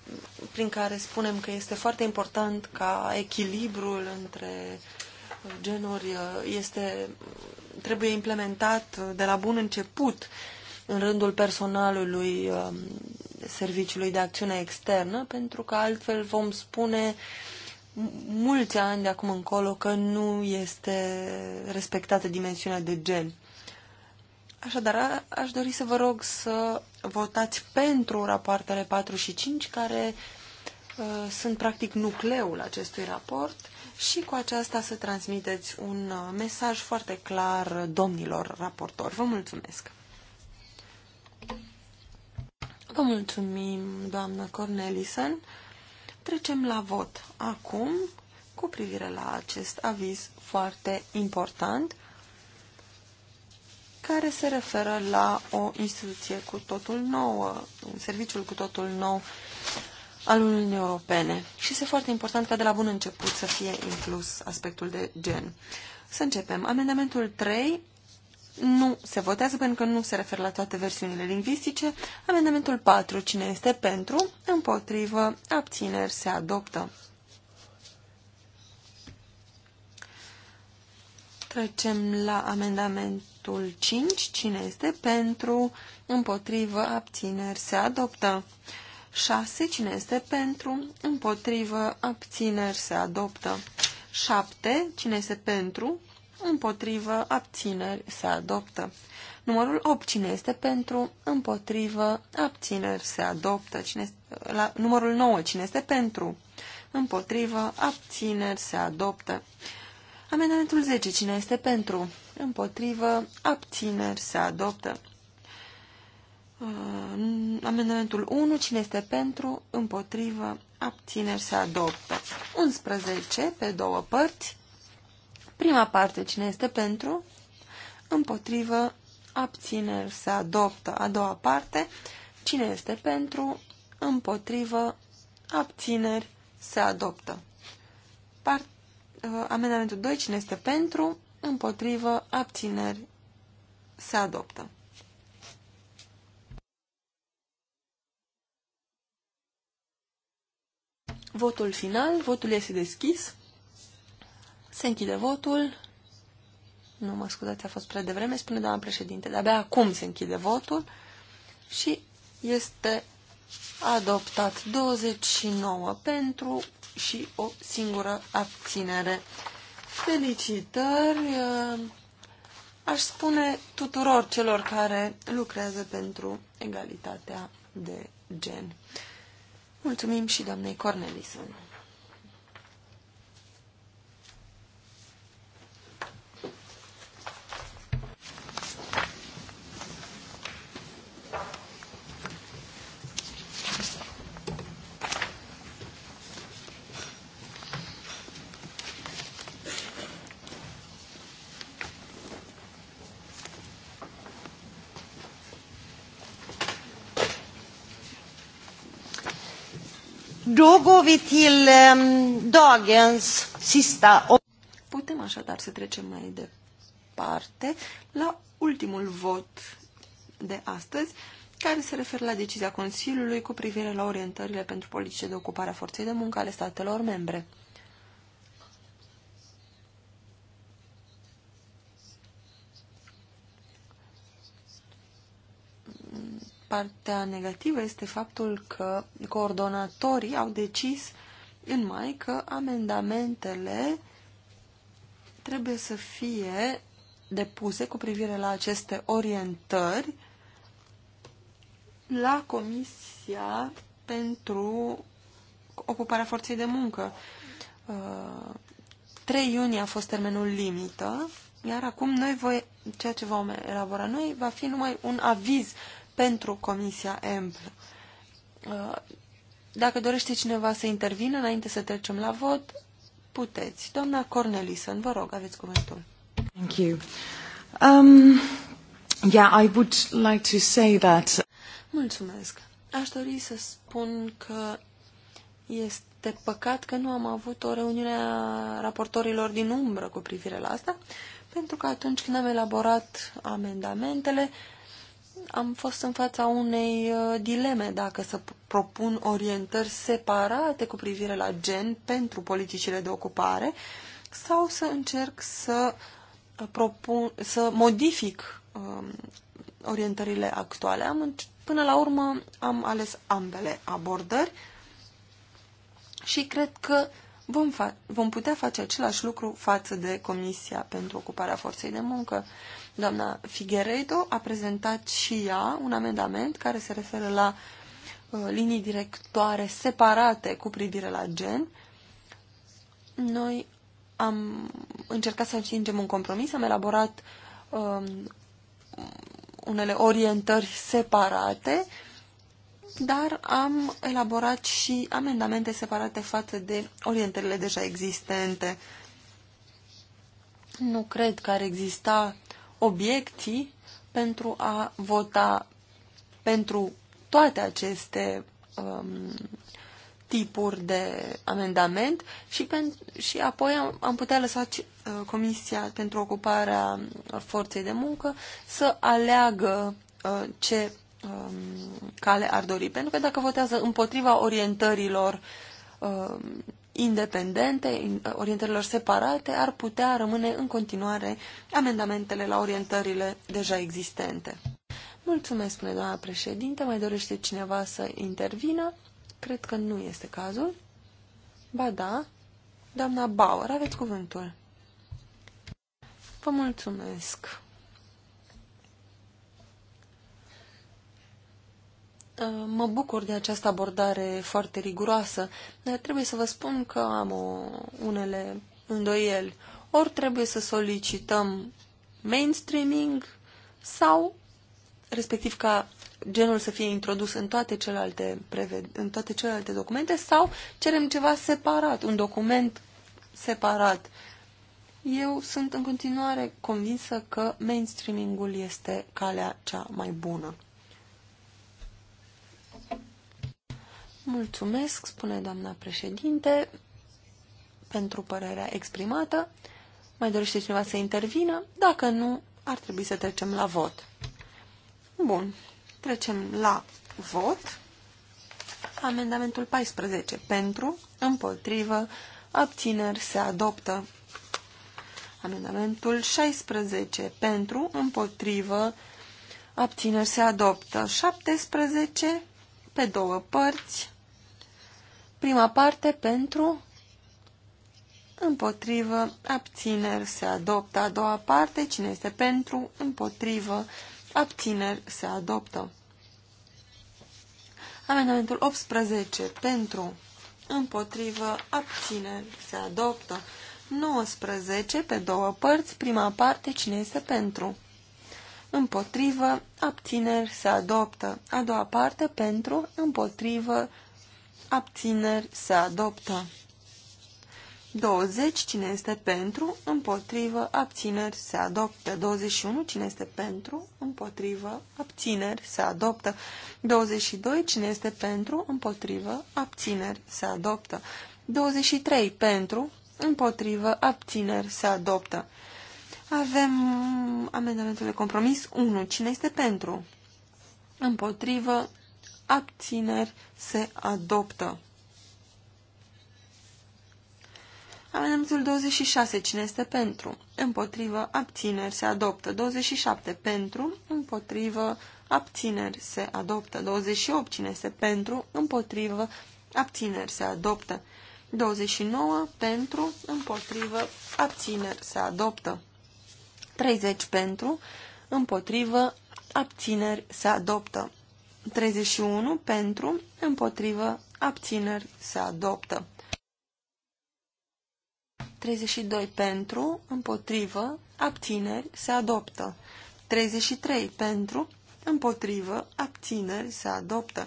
prin care spunem că este foarte important ca echilibrul între uh, genuri este, trebuie implementat de la bun început în rândul personalului um, Serviciului de Acțiune Externă, pentru că altfel vom spune uh, mulți ani de acum încolo că nu este respectată dimensiunea de gen. Așadar, aș dori să vă rog să votați pentru rapoartele 4 și 5, care uh, sunt practic nucleul acestui raport și cu aceasta să transmiteți un uh, mesaj foarte clar domnilor raportori. Vă mulțumesc! Vă mulțumim, doamnă Cornelison. Trecem la vot acum cu privire la acest aviz foarte important care se referă la o instituție cu totul nouă, un serviciu cu totul nou al Uniunii Europene. Și este foarte important ca de la bun început să fie inclus aspectul de gen. Să începem. Amendamentul 3 nu se votează pentru că nu se referă la toate versiunile lingvistice. Amendamentul 4. Cine este pentru? Împotrivă. Abțineri. Se adoptă. Trecem la amendamentul 5. Cine este pentru? Împotrivă. Abțineri. Se adoptă. 6. Cine este pentru? Împotrivă. Abțineri. Se adoptă. 7. Cine este pentru? împotrivă, abțineri, se adoptă. Numărul 8, cine este pentru, împotrivă, abțineri, se adoptă. Cine este, la, numărul 9, cine este pentru, împotrivă, abțineri, se adoptă. Amendamentul 10, cine este pentru, împotrivă, abțineri, se adoptă. Uh, amendamentul 1, cine este pentru, împotrivă, abțineri, se adoptă. 11, pe două părți, Prima parte, cine este pentru? Împotrivă, abțineri se adoptă. A doua parte, cine este pentru? Împotrivă, abțineri se adoptă. Part, uh, amendamentul 2, cine este pentru? Împotrivă, abțineri se adoptă. Votul final, votul este deschis. Se închide votul. Nu mă scuzați, a fost prea devreme, spune doamna președinte. De-abia acum se închide votul și este adoptat 29 pentru și o singură abținere. Felicitări! Uh, aș spune tuturor celor care lucrează pentru egalitatea de gen. Mulțumim și doamnei Cornelison. Då går vi till um, dagens sista... Putem așadar să trecem mai departe la ultimul vot de astăzi, care se referă la decizia Consiliului cu privire la orientările pentru politice de ocupare a forței de muncă ale statelor membre. Partea negativă este faptul că coordonatorii au decis în mai că amendamentele trebuie să fie depuse cu privire la aceste orientări la Comisia pentru ocuparea forței de muncă. 3 uh, iunie a fost termenul limită, iar acum noi voi, ceea ce vom elabora noi va fi numai un aviz pentru Comisia EMPL. Uh, dacă dorește cineva să intervină înainte să trecem la vot, puteți. Doamna Cornelison, vă rog, aveți cuvântul. Thank you. Um, yeah, I would like to say that... Mulțumesc. Aș dori să spun că este păcat că nu am avut o reuniune a raportorilor din umbră cu privire la asta, pentru că atunci când am elaborat amendamentele, am fost în fața unei uh, dileme dacă să propun orientări separate cu privire la gen pentru politicile de ocupare sau să încerc să uh, propun, să modific um, orientările actuale. Am, până la urmă am ales ambele abordări și cred că vom, fa- vom putea face același lucru față de Comisia pentru Ocuparea Forței de Muncă. Uh, Doamna Figueredo a prezentat și ea un amendament care se referă la uh, linii directoare separate cu privire la gen. Noi am încercat să atingem un compromis, am elaborat um, unele orientări separate, dar am elaborat și amendamente separate față de orientările deja existente. Nu cred că ar exista obiecții pentru a vota pentru toate aceste um, tipuri de amendament și, pen, și apoi am, am putea lăsa uh, Comisia pentru Ocuparea Forței de Muncă să aleagă uh, ce um, cale ar dori. Pentru că dacă votează împotriva orientărilor uh, independente, uh, orientărilor separate, ar putea rămâne în continuare amendamentele la orientările deja existente. Mulțumesc, spune doamna președinte. Mai dorește cineva să intervină? Cred că nu este cazul. Ba da, doamna Bauer, aveți cuvântul. Vă mulțumesc. Da, mă bucur de această abordare foarte riguroasă, dar trebuie să vă spun că am o, unele îndoieli. Ori trebuie să solicităm mainstreaming sau, respectiv ca genul să fie introdus în toate celelalte, preved- în toate celelalte documente sau cerem ceva separat, un document separat. Eu sunt în continuare convinsă că mainstreaming-ul este calea cea mai bună. Mulțumesc, spune doamna președinte, pentru părerea exprimată. Mai dorește cineva să intervină? Dacă nu, ar trebui să trecem la vot. Bun, trecem la vot. Amendamentul 14. Pentru, împotrivă, abțineri se adoptă. Amendamentul 16. Pentru, împotrivă, abțineri se adoptă. 17. Pe două părți. Prima parte pentru, împotrivă, abțineri se adoptă. A doua parte, cine este pentru, împotrivă, abțineri se adoptă. Amendamentul 18 pentru, împotrivă, abțineri se adoptă. 19 pe două părți, prima parte, cine este pentru. Împotrivă, abțineri se adoptă. A doua parte, pentru, împotrivă, abțineri se adoptă. 20. Cine este pentru, împotrivă, abțineri, se adoptă. 21. Cine este pentru, împotrivă, abțineri, se adoptă. 22. Cine este pentru, împotrivă, abțineri, se adoptă. 23. Pentru, împotrivă, abțineri, se adoptă. Avem amendamentul de compromis 1. Cine este pentru? Împotrivă, abțineri, se adoptă. Amendamentul 26. Cine este pentru? Împotrivă, abțineri, se adoptă. 27. Pentru, împotrivă, abțineri, se adoptă. 28. Cine este pentru? Împotrivă, abțineri, se adoptă. 29. Pentru, împotrivă, abțineri, se adoptă. 30. Pentru, împotrivă, abțineri, se adoptă. 31 pentru, împotrivă, abțineri se adoptă. 32 pentru, împotrivă, abțineri se adoptă. 33 pentru, împotrivă, abțineri se adoptă.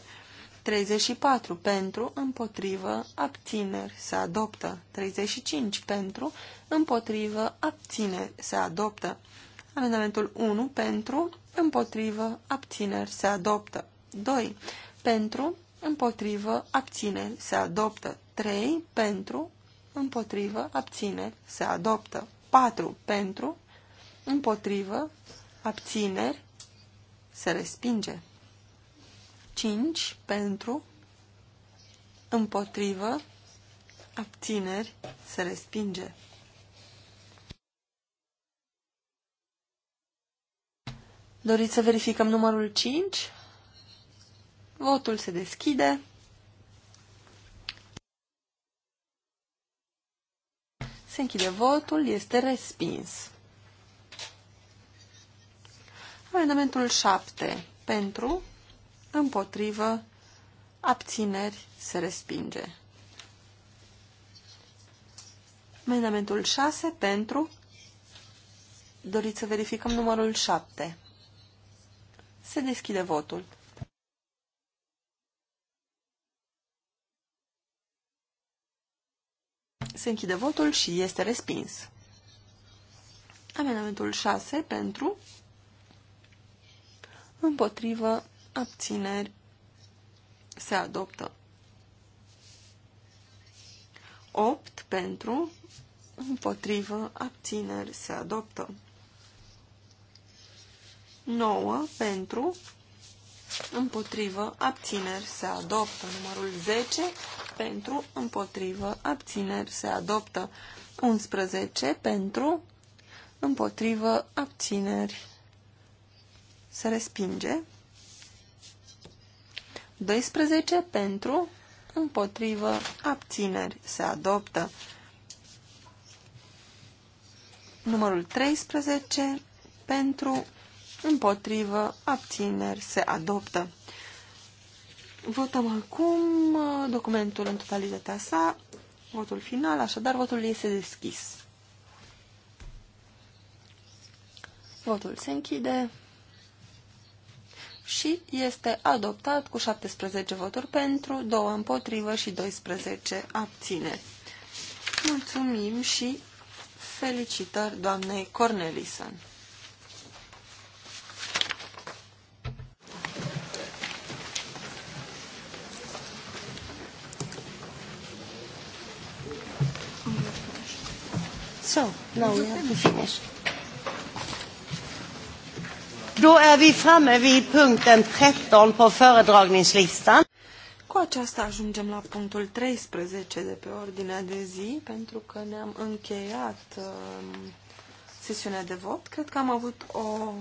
34 pentru, împotrivă, abțineri se adoptă. 35 pentru, împotrivă, abțineri se adoptă. Amendamentul 1 pentru, împotrivă, abțineri se adoptă. 2. Pentru, împotrivă, abține, se adoptă. 3. Pentru, împotrivă, abține, se adoptă. 4. Pentru, împotrivă, abține, se respinge. 5. Pentru, împotrivă, abțineri, se respinge. Doriți să verificăm numărul 5? Votul se deschide. Se închide votul, este respins. Amendamentul 7. Pentru, împotrivă, abțineri, se respinge. Amendamentul 6. Pentru, doriți să verificăm numărul 7. Se deschide votul. Se închide votul și este respins. Amendamentul 6 pentru împotrivă abțineri se adoptă. 8 pentru împotrivă abțineri se adoptă. 9 pentru împotrivă, abțineri, se adoptă. Numărul 10, pentru, împotrivă, abțineri, se adoptă. 11, pentru, împotrivă, abțineri, se respinge. 12, pentru, împotrivă, abțineri, se adoptă. Numărul 13, pentru, împotrivă, abțineri, se adoptă. Votăm acum uh, documentul în totalitatea sa, votul final, așadar votul este deschis. Votul se închide și este adoptat cu 17 voturi pentru, 2 împotrivă și 12 abține. Mulțumim și felicitări doamnei Cornelison. So, now we have to finish. Då är vi framme vid punkten 13 på föredragningslistan. Cu aceasta ajungem la punctul 13 de pe ordinea de zi, pentru că ne-am încheiat um, sesiunea de vot. Cred că am avut o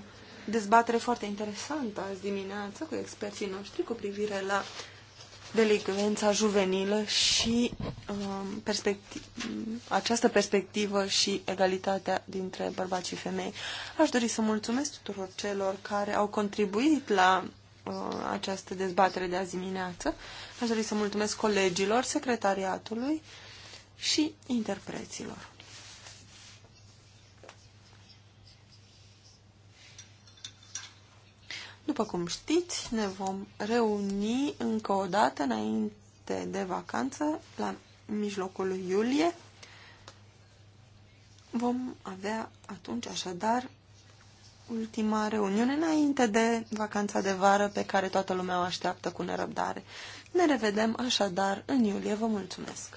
dezbatere foarte interesantă azi dimineață cu experții noștri cu privire la delicvența juvenilă și um, perspecti această perspectivă și egalitatea dintre bărbați și femei. Aș dori să mulțumesc tuturor celor care au contribuit la uh, această dezbatere de azi dimineață. Aș dori să mulțumesc colegilor, secretariatului și interpreților. După cum știți, ne vom reuni încă o dată înainte de vacanță, la mijlocul iulie. Vom avea atunci așadar ultima reuniune înainte de vacanța de vară pe care toată lumea o așteaptă cu nerăbdare. Ne revedem așadar în iulie. Vă mulțumesc!